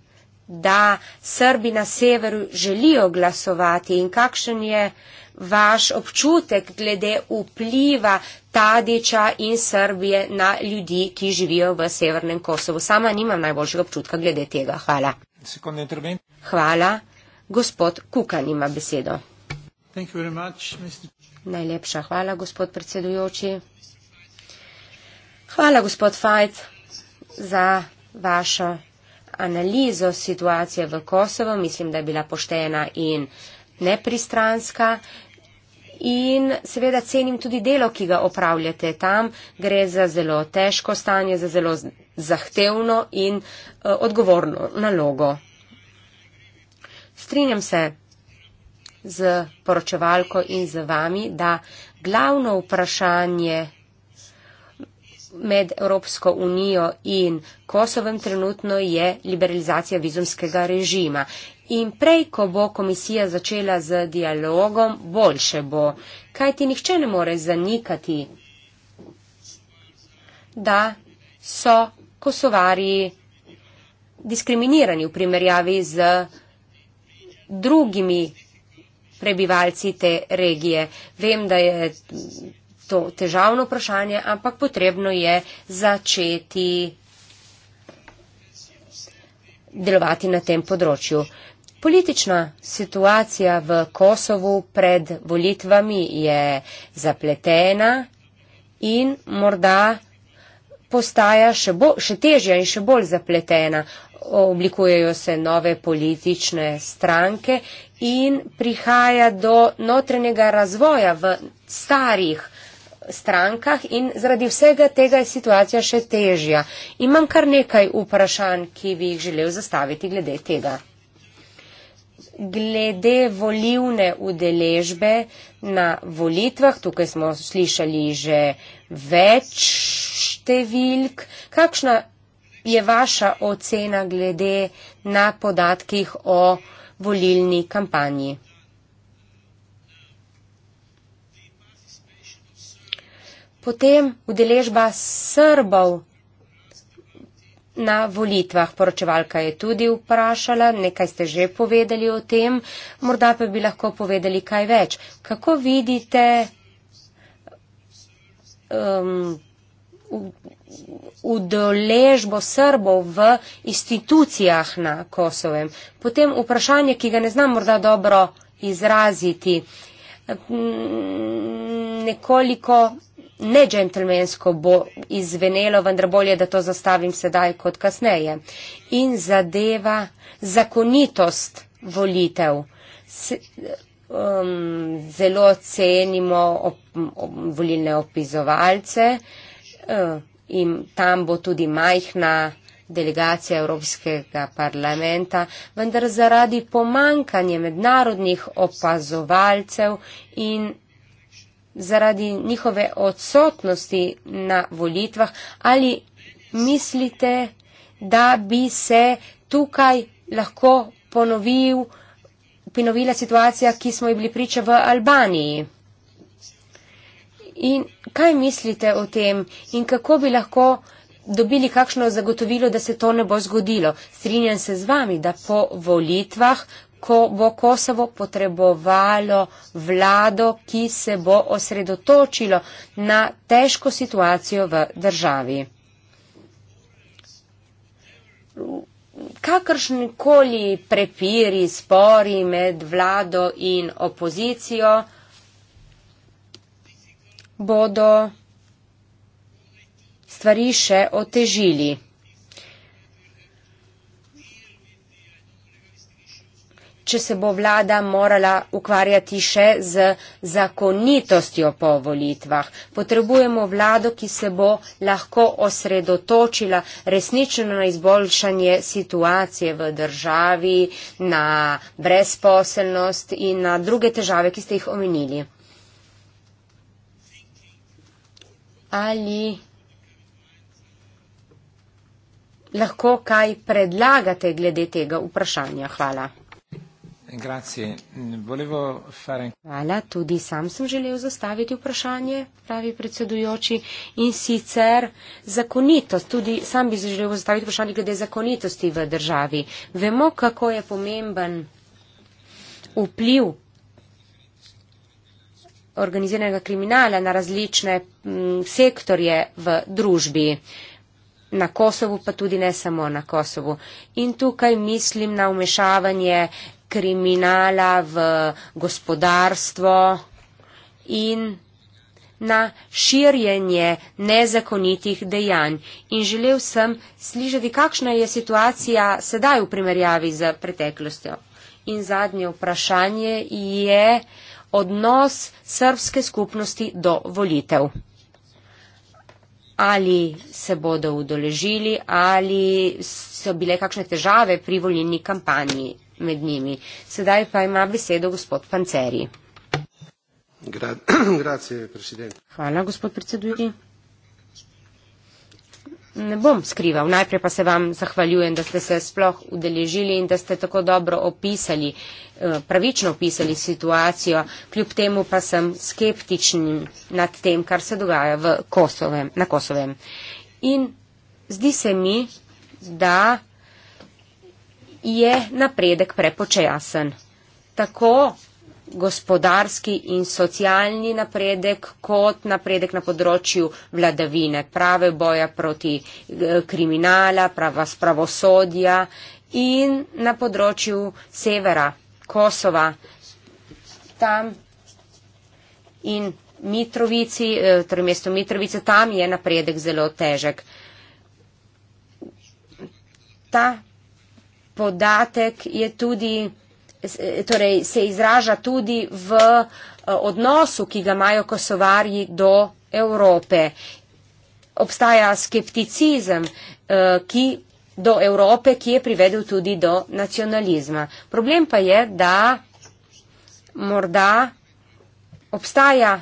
da Srbi na severu želijo glasovati in kakšen je vaš občutek glede vpliva Tadiča in Srbije na ljudi, ki živijo v severnem Kosovu. Sama nimam najboljšega občutka glede tega. Hvala. Hvala. Gospod Kukan ima besedo. Much, Najlepša hvala, gospod predsedujoči. Hvala, gospod Fajt, za vašo analizo situacije v Kosovo. Mislim, da je bila poštena in nepristranska in seveda cenim tudi delo, ki ga opravljate tam. Gre za zelo težko stanje, za zelo zahtevno in uh, odgovorno nalogo. Strinjam se z poročevalko in z vami, da glavno vprašanje med Evropsko unijo in Kosovem trenutno je liberalizacija vizumskega režima. In prej, ko bo komisija začela z dialogom, boljše bo, kaj ti nihče ne more zanikati, da so kosovarji diskriminirani v primerjavi z drugimi prebivalci te regije. Vem, da je to težavno vprašanje, ampak potrebno je začeti delovati na tem področju. Politična situacija v Kosovu pred volitvami je zapletena in morda postaja še, bo, še težja in še bolj zapletena. Oblikujejo se nove politične stranke in prihaja do notrenega razvoja v starih strankah in zaradi vsega tega je situacija še težja. Imam kar nekaj vprašanj, ki bi jih želel zastaviti glede tega glede volivne udeležbe na volitvah. Tukaj smo slišali že več številk. Kakšna je vaša ocena glede na podatkih o volilni kampanji? Potem udeležba Srbov na volitvah. Poročevalka je tudi vprašala, nekaj ste že povedali o tem, morda pa bi lahko povedali kaj več. Kako vidite um, udeležbo um, Srbov v institucijah na Kosovem? Potem vprašanje, ki ga ne znam morda dobro izraziti. Nekoliko nečentlmensko bo izvenelo, vendar bolje, da to zastavim sedaj kot kasneje. In zadeva zakonitost volitev. Se, um, zelo cenimo op, op, volilne opizovalce uh, in tam bo tudi majhna delegacija Evropskega parlamenta, vendar zaradi pomankanja mednarodnih opazovalcev in zaradi njihove odsotnosti na volitvah ali mislite, da bi se tukaj lahko ponovil, ponovila situacija, ki smo ji bili priča v Albaniji? In kaj mislite o tem in kako bi lahko dobili kakšno zagotovilo, da se to ne bo zgodilo? Strinjam se z vami, da po volitvah ko bo Kosovo potrebovalo vlado, ki se bo osredotočilo na težko situacijo v državi. Kakršnikoli prepiri, spori med vlado in opozicijo bodo stvari še otežili. če se bo vlada morala ukvarjati še z zakonitostjo po volitvah. Potrebujemo vlado, ki se bo lahko osredotočila resnično na izboljšanje situacije v državi, na brezposelnost in na druge težave, ki ste jih omenili. Ali lahko kaj predlagate glede tega vprašanja? Hvala. Hvala, tudi sam sem želel zastaviti vprašanje, pravi predsedujoči, in sicer zakonitost. Tudi sam bi se želel zastaviti vprašanje glede zakonitosti v državi. Vemo, kako je pomemben vpliv organiziranega kriminala na različne sektorje v družbi. Na Kosovu, pa tudi ne samo na Kosovu. In tukaj mislim na umešavanje kriminala v gospodarstvo in na širjenje nezakonitih dejanj. In želel sem slišati, kakšna je situacija sedaj v primerjavi z preteklostjo. In zadnje vprašanje je odnos srpske skupnosti do volitev. Ali se bodo udeležili, ali so bile kakšne težave pri volilni kampanji med njimi. Sedaj pa ima besedo gospod Panceri. Hvala, gospod predsedujoči. Ne bom skrival. Najprej pa se vam zahvaljujem, da ste se sploh udeležili in da ste tako dobro opisali, eh, pravično opisali situacijo. Kljub temu pa sem skeptični nad tem, kar se dogaja Kosovem, na Kosovem. In zdi se mi, da je napredek prepočasen. Tako gospodarski in socialni napredek, kot napredek na področju vladavine, prave boja proti eh, kriminala, prava spravosodja in na področju severa, Kosova, tam in Mitrovici, eh, torej mesto Mitrovice, tam je napredek zelo težek. Ta podatek je tudi, e, torej se izraža tudi v e, odnosu, ki ga imajo kosovarji do Evrope. Obstaja skepticizem, e, ki do Evrope, ki je privedel tudi do nacionalizma. Problem pa je, da morda obstaja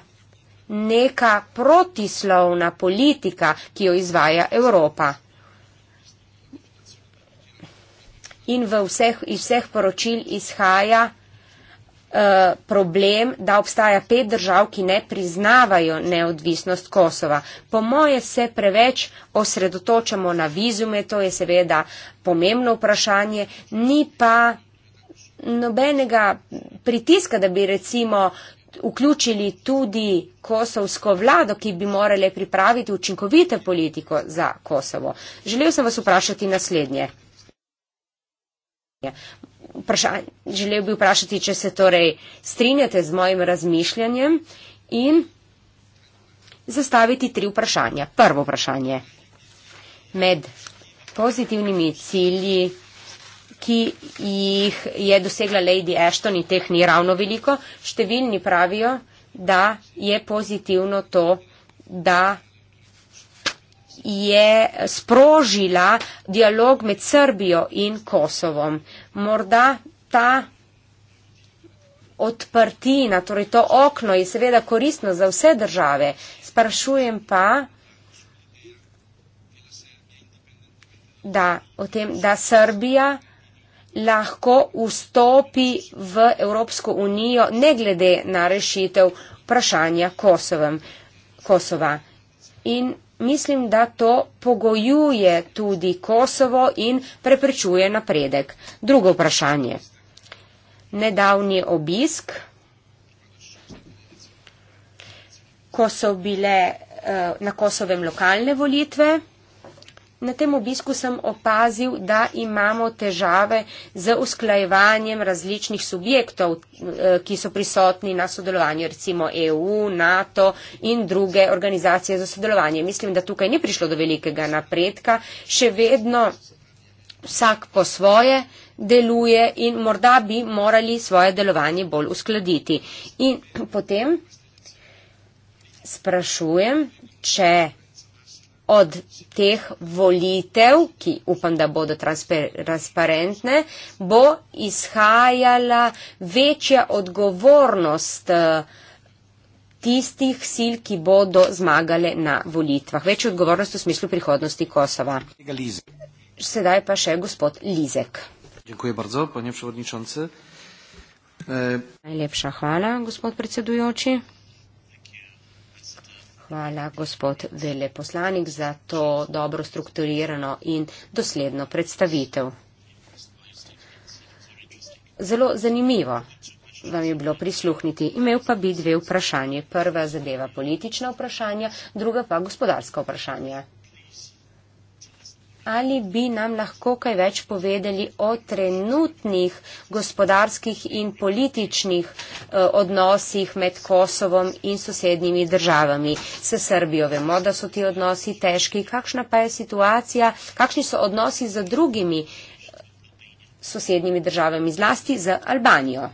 neka protislovna politika, ki jo izvaja Evropa. in vseh, iz vseh poročil izhaja uh, problem, da obstaja pet držav, ki ne priznavajo neodvisnost Kosova. Po moje se preveč osredotočamo na vizume, to je seveda pomembno vprašanje, ni pa nobenega pritiska, da bi recimo vključili tudi kosovsko vlado, ki bi morale pripraviti učinkovite politiko za Kosovo. Želel sem vas vprašati naslednje. Vprašanje, želel bi vprašati, če se torej strinjate z mojim razmišljanjem in zastaviti tri vprašanja. Prvo vprašanje. Med pozitivnimi cilji, ki jih je dosegla Lady Ashton in teh ni ravno veliko, številni pravijo, da je pozitivno to, da je sprožila dialog med Srbijo in Kosovom. Morda ta odprtina, torej to okno je seveda koristno za vse države. Sprašujem pa, da, tem, da Srbija lahko vstopi v Evropsko unijo ne glede na rešitev vprašanja Kosovem, Kosova. In mislim, da to pogojuje tudi Kosovo in preprečuje napredek. Drugo vprašanje. Nedavni obisk, ko so bile eh, na Kosovem lokalne volitve, Na tem obisku sem opazil, da imamo težave z usklajevanjem različnih subjektov, eh, ki so prisotni na sodelovanju, recimo EU, NATO in druge organizacije za sodelovanje. Mislim, da tukaj ni prišlo do velikega napredka, še vedno vsak po svoje deluje in morda bi morali svoje delovanje bolj uskladiti. In potem sprašujem, če od teh volitev, ki upam, da bodo transparentne, bo izhajala večja odgovornost eh, tistih sil, ki bodo zmagale na volitvah. Večja odgovornost v smislu prihodnosti Kosova. Sedaj pa še gospod Lizek. E, Najlepša hvala, gospod predsedujoči. Hvala, gospod veleposlanik, za to dobro strukturirano in dosledno predstavitev. Zelo zanimivo vam je bilo prisluhniti. Imel pa bi dve vprašanje. Prva zadeva politična vprašanja, druga pa gospodarska vprašanja. Ali bi nam lahko kaj več povedali o trenutnih gospodarskih in političnih eh, odnosih med Kosovom in sosednjimi državami? Se Srbijo vemo, da so ti odnosi težki. Kakšna pa je situacija, kakšni so odnosi z drugimi eh, sosednjimi državami, zlasti z Albanijo?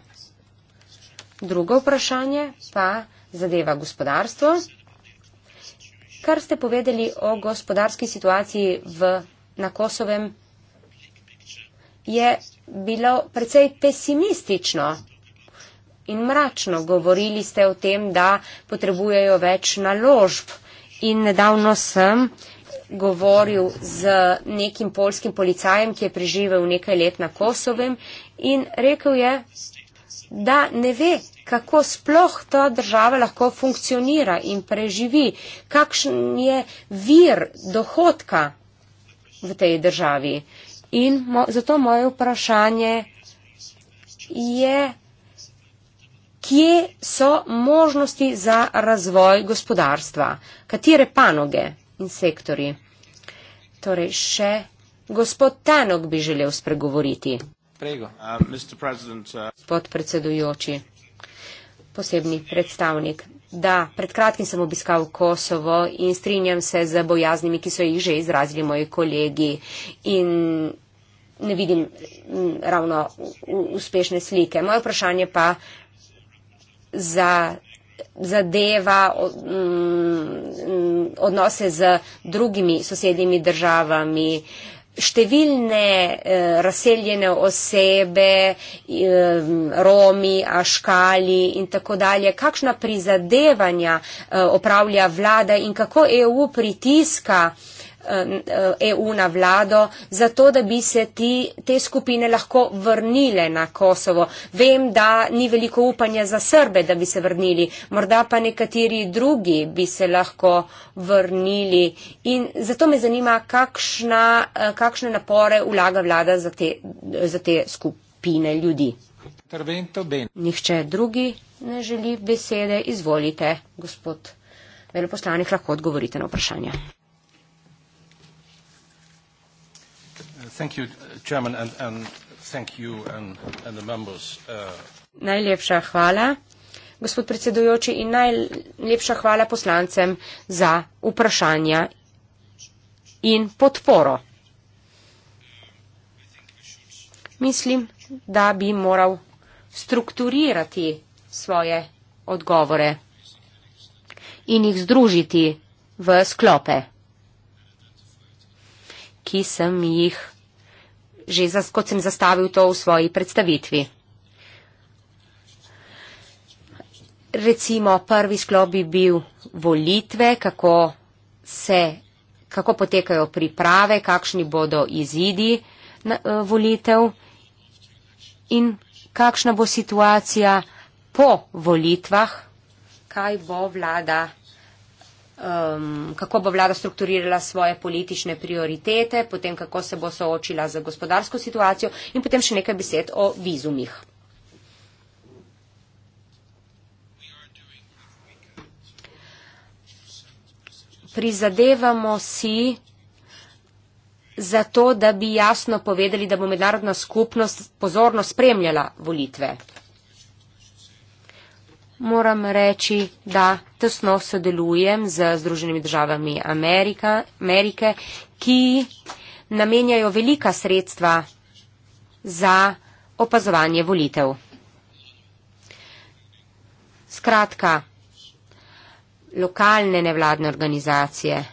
Drugo vprašanje pa zadeva gospodarstvo. Kar ste povedali o gospodarski situaciji v na Kosovem je bilo precej pesimistično in mračno. Govorili ste o tem, da potrebujejo več naložb. In nedavno sem govoril z nekim polskim policajem, ki je preživel nekaj let na Kosovem in rekel je, da ne ve, kako sploh ta država lahko funkcionira in preživi, kakšen je vir dohodka v tej državi. In mo zato moje vprašanje je, kje so možnosti za razvoj gospodarstva, katere panoge in sektori. Torej, še gospod Tanok bi želel spregovoriti. Uh, uh, gospod predsedujoči, posebni predstavnik Da, pred kratkim sem obiskal Kosovo in strinjam se z bojaznimi, ki so jih že izrazili moji kolegi in ne vidim mm, ravno uspešne slike. Moje vprašanje pa za zadeva mm, mm, odnose z drugimi sosednjimi državami. Uh, številne eh, razseljene osebe, eh, Romi, Aškali in tako dalje, kakšna prizadevanja eh, opravlja vlada in kako EU pritiska eh, EU eh, eh, e na vlado, zato da bi se ti, te skupine lahko vrnile na Kosovo. Vem, da ni veliko upanja za Srbe, da bi se vrnili, morda pa nekateri drugi bi se lahko vrnili. In zato me zanima, kakšna, eh, kakšne napore vlaga vlada za te, za te skupine ljudi. Nihče drugi ne želi besede, izvolite, gospod veleposlanik, lahko odgovorite na vprašanje. Thank you, Chairman, and, and thank you and, and the members. Uh... Najlepša hvala, gospod predsedujoči, in najlepša hvala poslancem za vprašanja in podporo. Mislim, da bi moral strukturirati svoje odgovore in jih združiti v sklope, ki sem jih že zas, kot sem zastavil to v svoji predstavitvi. Recimo prvi sklop bi bil volitve, kako, se, kako potekajo priprave, kakšni bodo izidi na, eh, volitev in kakšna bo situacija po volitvah, kaj bo vlada um, kako bo vlada strukturirala svoje politične prioritete, potem kako se bo soočila z gospodarsko situacijo in potem še nekaj besed o vizumih. Prizadevamo si zato, da bi jasno povedali, da bo mednarodna skupnost pozorno spremljala volitve moram reči, da tesno sodelujem z Združenimi državami Amerika, Amerike, ki namenjajo velika sredstva za opazovanje volitev. Skratka, lokalne nevladne organizacije,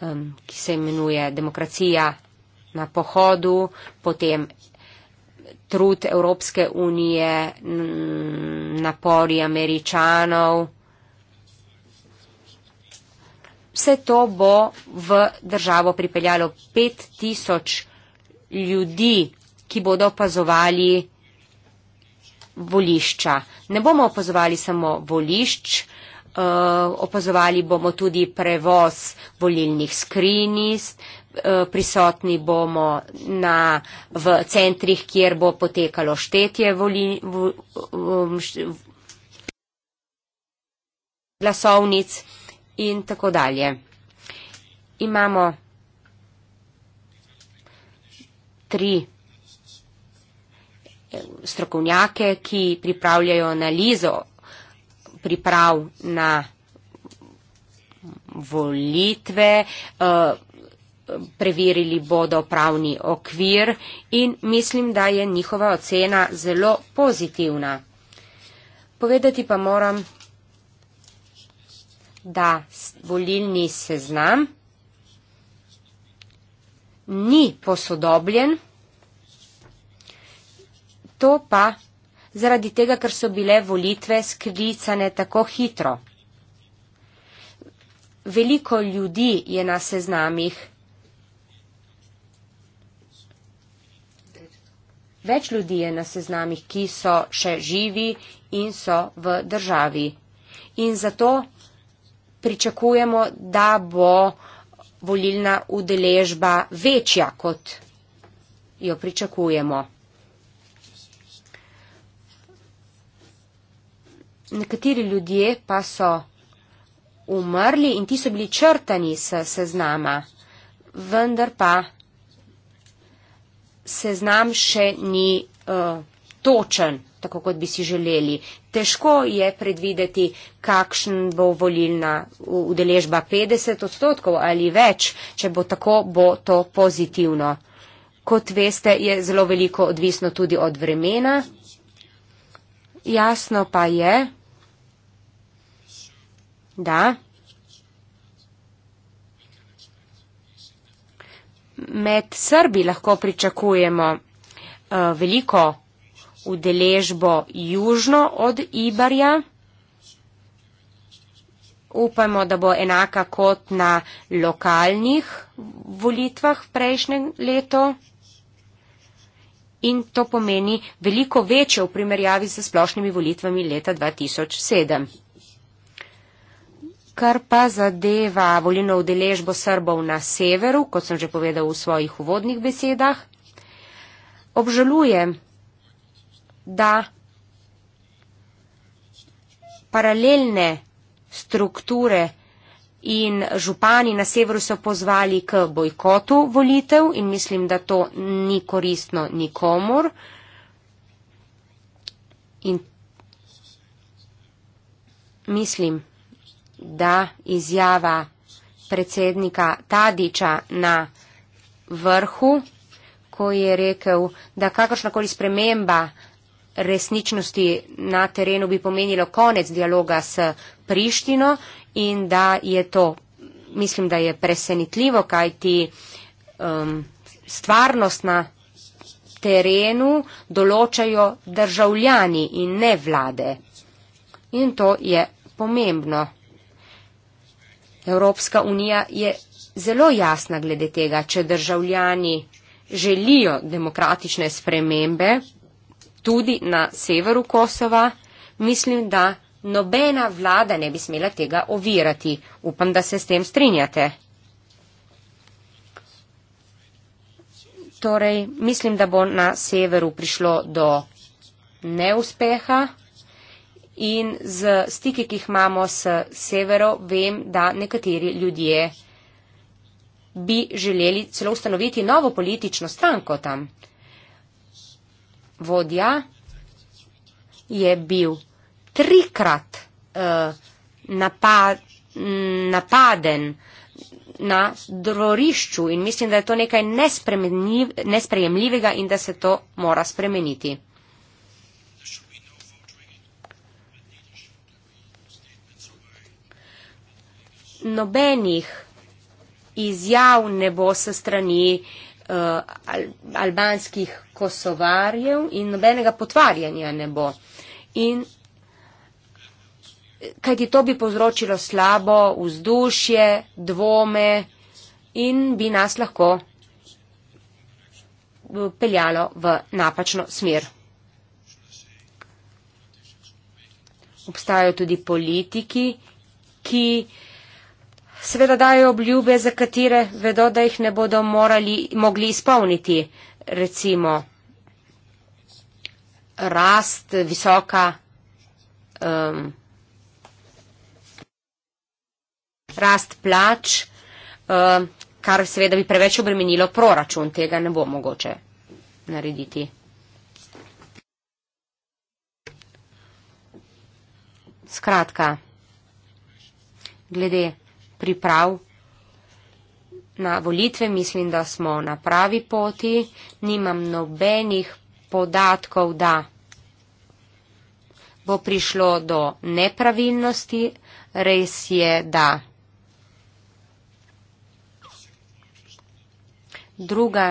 um, ki se imenuje demokracija na pohodu, potem trud Evropske unije, napori američanov. Vse to bo v državo pripeljalo 5000 ljudi, ki bodo opazovali volišča. Ne bomo opazovali samo volišč, eh, opazovali bomo tudi prevoz volilnih skrinist, Eh, prisotni bomo na, v centrih, kjer bo potekalo štetje voli, v, v, v, št, v, glasovnic in tako dalje. Imamo tri eh, strokovnjake, ki pripravljajo analizo priprav na volitve. Uh, preverili bodo pravni okvir in mislim, da je njihova ocena zelo pozitivna. Povedati pa moram, da volilni seznam ni posodobljen, to pa zaradi tega, ker so bile volitve skricane tako hitro. Veliko ljudi je na seznamih Več ljudi je na seznamih, ki so še živi in so v državi. In zato pričakujemo, da bo volilna udeležba večja, kot jo pričakujemo. Nekateri ljudje pa so umrli in ti so bili črtani s seznama, vendar pa seznam še ni uh, točen, tako kot bi si želeli. Težko je predvideti, kakšen bo volilna udeležba 50 odstotkov ali več, če bo tako, bo to pozitivno. Kot veste, je zelo veliko odvisno tudi od vremena. Jasno pa je, da. med Srbi lahko pričakujemo uh, veliko udeležbo južno od Ibarja. Upamo, da bo enaka kot na lokalnih volitvah prejšnje leto. In to pomeni veliko večje v primerjavi z splošnimi volitvami leta 2007 kar pa zadeva volilno udeležbo Srbov na severu, kot sem že povedal v svojih uvodnih besedah, obžalujem, da paralelne strukture in župani na severu so pozvali k bojkotu volitev in mislim, da to ni koristno nikomor. In mislim, da izjava predsednika Tadiča na vrhu, ko je rekel, da kakršnakoli sprememba resničnosti na terenu bi pomenilo konec dialoga s Prištino in da je to, mislim, da je presenitljivo, kajti um, stvarnost na terenu določajo državljani in ne vlade. In to je pomembno. Evropska unija je zelo jasna glede tega, če državljani želijo demokratične spremembe tudi na severu Kosova, mislim, da nobena vlada ne bi smela tega ovirati. Upam, da se s tem strinjate. Torej, mislim, da bo na severu prišlo do neuspeha in z stike, ki jih imamo s severo, vem, da nekateri ljudje bi želeli celo ustanoviti novo politično stranko tam. Vodja je bil trikrat uh, eh, napad, napaden na drorišču in mislim, da je to nekaj nesprejemljivega in da se to mora spremeniti. nobenih izjav ne bo se strani uh, albanskih kosovarjev in nobenega potvarjanja ne bo. In eh, kajti to bi povzročilo slabo vzdušje, dvome in bi nas lahko eh, peljalo v napačno smer. Obstajajo tudi politiki, ki uh, Sveda dajo obljube, za katere vedo, da jih ne bodo morali, mogli izpolniti. Recimo rast visoka, um, rast plač, um, kar seveda bi preveč obremenilo proračun. Tega ne bo mogoče narediti. Skratka, glede priprav na volitve, mislim, da smo na pravi poti, nimam nobenih podatkov, da bo prišlo do nepravilnosti, res je, da. Druga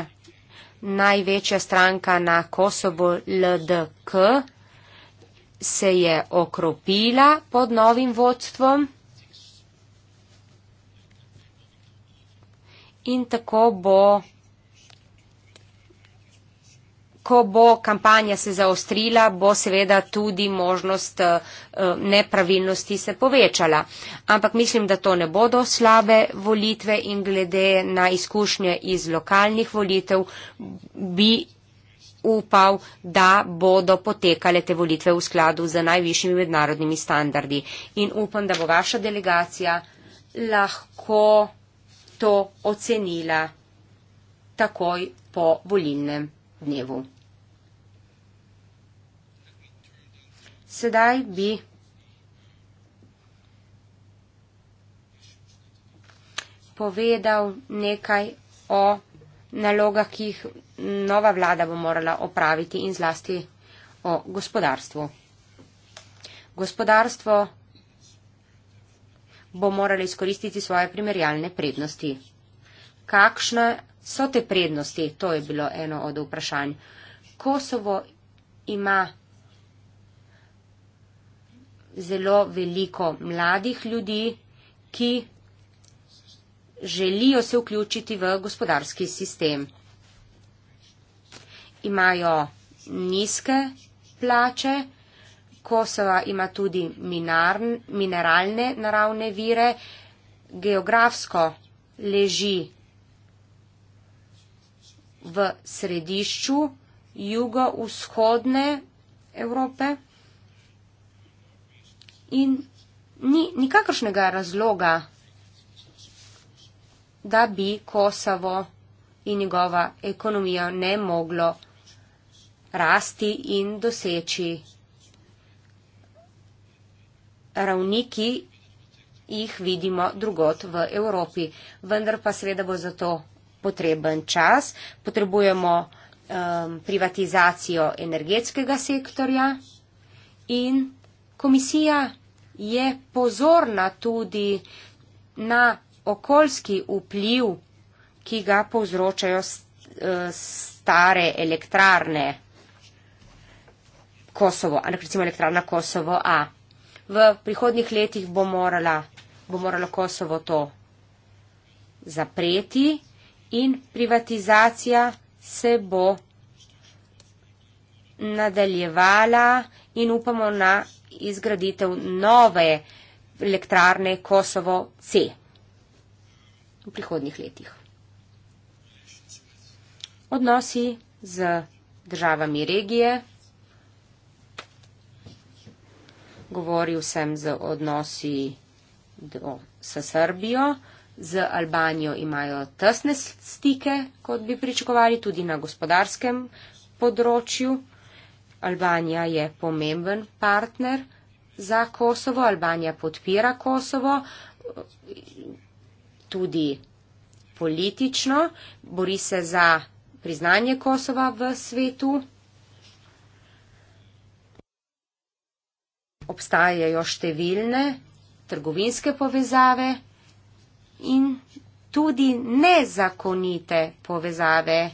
največja stranka na Kosovo, LDK, se je okropila pod novim vodstvom. in tako bo, ko bo kampanja se zaostrila, bo seveda tudi možnost eh, nepravilnosti se povečala. Ampak mislim, da to ne bodo slabe volitve in glede na izkušnje iz lokalnih volitev bi upal, da bodo potekale te volitve v skladu z najvišjimi mednarodnimi standardi. In upam, da bo vaša delegacija lahko to ocenila takoj po volilnem dnevu. Sedaj bi povedal nekaj o nalogah, ki jih nova vlada bo morala opraviti in zlasti o gospodarstvu. Gospodarstvo bo morala izkoristiti svoje primerjalne prednosti. Kakšne so te prednosti? To je bilo eno od vprašanj. Kosovo ima zelo veliko mladih ljudi, ki želijo se vključiti v gospodarski sistem. Imajo nizke plače, Kosova ima tudi minarn, mineralne naravne vire, geografsko leži v središču jugovzhodne Evrope in ni nikakršnega razloga, da bi Kosovo in njegova ekonomija ne moglo rasti in doseči ravni, ki jih vidimo drugot v Evropi. Vendar pa seveda bo za to potreben čas. Potrebujemo um, privatizacijo energetskega sektorja in komisija je pozorna tudi na okoljski vpliv, ki ga povzročajo e, stare elektrarne Kosovo, recimo elektrarna Kosovo A v prihodnih letih bo, morala, bo moralo Kosovo to zapreti in privatizacija se bo nadaljevala in upamo na izgraditev nove elektrarne Kosovo C v prihodnih letih. Odnosi z državami regije. govoril sem z odnosi do, s Srbijo, z Albanijo imajo tesne stike, kot bi pričakovali, tudi na gospodarskem področju. Albanija je pomemben partner za Kosovo, Albanija podpira Kosovo tudi politično, bori se za priznanje Kosova v svetu. obstajajo številne trgovinske povezave in tudi nezakonite povezave, eh,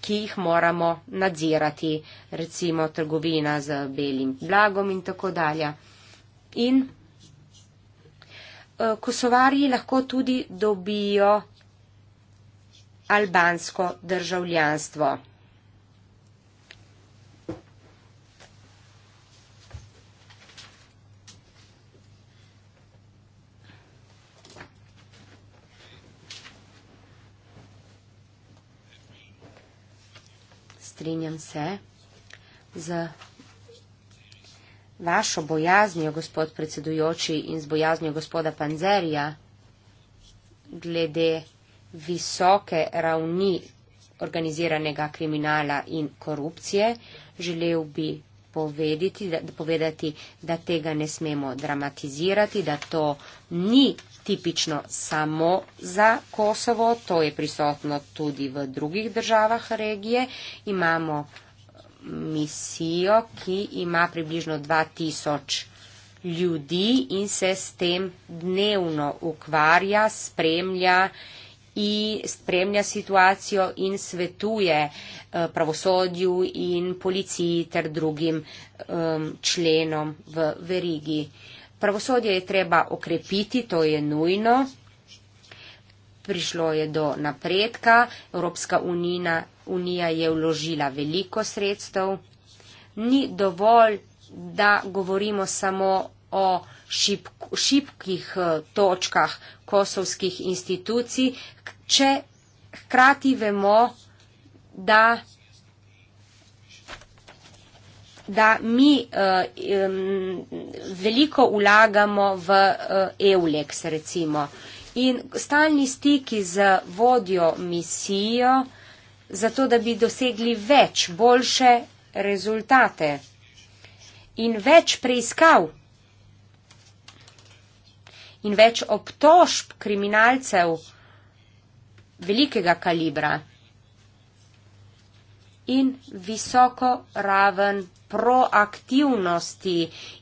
ki jih moramo nadzirati, recimo trgovina z belim blagom in tako dalje. In eh, kosovarji lahko tudi dobijo albansko državljanstvo. strinjam se z vašo bojaznijo, gospod predsedujoči, in z bojaznijo gospoda Panzerja glede visoke ravni organiziranega kriminala in korupcije. Želel bi povedati, da, povedati, da tega ne smemo dramatizirati, da to ni tipično samo za Kosovo, to je prisotno tudi v drugih državah regije. Imamo eh, misijo, ki ima približno 2000 ljudi in se s tem dnevno ukvarja, spremlja in spremlja situacijo in svetuje eh, pravosodju in policiji ter drugim um, členom v verigi. Pravosodje je treba okrepiti, to je nujno. Prišlo je do napredka, Evropska unina, unija je vložila veliko sredstev. Ni dovolj, da govorimo samo o šipk, šipkih eh, točkah kosovskih institucij, če hkrati vemo, da da mi uh, um, veliko vlagamo v uh, EULEX recimo. In stalni stiki z vodjo misijo, zato da bi dosegli več, boljše rezultate in več preiskav in več obtožb kriminalcev velikega kalibra in visoko raven proaktivnosti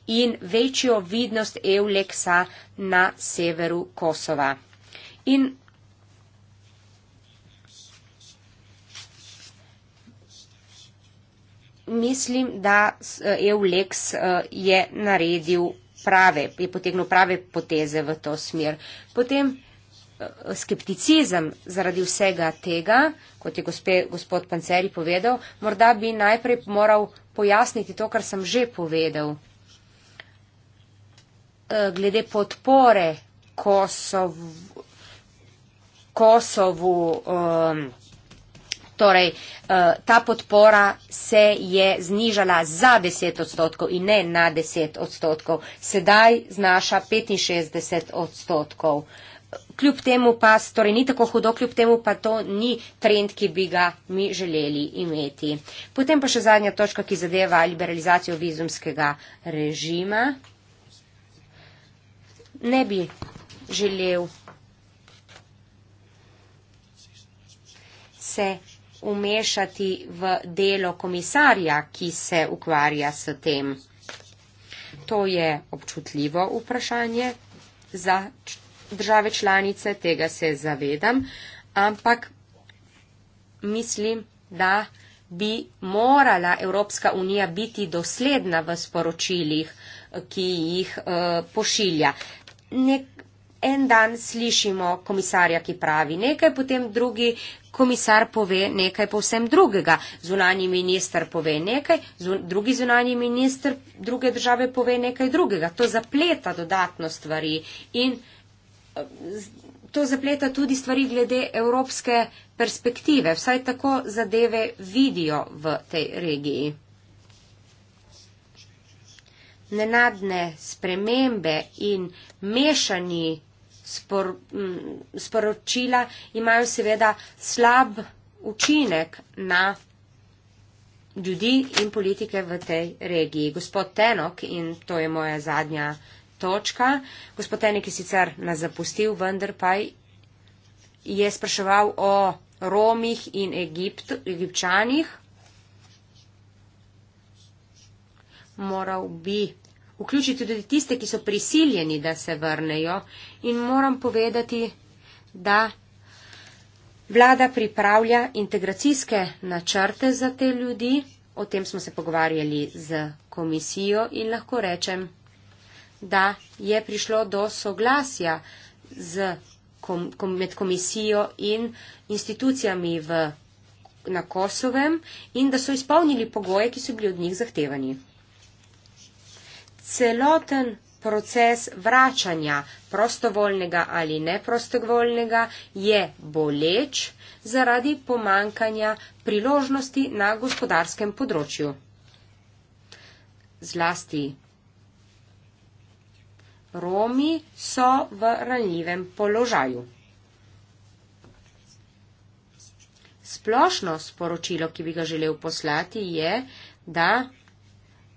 in večjo vidnost Euleksa na severu Kosova. In mislim, da eh, Euleks eh, je naredil prave, je potegnil prave poteze v to smer. Potem Eh, skepticizem zaradi vsega tega, kot je gospe, gospod Panceri povedal, morda bi najprej moral pojasniti to, kar sem že povedal. Eh, glede podpore Kosovu, Kosovu um, ehm, torej uh, ta podpora se je znižala za 10 odstotkov in ne na 10 odstotkov. Sedaj znaša 65 odstotkov. Uh, kljub temu pa, torej ni tako hudo, kljub temu pa to ni trend, ki bi ga mi želeli imeti. Potem pa še zadnja točka, ki zadeva liberalizacijo vizumskega režima. Ne bi želel se umešati v delo komisarja, ki se ukvarja s tem. To je občutljivo vprašanje za države članice, tega se zavedam, ampak mislim, da bi morala Evropska unija biti dosledna v sporočilih, ki jih uh, pošilja. Nek, en dan slišimo komisarja, ki pravi nekaj, potem drugi komisar pove nekaj povsem drugega. Zunani minister pove nekaj, zun, drugi zunani minister druge države pove nekaj drugega. To zapleta dodatno stvari in uh, to zapleta tudi stvari glede evropske perspektive, vsaj tako zadeve vidijo v tej regiji. Nenadne spremembe in mešani spor, sporočila imajo seveda slab učinek na ljudi in politike v tej regiji. Gospod Tenok, in to je moja zadnja točka. Gospod Enik je sicer nas zapustil, vendar pa je spraševal o Romih in Egipt, Egipčanih. Moral bi vključiti tudi tiste, ki so prisiljeni, da se vrnejo. In moram povedati, da vlada pripravlja integracijske načrte za te ljudi. O tem smo se pogovarjali z komisijo in lahko rečem, da je prišlo do soglasja z, kom, kom, med komisijo in institucijami v, na Kosovem in da so izpolnili pogoje, ki so bili od njih zahtevani. Celoten proces vračanja prostovoljnega ali neprostovoljnega je boleč zaradi pomankanja priložnosti na gospodarskem področju. Zlasti Romi so v ranljivem položaju. Splošno sporočilo, ki bi ga želel poslati, je, da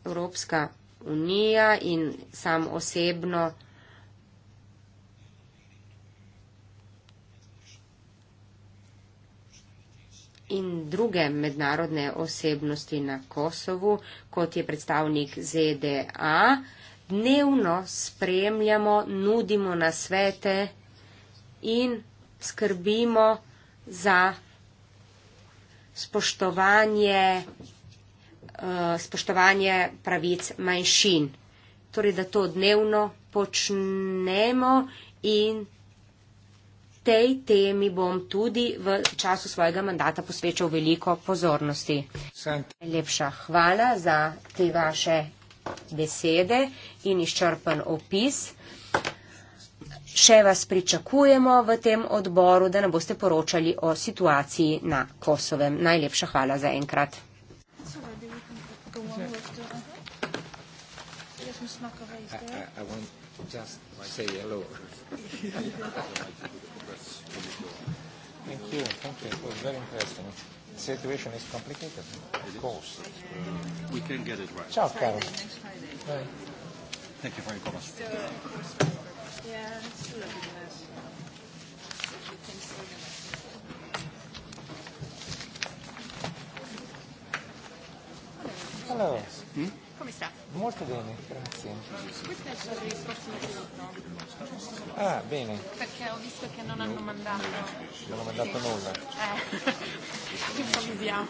Evropska unija in sam osebno in druge mednarodne osebnosti na Kosovu, kot je predstavnik ZDA, dnevno spremljamo, nudimo na svete in skrbimo za spoštovanje, eh, spoštovanje pravic manjšin. Torej, da to dnevno počnemo in tej temi bom tudi v času svojega mandata posvečal veliko pozornosti. Lepša hvala za te vaše besede in izčrpen opis. Še vas pričakujemo v tem odboru, da nam boste poročali o situaciji na Kosovem. Najlepša hvala za enkrat. Thank you. Thank you. It was very impressive situation is complicated. Of course. We can get it right. Ciao, caro. Bye. Thank you very much. Yeah, Hello. Hmm? começar. Muito bem, né? Grazie. Ah, bem. Perché ho visto che non hanno mandato. Non hanno mandato nulla. Eh. Improvvisiamo.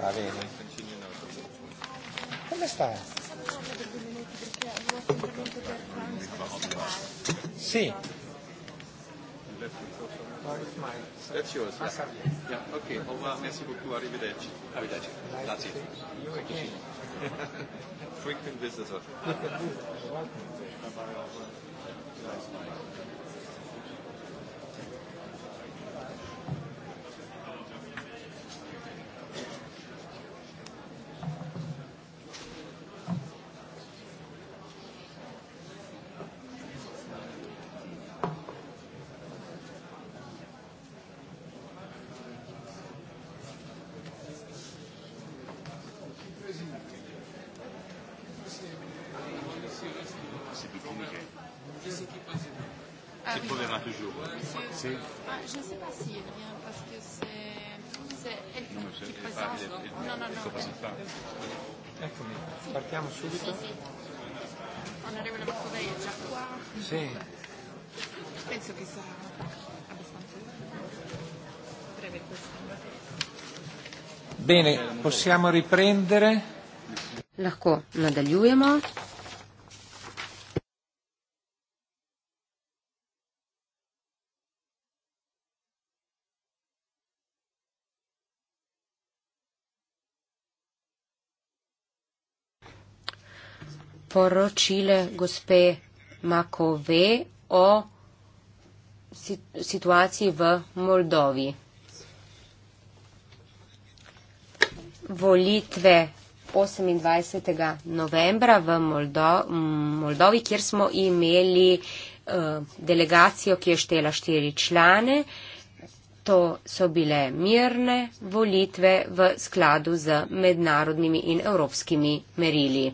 Va bene. Come sta? Sì. That's yours. Yeah. yeah. Okay. Au revoir. Merci beaucoup. Arrivederci. Arrivederci. Grazie. Frequent visitor. je ne sais pas s'il y a lien parce que c'est elle qui, qui présente. Non, non, non. Eccomi, partiamo subito. On arrive à la Corée, il y a quoi Si. Je pense que ça. Bene, possiamo riprendere? Lahko nadaljujemo. poročile gospe Makove o situaciji v Moldovi. Volitve 28. novembra v Moldo Moldovi, kjer smo imeli uh, delegacijo, ki je štela štiri člane. To so bile mirne volitve v skladu z mednarodnimi in evropskimi merili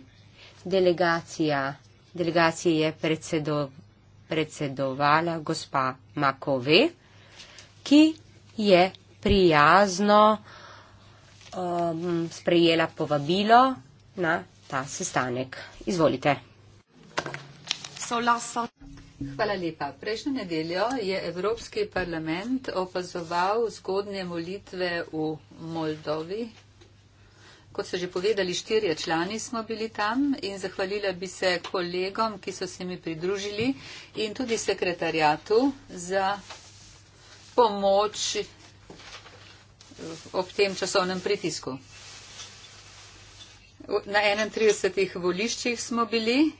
delegacija, delegacija je predsedo, predsedovala gospa Makove, ki je prijazno um, sprejela povabilo na ta sestanek. Izvolite. Hvala lepa. Prejšnjo nedeljo je Evropski parlament opazoval zgodne molitve v Moldovi, Kot so že povedali, štirje člani smo bili tam in zahvalila bi se kolegom, ki so se mi pridružili in tudi sekretarjatu za pomoč eh, ob tem časovnem pritisku. Na 31 voliščih smo bili,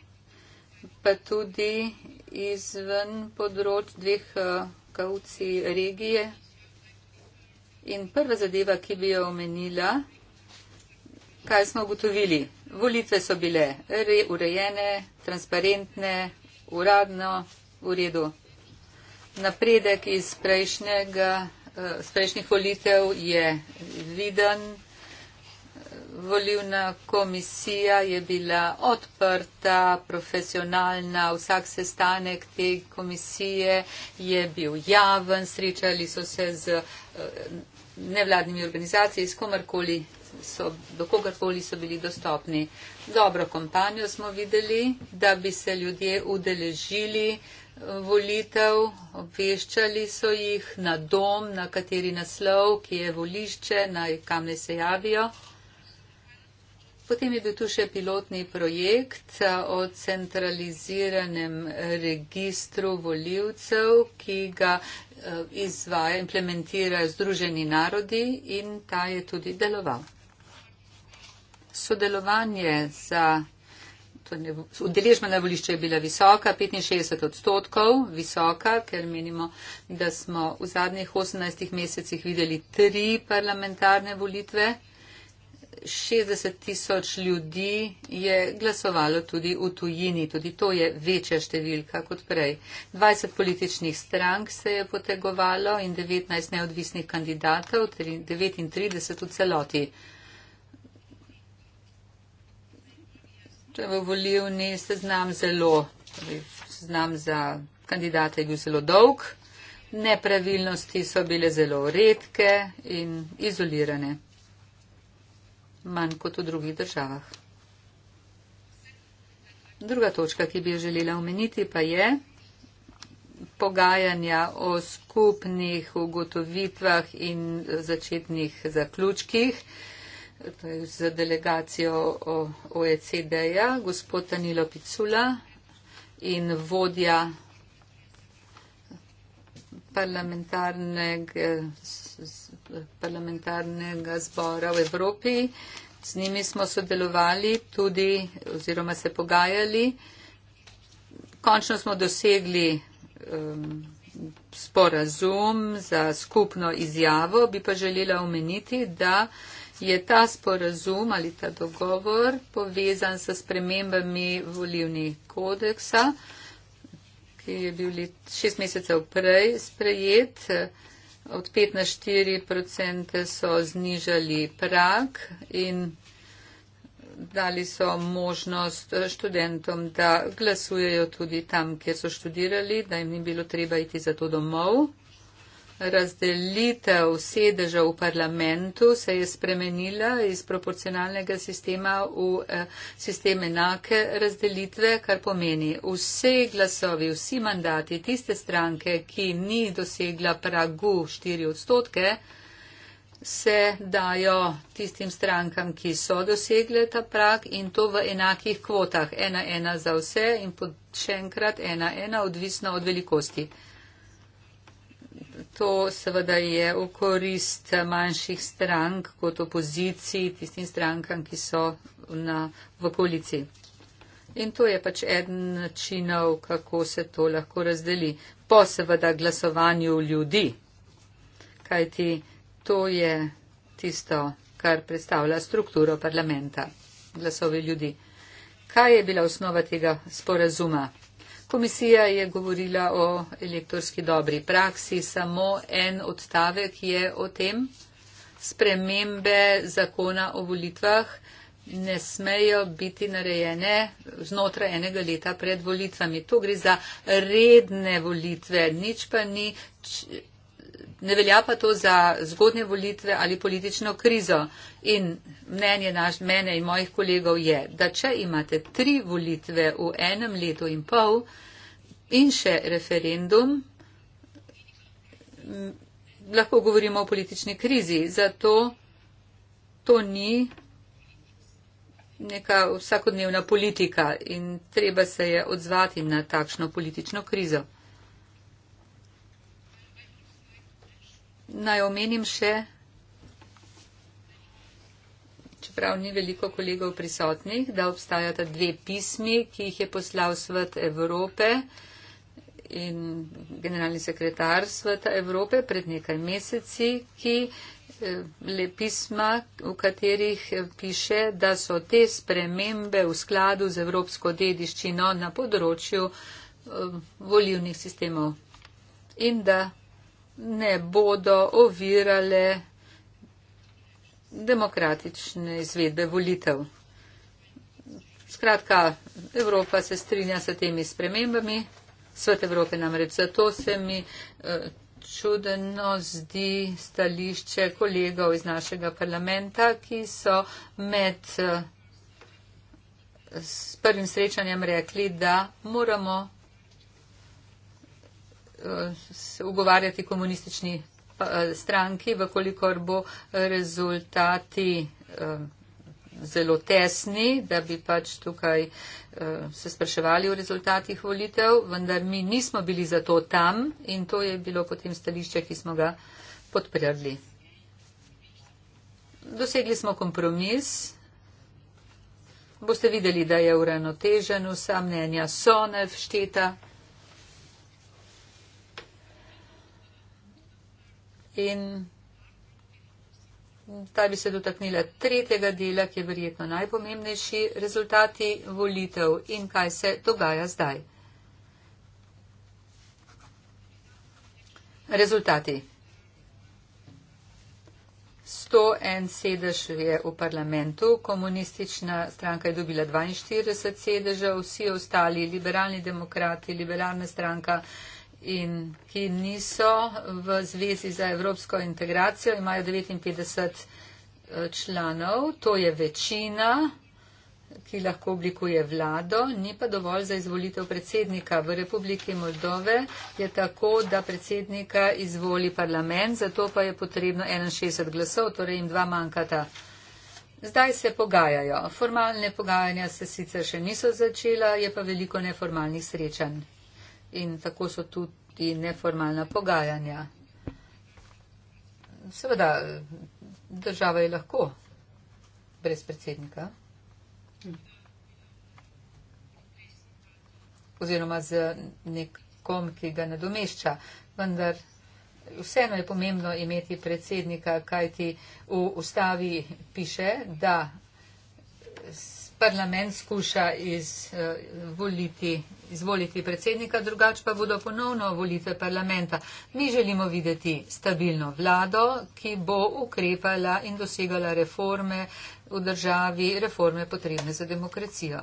pa tudi izven področ dveh eh, kauci regije. In prva zadeva, ki bi jo omenila, kaj smo ugotovili? Volitve so bile re, urejene, transparentne, uradno, v redu. Napredek iz, prejšnjega, iz eh, prejšnjih volitev je viden. Volivna komisija je bila odprta, profesionalna, vsak sestanek te komisije je bil javen, srečali so se z eh, nevladnimi organizacijami, s komarkoli so, do kogarkoli so bili dostopni. Dobro kompanijo smo videli, da bi se ljudje udeležili eh, volitev, obveščali so jih na dom, na kateri naslov, ki je volišče, na kam ne se javijo. Potem je bil tu še pilotni projekt eh, o centraliziranem registru voljivcev, ki ga eh, izvaja, implementirajo Združeni narodi in ta je tudi deloval. Sodelovanje za Udeležba na volišču je bila visoka, 65 odstotkov visoka, ker menimo, da smo v zadnjih 18 mesecih videli tri parlamentarne volitve. 60 tisoč ljudi je glasovalo tudi v tujini, tudi to je večja številka kot prej. 20 političnih strank se je potegovalo in 19 neodvisnih kandidatov, 39 v celoti. Če v volivni seznam zelo, torej seznam za kandidata je bil zelo dolg, nepravilnosti so bile zelo redke in izolirane, manj kot v drugih državah. Druga točka, ki bi jo želela omeniti, pa je pogajanja o skupnih ugotovitvah in začetnih zaključkih to je za delegacijo OECD-ja, gospod Anilo Picula in vodja parlamentarnega, parlamentarnega zbora v Evropi. Z njimi smo sodelovali tudi oziroma se pogajali. Končno smo dosegli um, sporazum za skupno izjavo. Bi pa želela omeniti, da uh, je ta sporazum ali ta dogovor povezan s spremembami volivnih kodeksa, ki je bil šest mesecev prej sprejet. Od 5 na 4 procente so znižali prak in dali so možnost študentom, da glasujejo tudi tam, kjer so študirali, da jim ni bilo treba iti za to domov. Razdelitev sedeža v parlamentu se je spremenila iz proporcionalnega sistema v eh, sistem enake razdelitve, kar pomeni vse glasovi, vsi mandati tiste stranke, ki ni dosegla pragu 4 odstotke, se dajo tistim strankam, ki so dosegle ta prag in to v enakih kvotah, ena ena za vse in še enkrat ena ena, odvisno od velikosti. To seveda je v korist manjših strank kot opoziciji, tistim strankam, ki so na, v koaliciji. In to je pač eden načinov, kako se to lahko razdeli. Po seveda glasovanju ljudi, kajti to je tisto, kar predstavlja strukturo parlamenta, glasove ljudi. Kaj je bila osnova tega sporazuma? Komisija je govorila o elektorski dobri praksi, samo en odstavek je o tem. Spremembe zakona o volitvah ne smejo biti narejene znotraj enega leta pred volitvami. To gre za redne volitve, nič pa ni Ne velja pa to za zgodne volitve ali politično krizo. In mnenje naš, mene in mojih kolegov je, da če imate tri volitve v enem letu in pol in še referendum, lahko govorimo o politični krizi. Zato to ni neka vsakodnevna politika in treba se je odzvati na takšno politično krizo. Naj omenim še, čeprav ni veliko kolegov prisotnih, da obstajata dve pismi, ki jih je poslal Svet Evrope in generalni sekretar Sveta Evrope pred nekaj meseci, ki eh, le pisma, v katerih piše, da so te spremembe v skladu z evropsko dediščino na področju eh, volivnih sistemov in da ne bodo ovirale demokratične izvedbe volitev. Skratka, Evropa se strinja s temi spremembami, svet Evrope namreč. Zato se mi eh, čudeno zdi stališče kolegov iz našega parlamenta, ki so med eh, s prvim srečanjem rekli, da moramo Eh, se ugovarjati komunistični eh, stranki, vkolikor bo rezultati eh, zelo tesni, da bi pač tukaj se spraševali o rezultatih volitev, vendar mi nismo bili zato tam in to je bilo potem stališče, ki smo ga podprli. Dosegli smo kompromis. Boste videli, da je uravnotežen, vsa mnenja so nevšteta. In zdaj bi se dotaknila tretjega dela, ki je verjetno najpomembnejši, rezultati volitev in kaj se dogaja zdaj. Rezultati. 101 sedež je v parlamentu, komunistična stranka je dobila 42 sedežev, vsi ostali, liberalni demokrati, liberalna stranka, in ki niso v zvezi za evropsko integracijo, imajo 59 eh, članov, to je večina, ki lahko oblikuje vlado, ni pa dovolj za izvolitev predsednika. V Republiki Moldove je tako, da predsednika izvoli parlament, zato pa je potrebno 61 glasov, torej jim dva manjkata. Zdaj se pogajajo. Formalne pogajanja se sicer še niso začela, je pa veliko neformalnih srečanj in tako so tudi neformalna pogajanja. Seveda, država je lahko brez predsednika. Oziroma z nekom, ki ga nadomešča. Vendar vseeno je pomembno imeti predsednika, kajti v ustavi piše, da parlament skuša izvoliti, eh, izvoliti predsednika, drugače pa bodo ponovno volitve parlamenta. Mi želimo videti stabilno vlado, ki bo ukrepala in dosegala reforme v državi, reforme potrebne za demokracijo.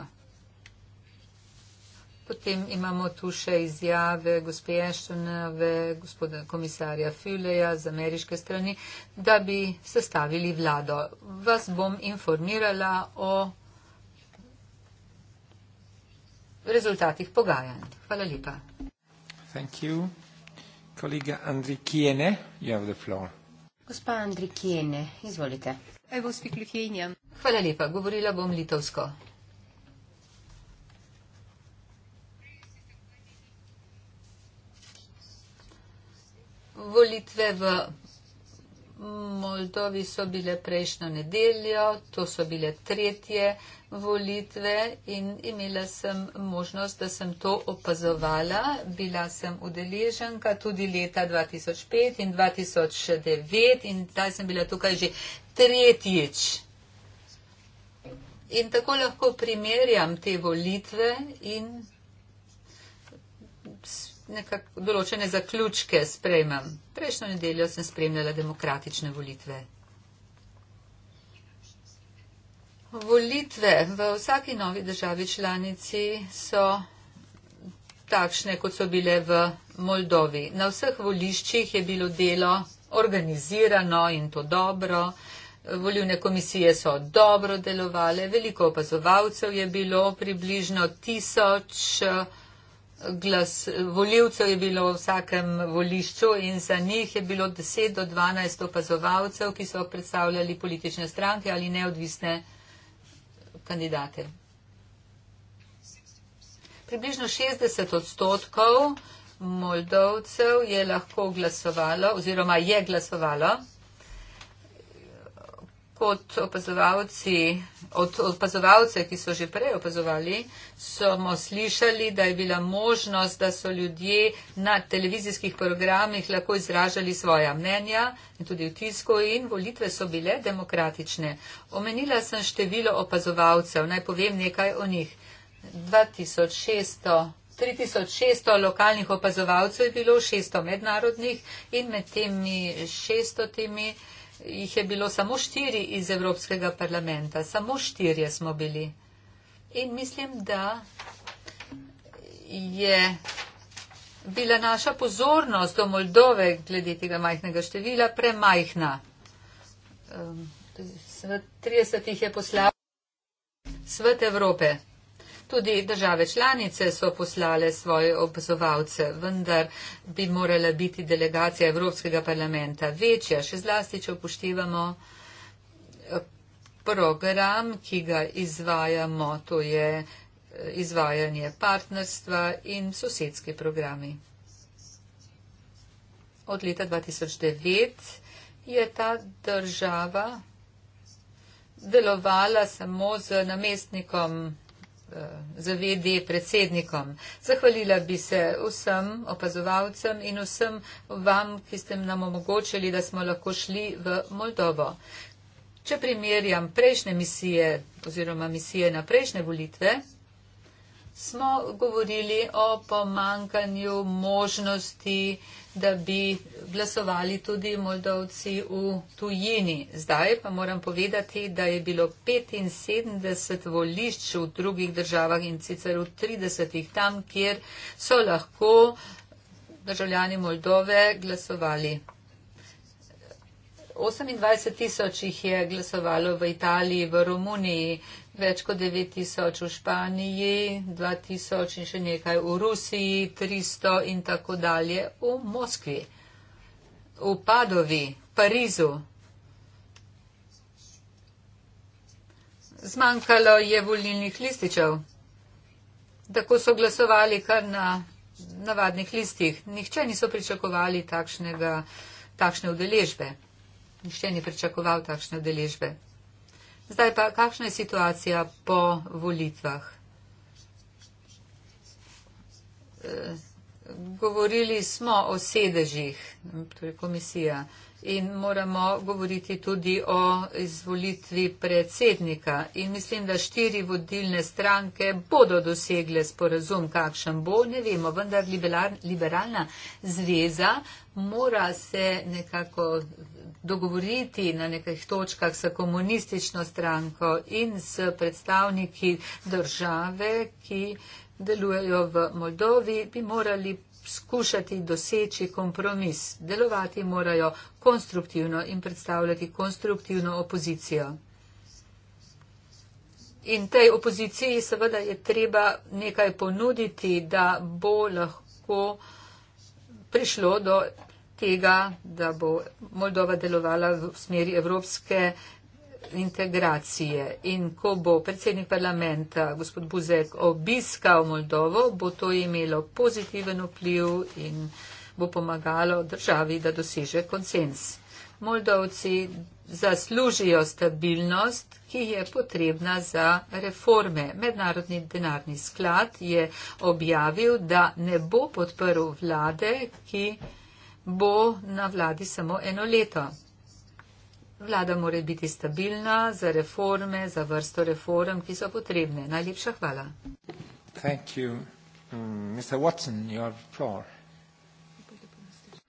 Potem imamo tu še izjave gospe Ashtonove, gospoda komisarja Füleja z ameriške strani, da bi sestavili vlado. Vas bom informirala o rezultatih pogajanj. Hvala lepa. Kolega Andri Kijene, you have the floor. Gospa Andri Kijene, izvolite. Hvala lepa, govorila bom litovsko. Volitve v Moldovi so bile prejšnjo nedeljo, to so bile tretje volitve in imela sem možnost, da sem to opazovala. Bila sem udeleženka tudi leta 2005 in 2009 in zdaj sem bila tukaj že tretjič. In tako lahko primerjam te volitve in nekak določene zaključke sprejmem. Prejšnjo nedeljo sem spremljala demokratične volitve. Volitve v vsaki novi državi članici so takšne, kot so bile v Moldovi. Na vseh voliščih je bilo delo organizirano in to dobro. Volivne komisije so dobro delovale, veliko opazovalcev je bilo, približno tisoč glas voljivcev je bilo v vsakem volišču in za njih je bilo 10 do 12 opazovalcev, ki so predstavljali politične stranke ali neodvisne kandidate. Približno 60 odstotkov Moldovcev je lahko glasovalo oziroma je glasovalo kot opazovalci, od opazovalcev, ki so že prej opazovali, smo slišali, da je bila možnost, da so ljudje na televizijskih programih lahko izražali svoja mnenja in tudi v tisku in volitve so bile demokratične. Omenila sem število opazovalcev, naj povem nekaj o njih. 2600. 3600 lokalnih opazovalcev je bilo, 600 mednarodnih in med temi 600 temi jih je bilo samo štiri iz Evropskega parlamenta, samo štirje smo bili. In mislim, da je bila naša pozornost do Moldove, glede tega majhnega števila, premajhna. Ehm, svet 30 jih je poslal. Svet Evrope. Tudi države članice so poslale svoje opazovalce, vendar bi morala biti delegacija Evropskega parlamenta večja, še zlasti, če upoštevamo eh, program, ki ga izvajamo, to je eh, izvajanje partnerstva in sosedski programi. Od leta 2009 je ta država delovala samo z namestnikom Eh, zavedi predsednikom. Zahvalila bi se vsem opazovalcem in vsem vam, ki ste nam omogočili, da smo lahko šli v Moldovo. Če primerjam prejšnje misije oziroma misije na prejšnje volitve, smo govorili o pomankanju možnosti, da bi glasovali tudi moldovci v tujini. Zdaj pa moram povedati, da je bilo 75 volišč v drugih državah in sicer v 30 tam, kjer so lahko državljani Moldove glasovali. 28 tisoč jih je glasovalo v Italiji, v Romuniji, več kot 9 tisoč v Španiji, 2 tisoč in še nekaj v Rusiji, 300 in tako dalje v Moskvi, v Padovi, Parizu. Zmanjkalo je volilnih lističev. Tako so glasovali kar na navadnih listih. Nihče niso pričakovali takšnega, takšne udeležbe. Nihče ni pričakoval takšne deležbe. Zdaj pa, kakšna je situacija po volitvah? Eh, govorili smo o sedežih, torej komisija, in moramo govoriti tudi o izvolitvi predsednika. In mislim, da štiri vodilne stranke bodo dosegle sporazum, kakšen bo, ne vemo, vendar liberalna zveza mora se nekako dogovoriti na nekih točkah s komunistično stranko in s predstavniki države, ki delujejo v Moldovi, bi morali skušati doseči kompromis. Delovati morajo konstruktivno in predstavljati konstruktivno opozicijo. In tej opoziciji seveda je treba nekaj ponuditi, da bo lahko prišlo do tega, da bo Moldova delovala v smeri evropske integracije. In ko bo predsednik parlamenta, gospod Buzek, obiskal Moldovo, bo to imelo pozitiven vpliv in bo pomagalo državi, da doseže konsens. Moldovci zaslužijo stabilnost, ki je potrebna za reforme. Mednarodni denarni sklad je objavil, da ne bo podprl vlade, ki bo na vladi samo eno leto. Vlada mora biti stabilna za reforme, za vrsto reform, ki so potrebne. Najlepša hvala. Mm,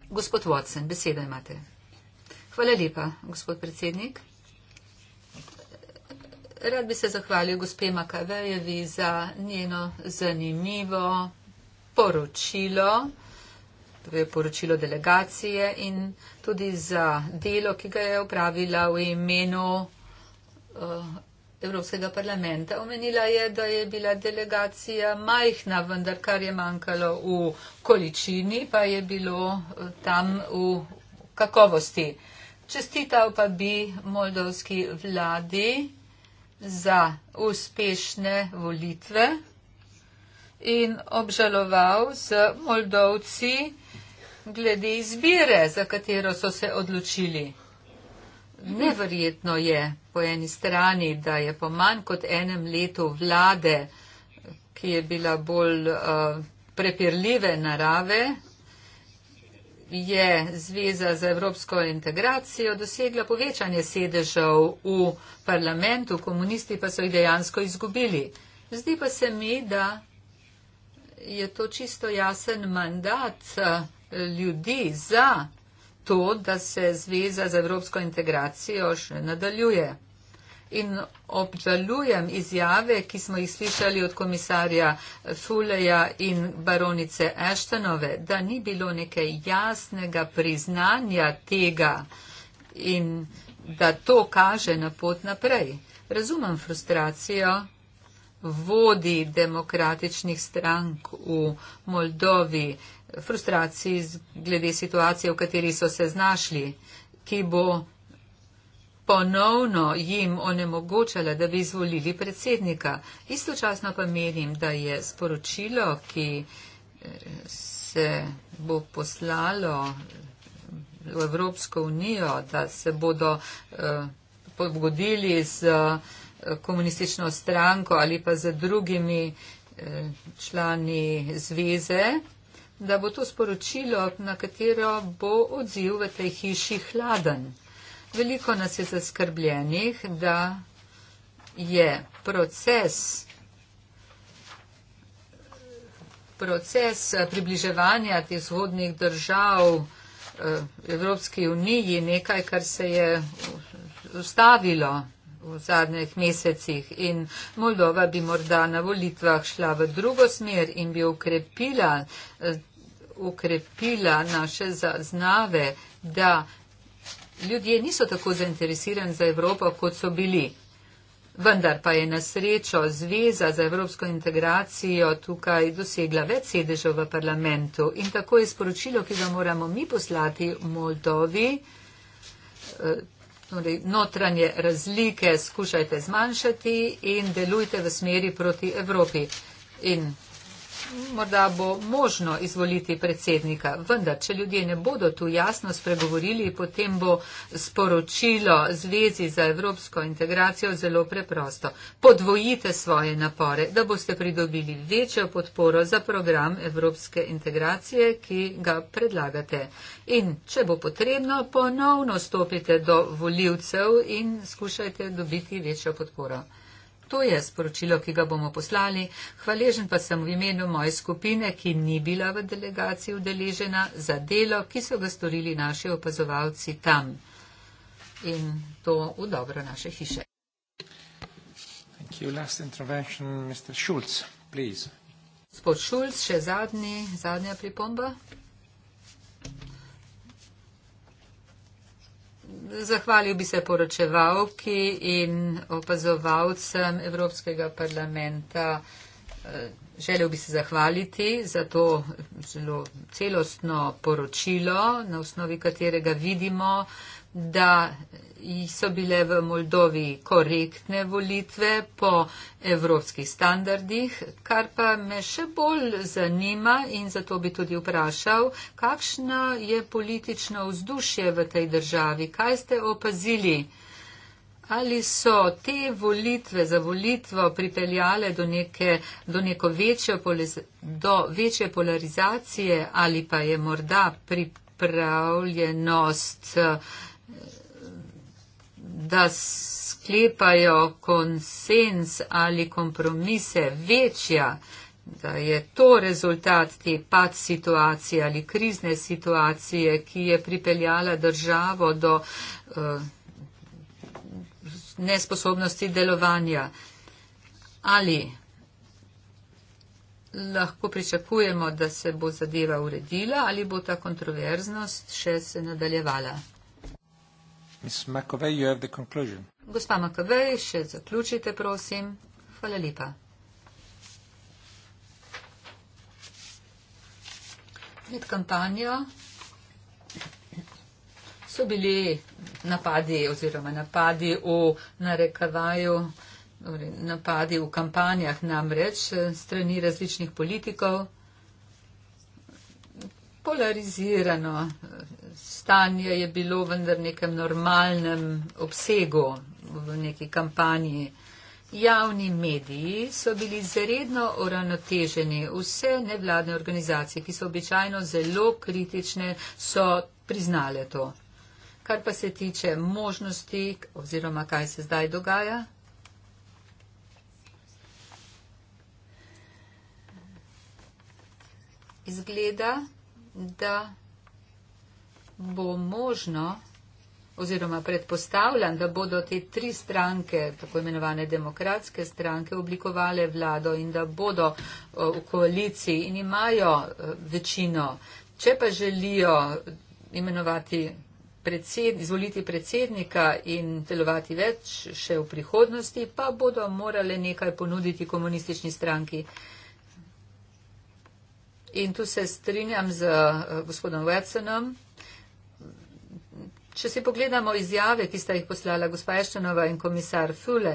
gospod Watson, beseda imate. Hvala lepa, gospod predsednik. Rad bi se zahvalil gospe Makavejevi za njeno zanimivo poročilo. To je poročilo delegacije in tudi za delo, ki ga je upravila v imenu uh, Evropskega parlamenta. Omenila je, da je bila delegacija majhna, vendar kar je manjkalo v količini, pa je bilo eh, tam v kakovosti. Čestital pa bi moldovski vladi za uspešne volitve in obžaloval z moldovci glede izbire, za katero so se odločili. Neverjetno je po eni strani, da je po manj kot enem letu vlade, ki je bila bolj uh, prepirljive narave, je Zveza za evropsko integracijo dosegla povečanje sedežev v parlamentu, komunisti pa so jih dejansko izgubili. Zdi pa se mi, da je to čisto jasen mandat eh, ljudi za to, da se zveza z evropsko integracijo še nadaljuje. In obžalujem izjave, ki smo jih slišali od komisarja Fuleja in baronice Eštenove, da ni bilo neke jasnega priznanja tega in da to kaže na pot naprej. Razumem frustracijo vodi demokratičnih strank v Moldovi, frustraciji glede situacije, v kateri so se znašli, ki bo ponovno jim onemogočala, da bi izvolili predsednika. Istočasno pa menim, da je sporočilo, ki eh, se bo poslalo eh, v Evropsko unijo, da se bodo eh, pogodili z komunistično stranko ali pa z drugimi člani zveze, da bo to sporočilo, na katero bo odziv v tej hiši hladen. Veliko nas je zaskrbljenih, da je proces, proces eh, približevanja teh zhodnih držav eh, Evropski uniji nekaj, kar se je ustavilo v zadnjih mesecih in Moldova bi morda na volitvah šla v drugo smer in bi ukrepila eh, ukrepila naše zaznave, da ljudje niso tako zainteresirani za Evropo, kot so bili. Vendar pa je na srečo Zveza za evropsko integracijo tukaj dosegla več sedežev v parlamentu in tako je sporočilo, ki ga moramo mi poslati Moldovi, eh, torej notranje razlike skušajte zmanjšati in delujte v smeri proti Evropi. In morda bo možno izvoliti predsednika. Vendar, če ljudje ne bodo tu jasno spregovorili, potem bo sporočilo Zvezi za evropsko integracijo zelo preprosto. Podvojite svoje napore, da boste pridobili večjo podporo za program evropske integracije, ki ga predlagate. In če bo potrebno, ponovno stopite do voljivcev in skušajte dobiti večjo podporo. To je sporočilo, ki ga bomo poslali. Hvaležen pa sem v imenu moje skupine, ki ni bila v delegaciji udeležena za delo, ki so ga storili naši opazovalci tam. In to v dobro naše hiše. Gospod Šulc, še zadnji, zadnja pripomba. Zahvalil bi se poročevalki in opazovalcem Evropskega parlamenta. Eh, želel bi se zahvaliti za to zelo celostno poročilo, na osnovi katerega vidimo, da so bile v Moldovi korektne volitve po evropskih standardih, kar pa me še bolj zanima in zato bi tudi vprašal, kakšno je politično vzdušje v tej državi, kaj ste opazili, ali so te volitve za volitvo pripeljale do, neke, do neko večje, poliz, do večje polarizacije ali pa je morda pripravljenost da sklepajo konsens ali kompromise večja, da je to rezultat te pad situacije ali krizne situacije, ki je pripeljala državo do uh, nesposobnosti delovanja. Ali lahko pričakujemo, da se bo zadeva uredila ali bo ta kontroverznost še se nadaljevala? Ms. McAvey, you have the conclusion. Gospa McAvey, še zaključite, prosim. Hvala lepa. Med kampanjo so bili napadi oziroma napadi v narekavaju, torej napadi v kampanjah namreč strani različnih politikov, polarizirano stanje je bilo vendar v nekem normalnem obsegu v neki kampanji. Javni mediji so bili zredno oranoteženi. Vse nevladne organizacije, ki so običajno zelo kritične, so priznale to. Kar pa se tiče možnosti oziroma kaj se zdaj dogaja. Izgleda, da bo možno oziroma predpostavljam, da bodo te tri stranke, tako imenovane demokratske stranke, oblikovale vlado in da bodo eh, v koaliciji in imajo eh, večino. Če pa želijo imenovati. Predsed, izvoliti predsednika in telovati več še v prihodnosti, pa bodo morale nekaj ponuditi komunistični stranki. In tu se strinjam z eh, gospodom Wetsonom, Če si pogledamo izjave, ki sta jih poslala gospa Eštenova in komisar Fule,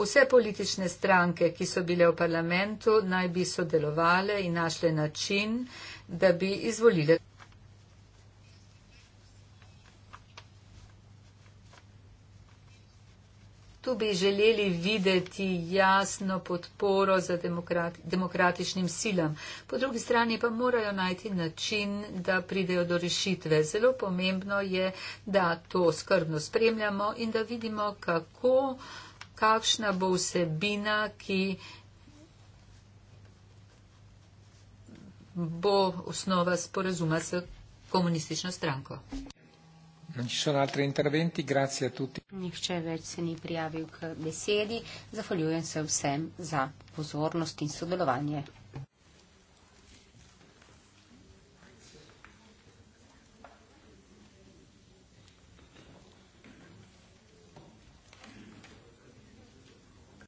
vse politične stranke, ki so bile v parlamentu, naj bi sodelovale in našle način, da bi izvolile Tu bi želeli videti jasno podporo za demokrati, demokratičnim silam. Po drugi strani pa morajo najti način, da pridejo do rešitve. Zelo pomembno je, da to skrbno spremljamo in da vidimo, kako, kakšna bo vsebina, ki bo osnova sporazuma s komunistično stranko. Non ci sono altri interventi, grazie a tutti. Nihče več se ni prijavil k besedi. Zahvaljujem se vsem za pozornost in sodelovanje.